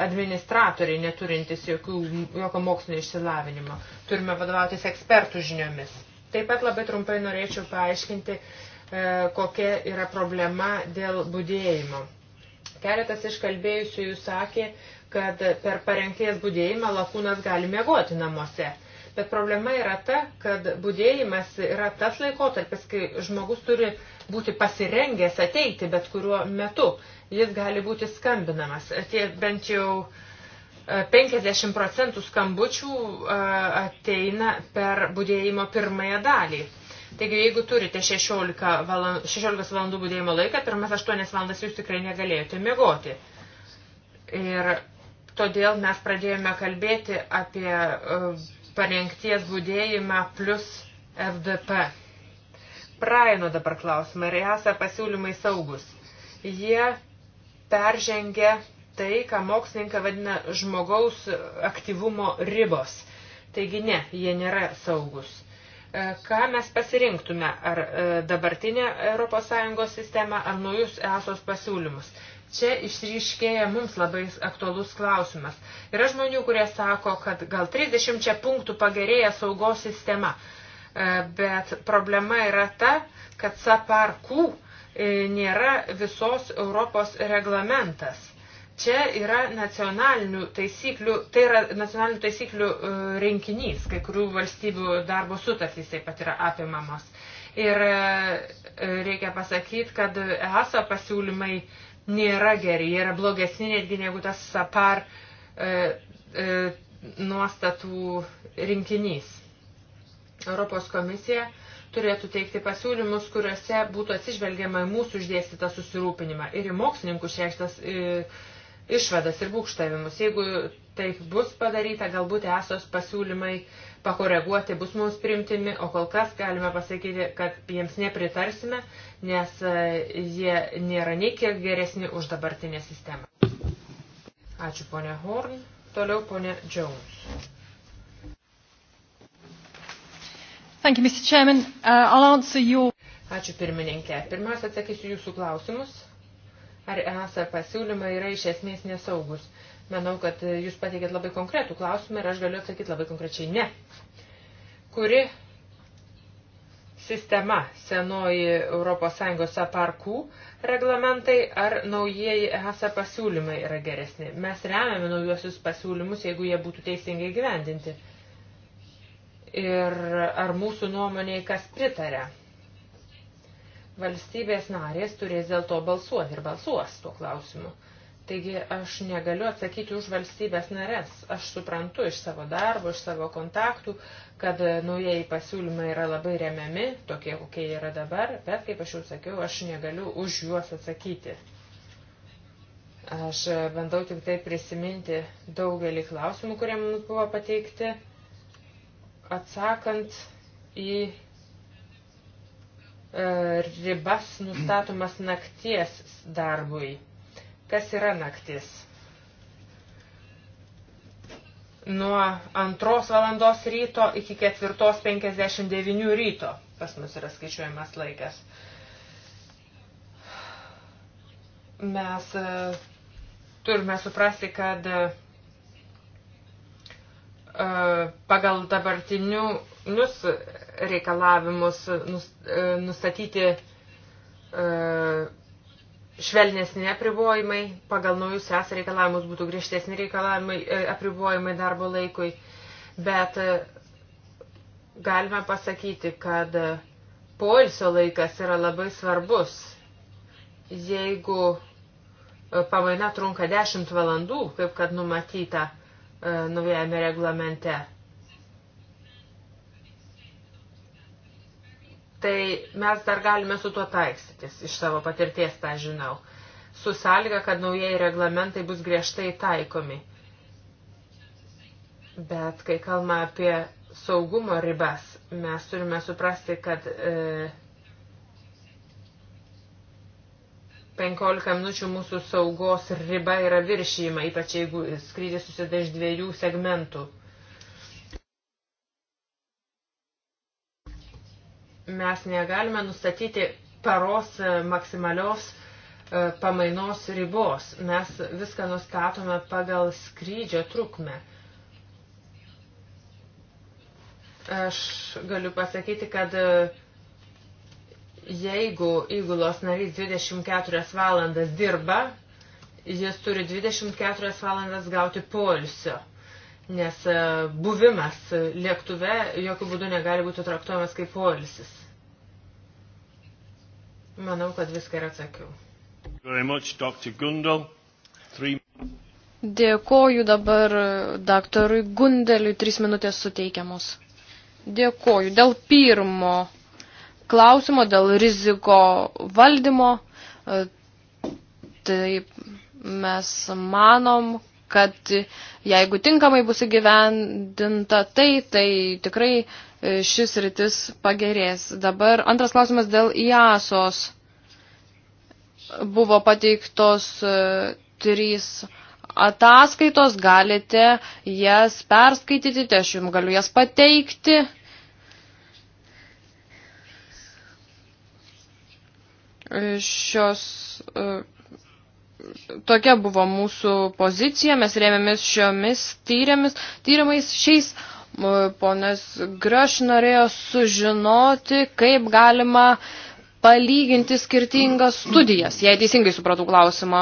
Speaker 2: administratoriai neturintys jokių, jokio mokslinio išsilavinimo. Turime vadovautis ekspertų žiniomis. Taip pat labai trumpai norėčiau paaiškinti, e, kokia yra problema dėl būdėjimo. Keletas iškalbėjusių jūs sakė, kad per parengties būdėjimą lakūnas gali miegoti namuose. Bet problema yra ta, kad būdėjimas yra tas laikotarpis, kai žmogus turi būti pasirengęs ateiti bet kuriuo metu. Jis gali būti skambinamas. Tie bent jau 50 e, procentų skambučių e, ateina per būdėjimo pirmąją dalį. Taigi, jeigu turite 16 valandų, 16 valandų būdėjimo laiką, pirmas 8 valandas jūs tikrai negalėjote miegoti. Ir Todėl mes pradėjome kalbėti apie e, parengties būdėjimą plus FDP. Praino dabar klausimą, ar esą pasiūlymai saugus. Jie peržengia tai, ką mokslininkai vadina žmogaus aktyvumo ribos. Taigi ne, jie nėra saugus. E, ką mes pasirinktume, ar e, dabartinę ES sistemą, ar naujus esos pasiūlymus? Čia išryškėja mums labai aktualus klausimas. Yra žmonių, kurie sako, kad gal 30 punktų pagerėja saugos sistema, e, bet problema yra ta, kad SAPARKU e, nėra visos Europos reglamentas. Čia yra nacionalinių taisyklių, tai yra nacionalinių taisyklių e, rinkinys, kai kurių valstybių darbo sutartys taip pat yra apimamos. Ir reikia pasakyti, kad ESO pasiūlymai nėra geri, jie yra blogesni netgi negu tas SAPAR e, e, nuostatų rinkinys. Europos komisija turėtų teikti pasiūlymus, kuriuose būtų atsižvelgiama į mūsų išdėstytą susirūpinimą ir į mokslininkų šeštas e, išvadas ir būkštavimus. Jeigu taip bus padaryta, galbūt esos pasiūlymai pakoreguoti bus mums primtimi, o kol kas galime pasakyti, kad jiems nepritarsime nes e, jie nėra nei kiek geresni už dabartinę sistemą. Ačiū ponė Horn, toliau ponė Jones. Thank you, Mr. Chairman. Uh, I'll answer your... Ačiū pirmininkė. Pirmiausia, atsakysiu jūsų klausimus. Ar ESA pasiūlymai yra iš esmės nesaugus? Manau, kad jūs pateikėt labai konkretų klausimą ir aš galiu atsakyti labai konkrečiai ne. Kuri sistema senoji ES aparkų reglamentai ar naujieji ESA pasiūlymai yra geresni. Mes remiame naujuosius pasiūlymus, jeigu jie būtų teisingai gyvendinti. Ir ar mūsų nuomonėje kas pritarė? Valstybės narės turės dėl to balsuoti ir balsuos tuo klausimu. Taigi aš negaliu atsakyti už valstybės narės. Aš suprantu iš savo darbo, iš savo kontaktų, kad naujieji pasiūlymai yra labai remiami, tokie kokie yra dabar, bet kaip aš jau sakiau, aš negaliu už juos atsakyti. Aš bandau tik tai prisiminti daugelį klausimų, kurie mums buvo pateikti, atsakant į e, ribas nustatomas nakties darbui Kas yra naktis? Nuo antros valandos ryto iki ketvirtos penkiasdešimt devinių ryto pas mus yra skaičiuojamas laikas. Mes e, turime suprasti, kad e, pagal dabartinius reikalavimus e, nustatyti švelnesni apribojimai, pagal naujus es reikalavimus būtų griežtesni reikalavimai, e, apribojimai darbo laikui, bet e, galime pasakyti, kad e, poilsio laikas yra labai svarbus. Jeigu pamaina trunka 10 valandų, kaip kad numatyta naujame reglamente, tai mes dar galime su tuo taikstytis, iš savo patirties tą žinau, su sąlyga, kad naujieji reglamentai bus griežtai taikomi. Bet kai kalbame apie saugumo ribas, mes turime suprasti, kad e, 15 minučių mūsų saugos riba yra viršyjima, ypač jeigu skrydis susideda iš dviejų segmentų. mes negalime nustatyti paros e, maksimalios e, pamainos ribos. Mes viską nustatome pagal skrydžio trukmę. Aš galiu pasakyti, kad e, jeigu įgulos narys 24 valandas dirba, jis turi 24 valandas gauti poilsio nes e, buvimas lėktuve jokių būdų negali būti traktuojamas kaip poilsis. Manau, kad viską ir atsakiau.
Speaker 1: Much, Gundel, three...
Speaker 3: Dėkoju dabar e, daktarui Gundeliui, trys minutės suteikiamos. Dėkoju dėl pirmo klausimo, dėl riziko valdymo. E, Taip, mes manom, kad jeigu tinkamai bus įgyvendinta tai, tai tikrai e, šis rytis pagerės. Dabar antras klausimas dėl IASOS. Buvo pateiktos e, trys ataskaitos, galite jas perskaityti, tai aš jums galiu jas pateikti. Šios e, tokia buvo mūsų pozicija, mes rėmėmės šiomis tyriamis, tyrimais šiais. Ponas Graš norėjo sužinoti, kaip galima palyginti skirtingas studijas, jei teisingai supratau klausimą.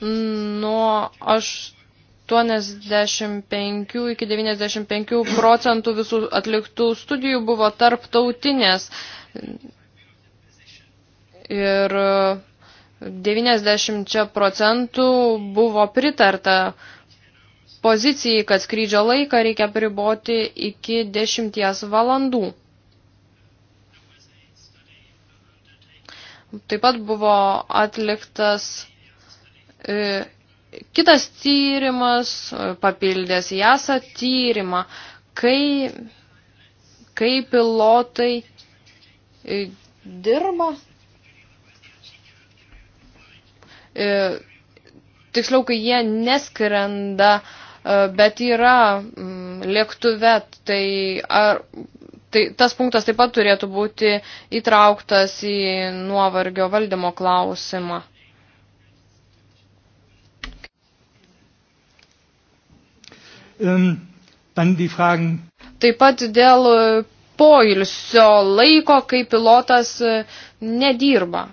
Speaker 3: Nuo 85 iki 95 procentų visų atliktų studijų buvo tarptautinės ir 90 procentų buvo pritarta pozicijai, kad skrydžio laiką reikia priboti iki 10 valandų. Taip pat buvo atliktas e, kitas tyrimas, papildęs JASA tyrimą, kai, kai pilotai e, dirba E, tiksliau, kai jie neskrenda, e, bet yra mm, lėktuve, tai ar tai tas punktas taip pat turėtų būti įtrauktas į nuovargio valdymo klausimą.
Speaker 1: Um, fragen...
Speaker 3: Taip pat dėl poilsio laiko, kai pilotas e, nedirba.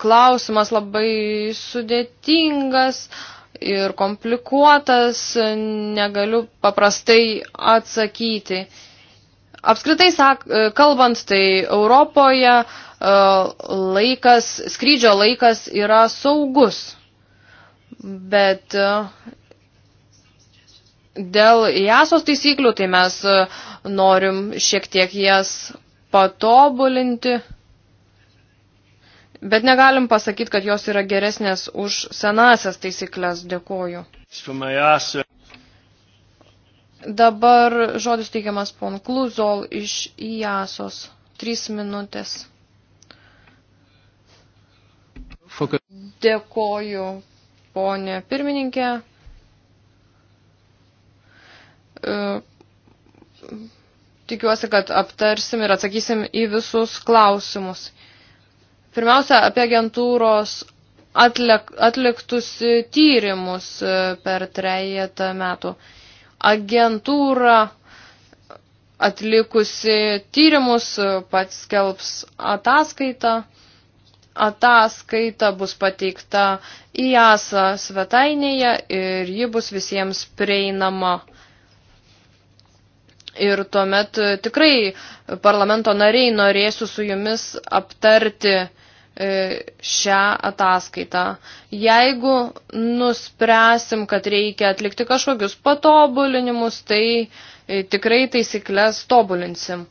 Speaker 3: klausimas labai sudėtingas ir komplikuotas, negaliu paprastai atsakyti. Apskritai sak, kalbant, tai Europoje e, laikas, skrydžio laikas yra saugus, bet e, dėl jasos taisyklių, tai mes e, norim šiek tiek jas patobulinti. Bet negalim pasakyti, kad jos yra geresnės už senasias taisyklės. Dėkuoju. Dabar žodis teikiamas pon Kluzol iš IASOS. Trys minutės. Dėkoju, ponė pirmininkė. E, tikiuosi, kad aptarsim ir atsakysim į visus klausimus. Pirmiausia, apie agentūros atlik, atliktus tyrimus e, per trejetą metų. Agentūra atlikusi tyrimus e, pats skelbs ataskaitą. Ataskaita bus pateikta į ASA svetainėje ir ji bus visiems prieinama. Ir tuomet e, tikrai parlamento nariai norėsiu su jumis aptarti uh, E, šią ataskaitą. Jeigu nuspręsim, kad reikia atlikti kažkokius patobulinimus, tai e, tikrai taisyklės tobulinsim.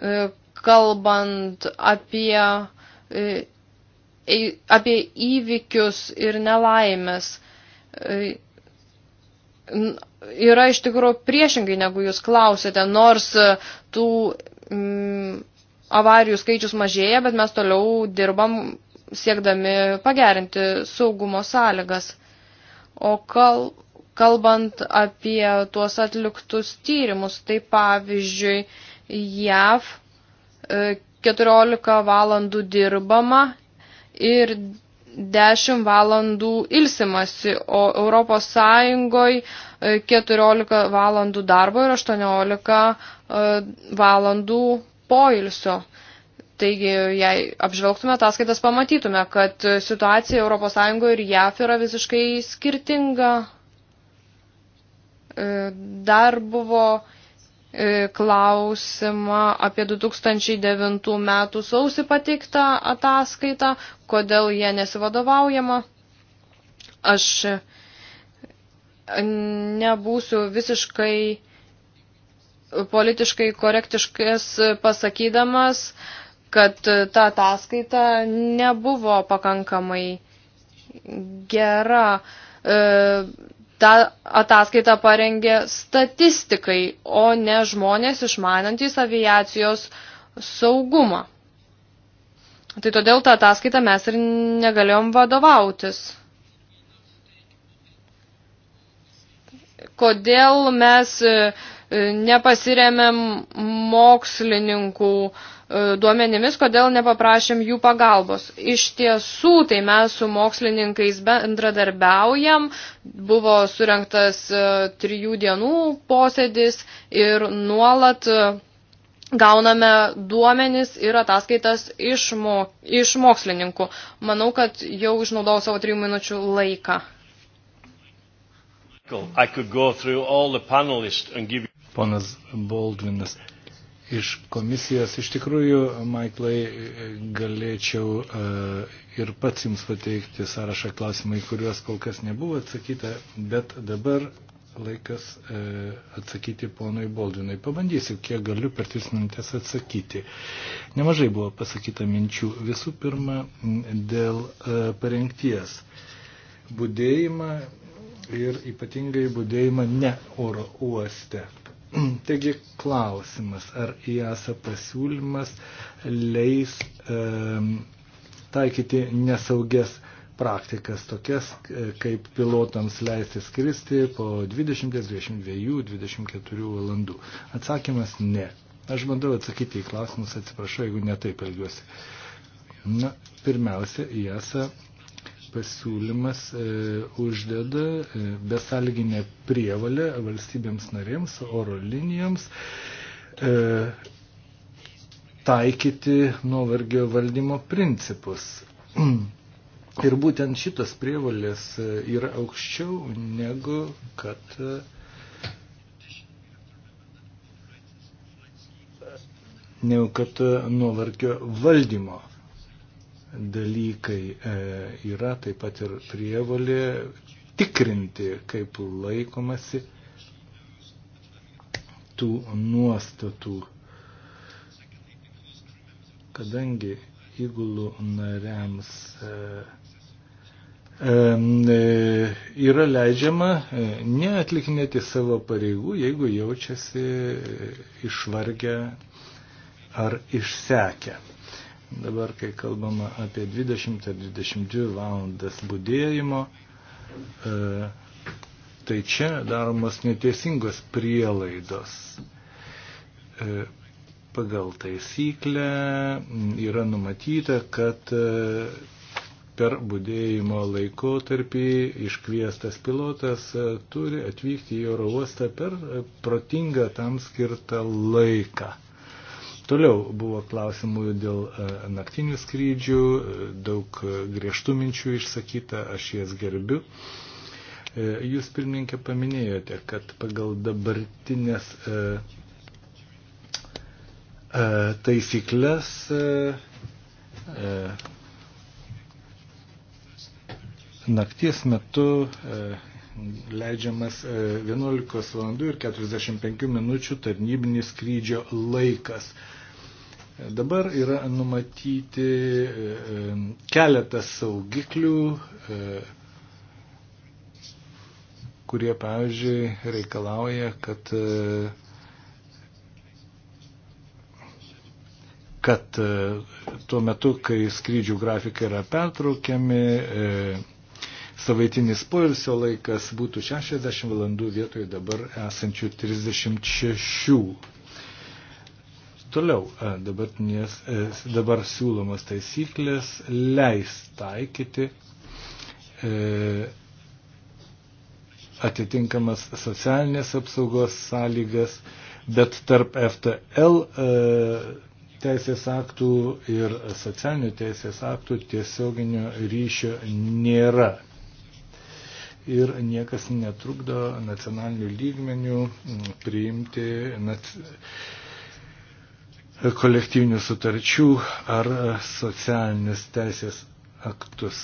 Speaker 3: E, kalbant apie, apie įvykius ir nelaimės, yra iš tikrųjų priešingai, negu jūs klausėte, nors tų mm, avarijų skaičius mažėja, bet mes toliau dirbam siekdami pagerinti saugumo sąlygas. O kal, kalbant apie tuos atliktus tyrimus, tai pavyzdžiui, JAV 14 e, valandų dirbama ir 10 valandų ilsimasi, o Europos Sąjungoj 14 e, valandų darbo ir 18 e, valandų poilsio. Taigi, jei apžvelgtume ataskaitas, pamatytume, kad situacija ES ir JAF yra visiškai skirtinga. E, dar buvo e, klausimą apie 2009 metų sausį pateiktą ataskaitą, kodėl jie nesivadovaujama. Aš nebūsiu visiškai politiškai korektiškas pasakydamas, kad ta ataskaita nebuvo pakankamai gera. E, ta ataskaita parengė statistikai, o ne žmonės išmanantys aviacijos saugumą. Tai todėl tą ataskaitą mes ir negalėjom vadovautis. Kodėl mes nepasiremėm mokslininkų e, duomenimis, kodėl nepaprašėm jų pagalbos. Iš tiesų, tai mes su mokslininkais bendradarbiaujam, buvo surinktas e, trijų dienų posėdis ir nuolat e, gauname duomenis ir ataskaitas iš, mo, iš mokslininkų. Manau, kad jau išnaudau savo trijų minučių laiką.
Speaker 1: I could go through all the panelists and give you ponas Baldvinas iš komisijos. Iš tikrųjų, Maiklai, galėčiau e, ir pats jums pateikti sąrašą klausimai, kuriuos kol kas nebuvo atsakyta, bet dabar laikas e, atsakyti ponui Boldinui. Pabandysiu, kiek galiu per tris minutės atsakyti. Nemažai buvo pasakyta minčių. Visų pirma, dėl e, parengties. Budėjimą ir ypatingai budėjimą ne oro uoste. Taigi klausimas, ar IASA pasiūlymas leis e, taikyti nesaugias praktikas, tokias e, kaip pilotams leisti skristi po 20, 22, 24 valandų. Atsakymas ne. Aš bandau atsakyti į klausimus, atsiprašau, jeigu netaip elgiuosi. Na, pirmiausia, IASA pasiūlymas e, uždeda e, besalginę prievalę valstybėms narėms, oro linijoms e, taikyti nuovargio valdymo principus. Ir būtent šitas prievalės e, yra aukščiau negu kad e, negu kad e, nuovargio valdymo dalykai e, yra taip pat ir prievalė tikrinti, kaip laikomasi tų nuostatų. Kadangi įgulų nariams e, e, e yra leidžiama e, neatlikinėti savo pareigų, jeigu jaučiasi išvargę ar išsekę. Dabar, kai kalbama apie 20 ar 22 valandas būdėjimo, e, tai čia daromas neteisingos prielaidos. E, pagal taisyklę yra numatyta, kad e, per būdėjimo laikotarpį iškviestas pilotas turi atvykti į oro uostą per protingą tam skirtą laiką. Toliau buvo klausimų dėl e, naktinių skrydžių, e, daug e, griežtų minčių išsakyta, aš jas gerbiu. Jūs pirmininkė paminėjote, kad pagal dabartinės taisyklės nakties metu leidžiamas 11 valandų ir 45 minučių tarnybinis skrydžio laikas. Dabar yra numatyti e, e, keletas saugiklių, e, kurie, pavyzdžiui, reikalauja, kad, kad tuo metu, kai skrydžių grafikai yra pertraukiami, savaitinis poilsio laikas būtų 60 valandų vietoj dabar esančių 36. Toliau e, dabartinės, e, dabar siūlomas taisyklės leis taikyti e, atitinkamas socialinės apsaugos sąlygas, bet tarp FTL teisės aktų ir socialinių teisės aktų tiesioginio ryšio nėra. Ir niekas netrukdo nacionalinių lygmenių priimti nacionalinių kolektyvinių sutarčių ar socialinius teisės aktus.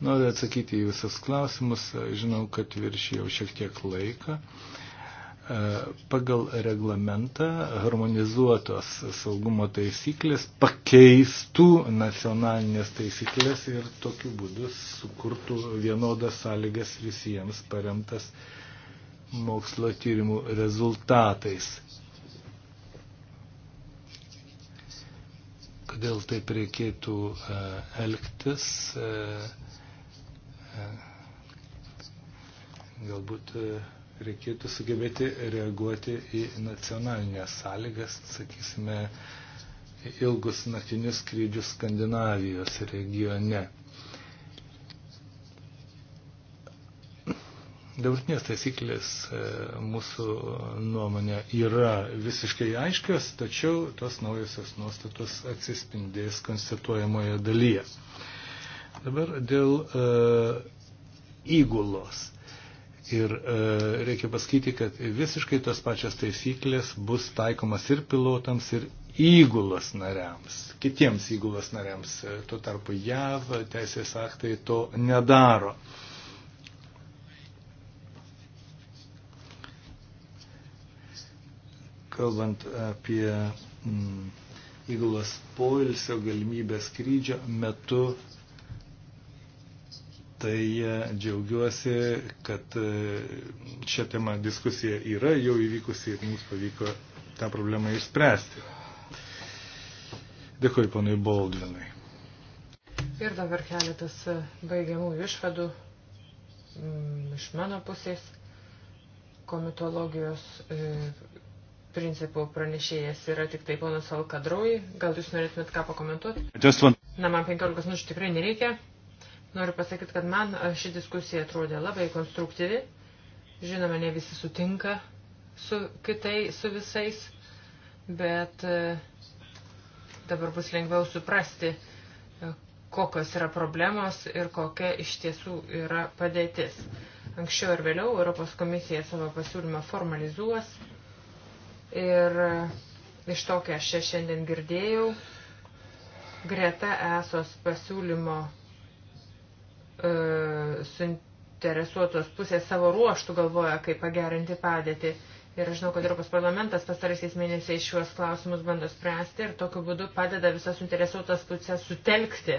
Speaker 1: Noriu atsakyti į visus klausimus. Žinau, kad viršėjau šiek tiek laiką. Pagal reglamentą harmonizuotos saugumo taisyklės pakeistų nacionalinės taisyklės ir tokiu būdu sukurtų vienodas sąlygas visiems paremtas mokslo tyrimų rezultatais kodėl taip reikėtų e, elgtis. E, e, galbūt reikėtų sugebėti reaguoti į nacionalinės sąlygas, sakysime, ilgus naktinius skrydžius Skandinavijos regione. Dabartinės taisyklės e, mūsų nuomonė yra visiškai aiškios, tačiau tos naujosios nuostatos atsispindės konstatuojamoje dalyje. Dabar dėl uh, įgulos. Ir uh, reikia pasakyti, kad visiškai tos pačios taisyklės bus taikomas ir pilotams, ir įgulos nariams, kitiems įgulos nariams. Tuo tarpu JAV teisės aktai to nedaro. Uh, kalbant apie mm, įgulos poilsio galimybę skrydžio metu, tai e, džiaugiuosi, kad e, šią temą diskusija yra jau įvykusi ir mums pavyko tą problemą išspręsti. Dėkuoju ponui Baldvinui.
Speaker 3: Ir dabar
Speaker 2: keletas e, baigiamų išvadų mm, iš mano pusės komitologijos principų pranešėjas yra tik tai ponas Alkadroj. Gal jūs norėtumėt ką pakomentuoti? Na, man 15 minučių tikrai nereikia. Noriu pasakyti, kad man ši diskusija atrodė labai konstruktyvi. Žinoma, ne visi sutinka su kitai, su visais, bet dabar bus lengviau suprasti, kokios yra problemos ir kokia iš tiesų yra padėtis. Anksčiau ir vėliau Europos komisija savo pasiūlymą formalizuos Ir iš to, ką aš čia šiandien girdėjau, greta esos pasiūlymo e, suinteresuotos pusės savo ruoštų galvoja, kaip pagerinti padėtį. Ir aš žinau, kad Europos parlamentas pastaraisiais mėnesiais šiuos klausimus bando spręsti ir tokiu būdu padeda visas suinteresuotas pusės sutelkti,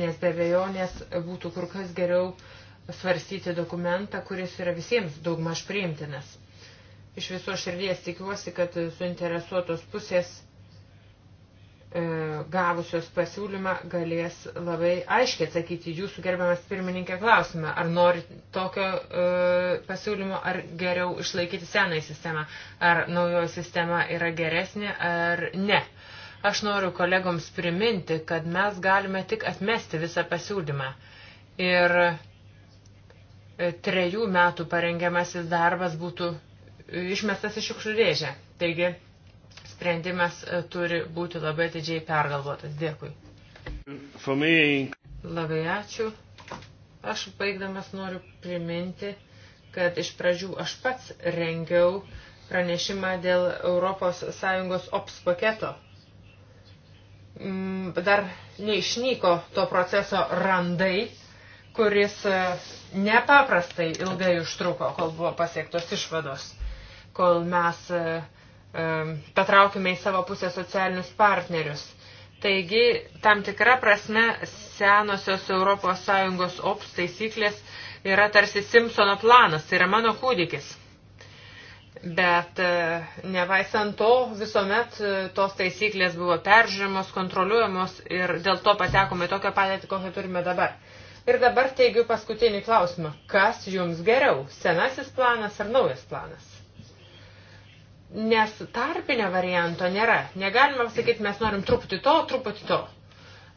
Speaker 2: nes be abejonės būtų kur kas geriau svarstyti dokumentą, kuris yra visiems daugmaž priimtinas iš viso širdies tikiuosi, kad suinteresuotos pusės e, gavusios pasiūlymą galės labai aiškiai atsakyti jūsų gerbiamas pirmininkė klausimą, ar nori tokio e, pasiūlymo, ar geriau išlaikyti senąją sistemą, ar naujoji sistema yra geresnė, ar ne. Aš noriu kolegoms priminti, kad mes galime tik atmesti visą pasiūlymą. Ir e, trejų metų parengiamasis darbas būtų išmestas iš šiukšlių dėžę. Taigi sprendimas e, turi būti labai atidžiai pergalvotas. Dėkui. Labai ačiū. Aš baigdamas noriu priminti, kad iš pradžių aš pats rengiau pranešimą dėl ES OPS paketo. Mm, dar neišnyko to proceso randai, kuris e, nepaprastai ilgai užtruko, kol buvo pasiektos išvados kol mes e, e, patraukime į savo pusę socialinius partnerius. Taigi, tam tikra prasme, senosios ES OPS taisyklės yra tarsi Simpsono planas, tai yra mano kūdikis. Bet e, nevaisant to, visuomet tos taisyklės buvo peržiūrimos, kontroliuojamos ir dėl to patekome tokią padėtį, kokią turime dabar. Ir dabar teigiu paskutinį klausimą. Kas jums geriau, senasis planas ar naujas planas? Nes tarpinio varianto nėra. Negalima sakyti, mes norim truputį to, truputį to.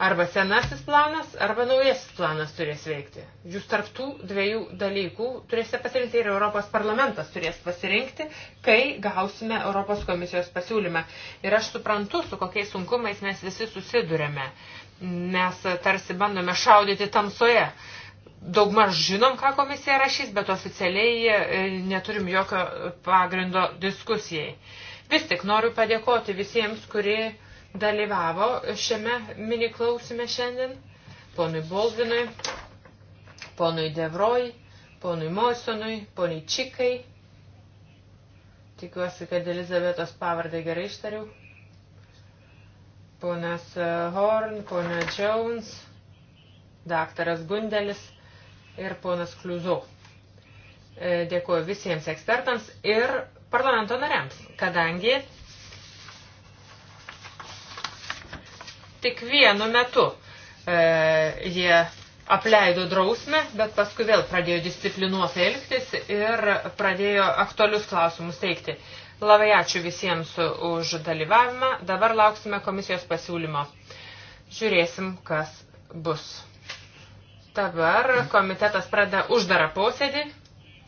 Speaker 2: Arba senasis planas, arba naujasis planas turės veikti. Jūs tarp tų dviejų dalykų turėsite pasirinkti ir Europos parlamentas turės pasirinkti, kai gausime Europos komisijos pasiūlymą. Ir aš suprantu, su kokiais sunkumais mes visi susidurėme. Mes tarsi bandome šaudyti tamsoje. Uh, daugmaž žinom, ką komisija rašys, bet oficialiai e, neturim jokio pagrindo diskusijai. Vis tik noriu padėkoti visiems, kurie dalyvavo šiame mini klausime šiandien, ponui Bolvinui, ponui Devroj, ponui Moisonui, ponui Čikai. Tikiuosi, kad Elizabetos pavardę gerai ištariau. Ponas e, Horn, ponia Jones, daktaras Gundelis ir ponas Kliuzo. E, dėkuoju visiems ekspertams ir parlamento nariams, kadangi tik vienu metu e, jie apleido drausmę, bet paskui vėl pradėjo disciplinuotai elgtis ir pradėjo aktualius klausimus teikti. Labai ačiū visiems už dalyvavimą. Dabar lauksime komisijos pasiūlymo. Žiūrėsim, kas bus. Dabar komitetas pradeda uždarą posėdį.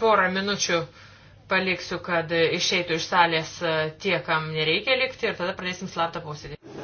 Speaker 2: Porą minučių paliksiu, kad išeitų iš salės tie, kam nereikia likti ir tada pradėsim slaptą posėdį.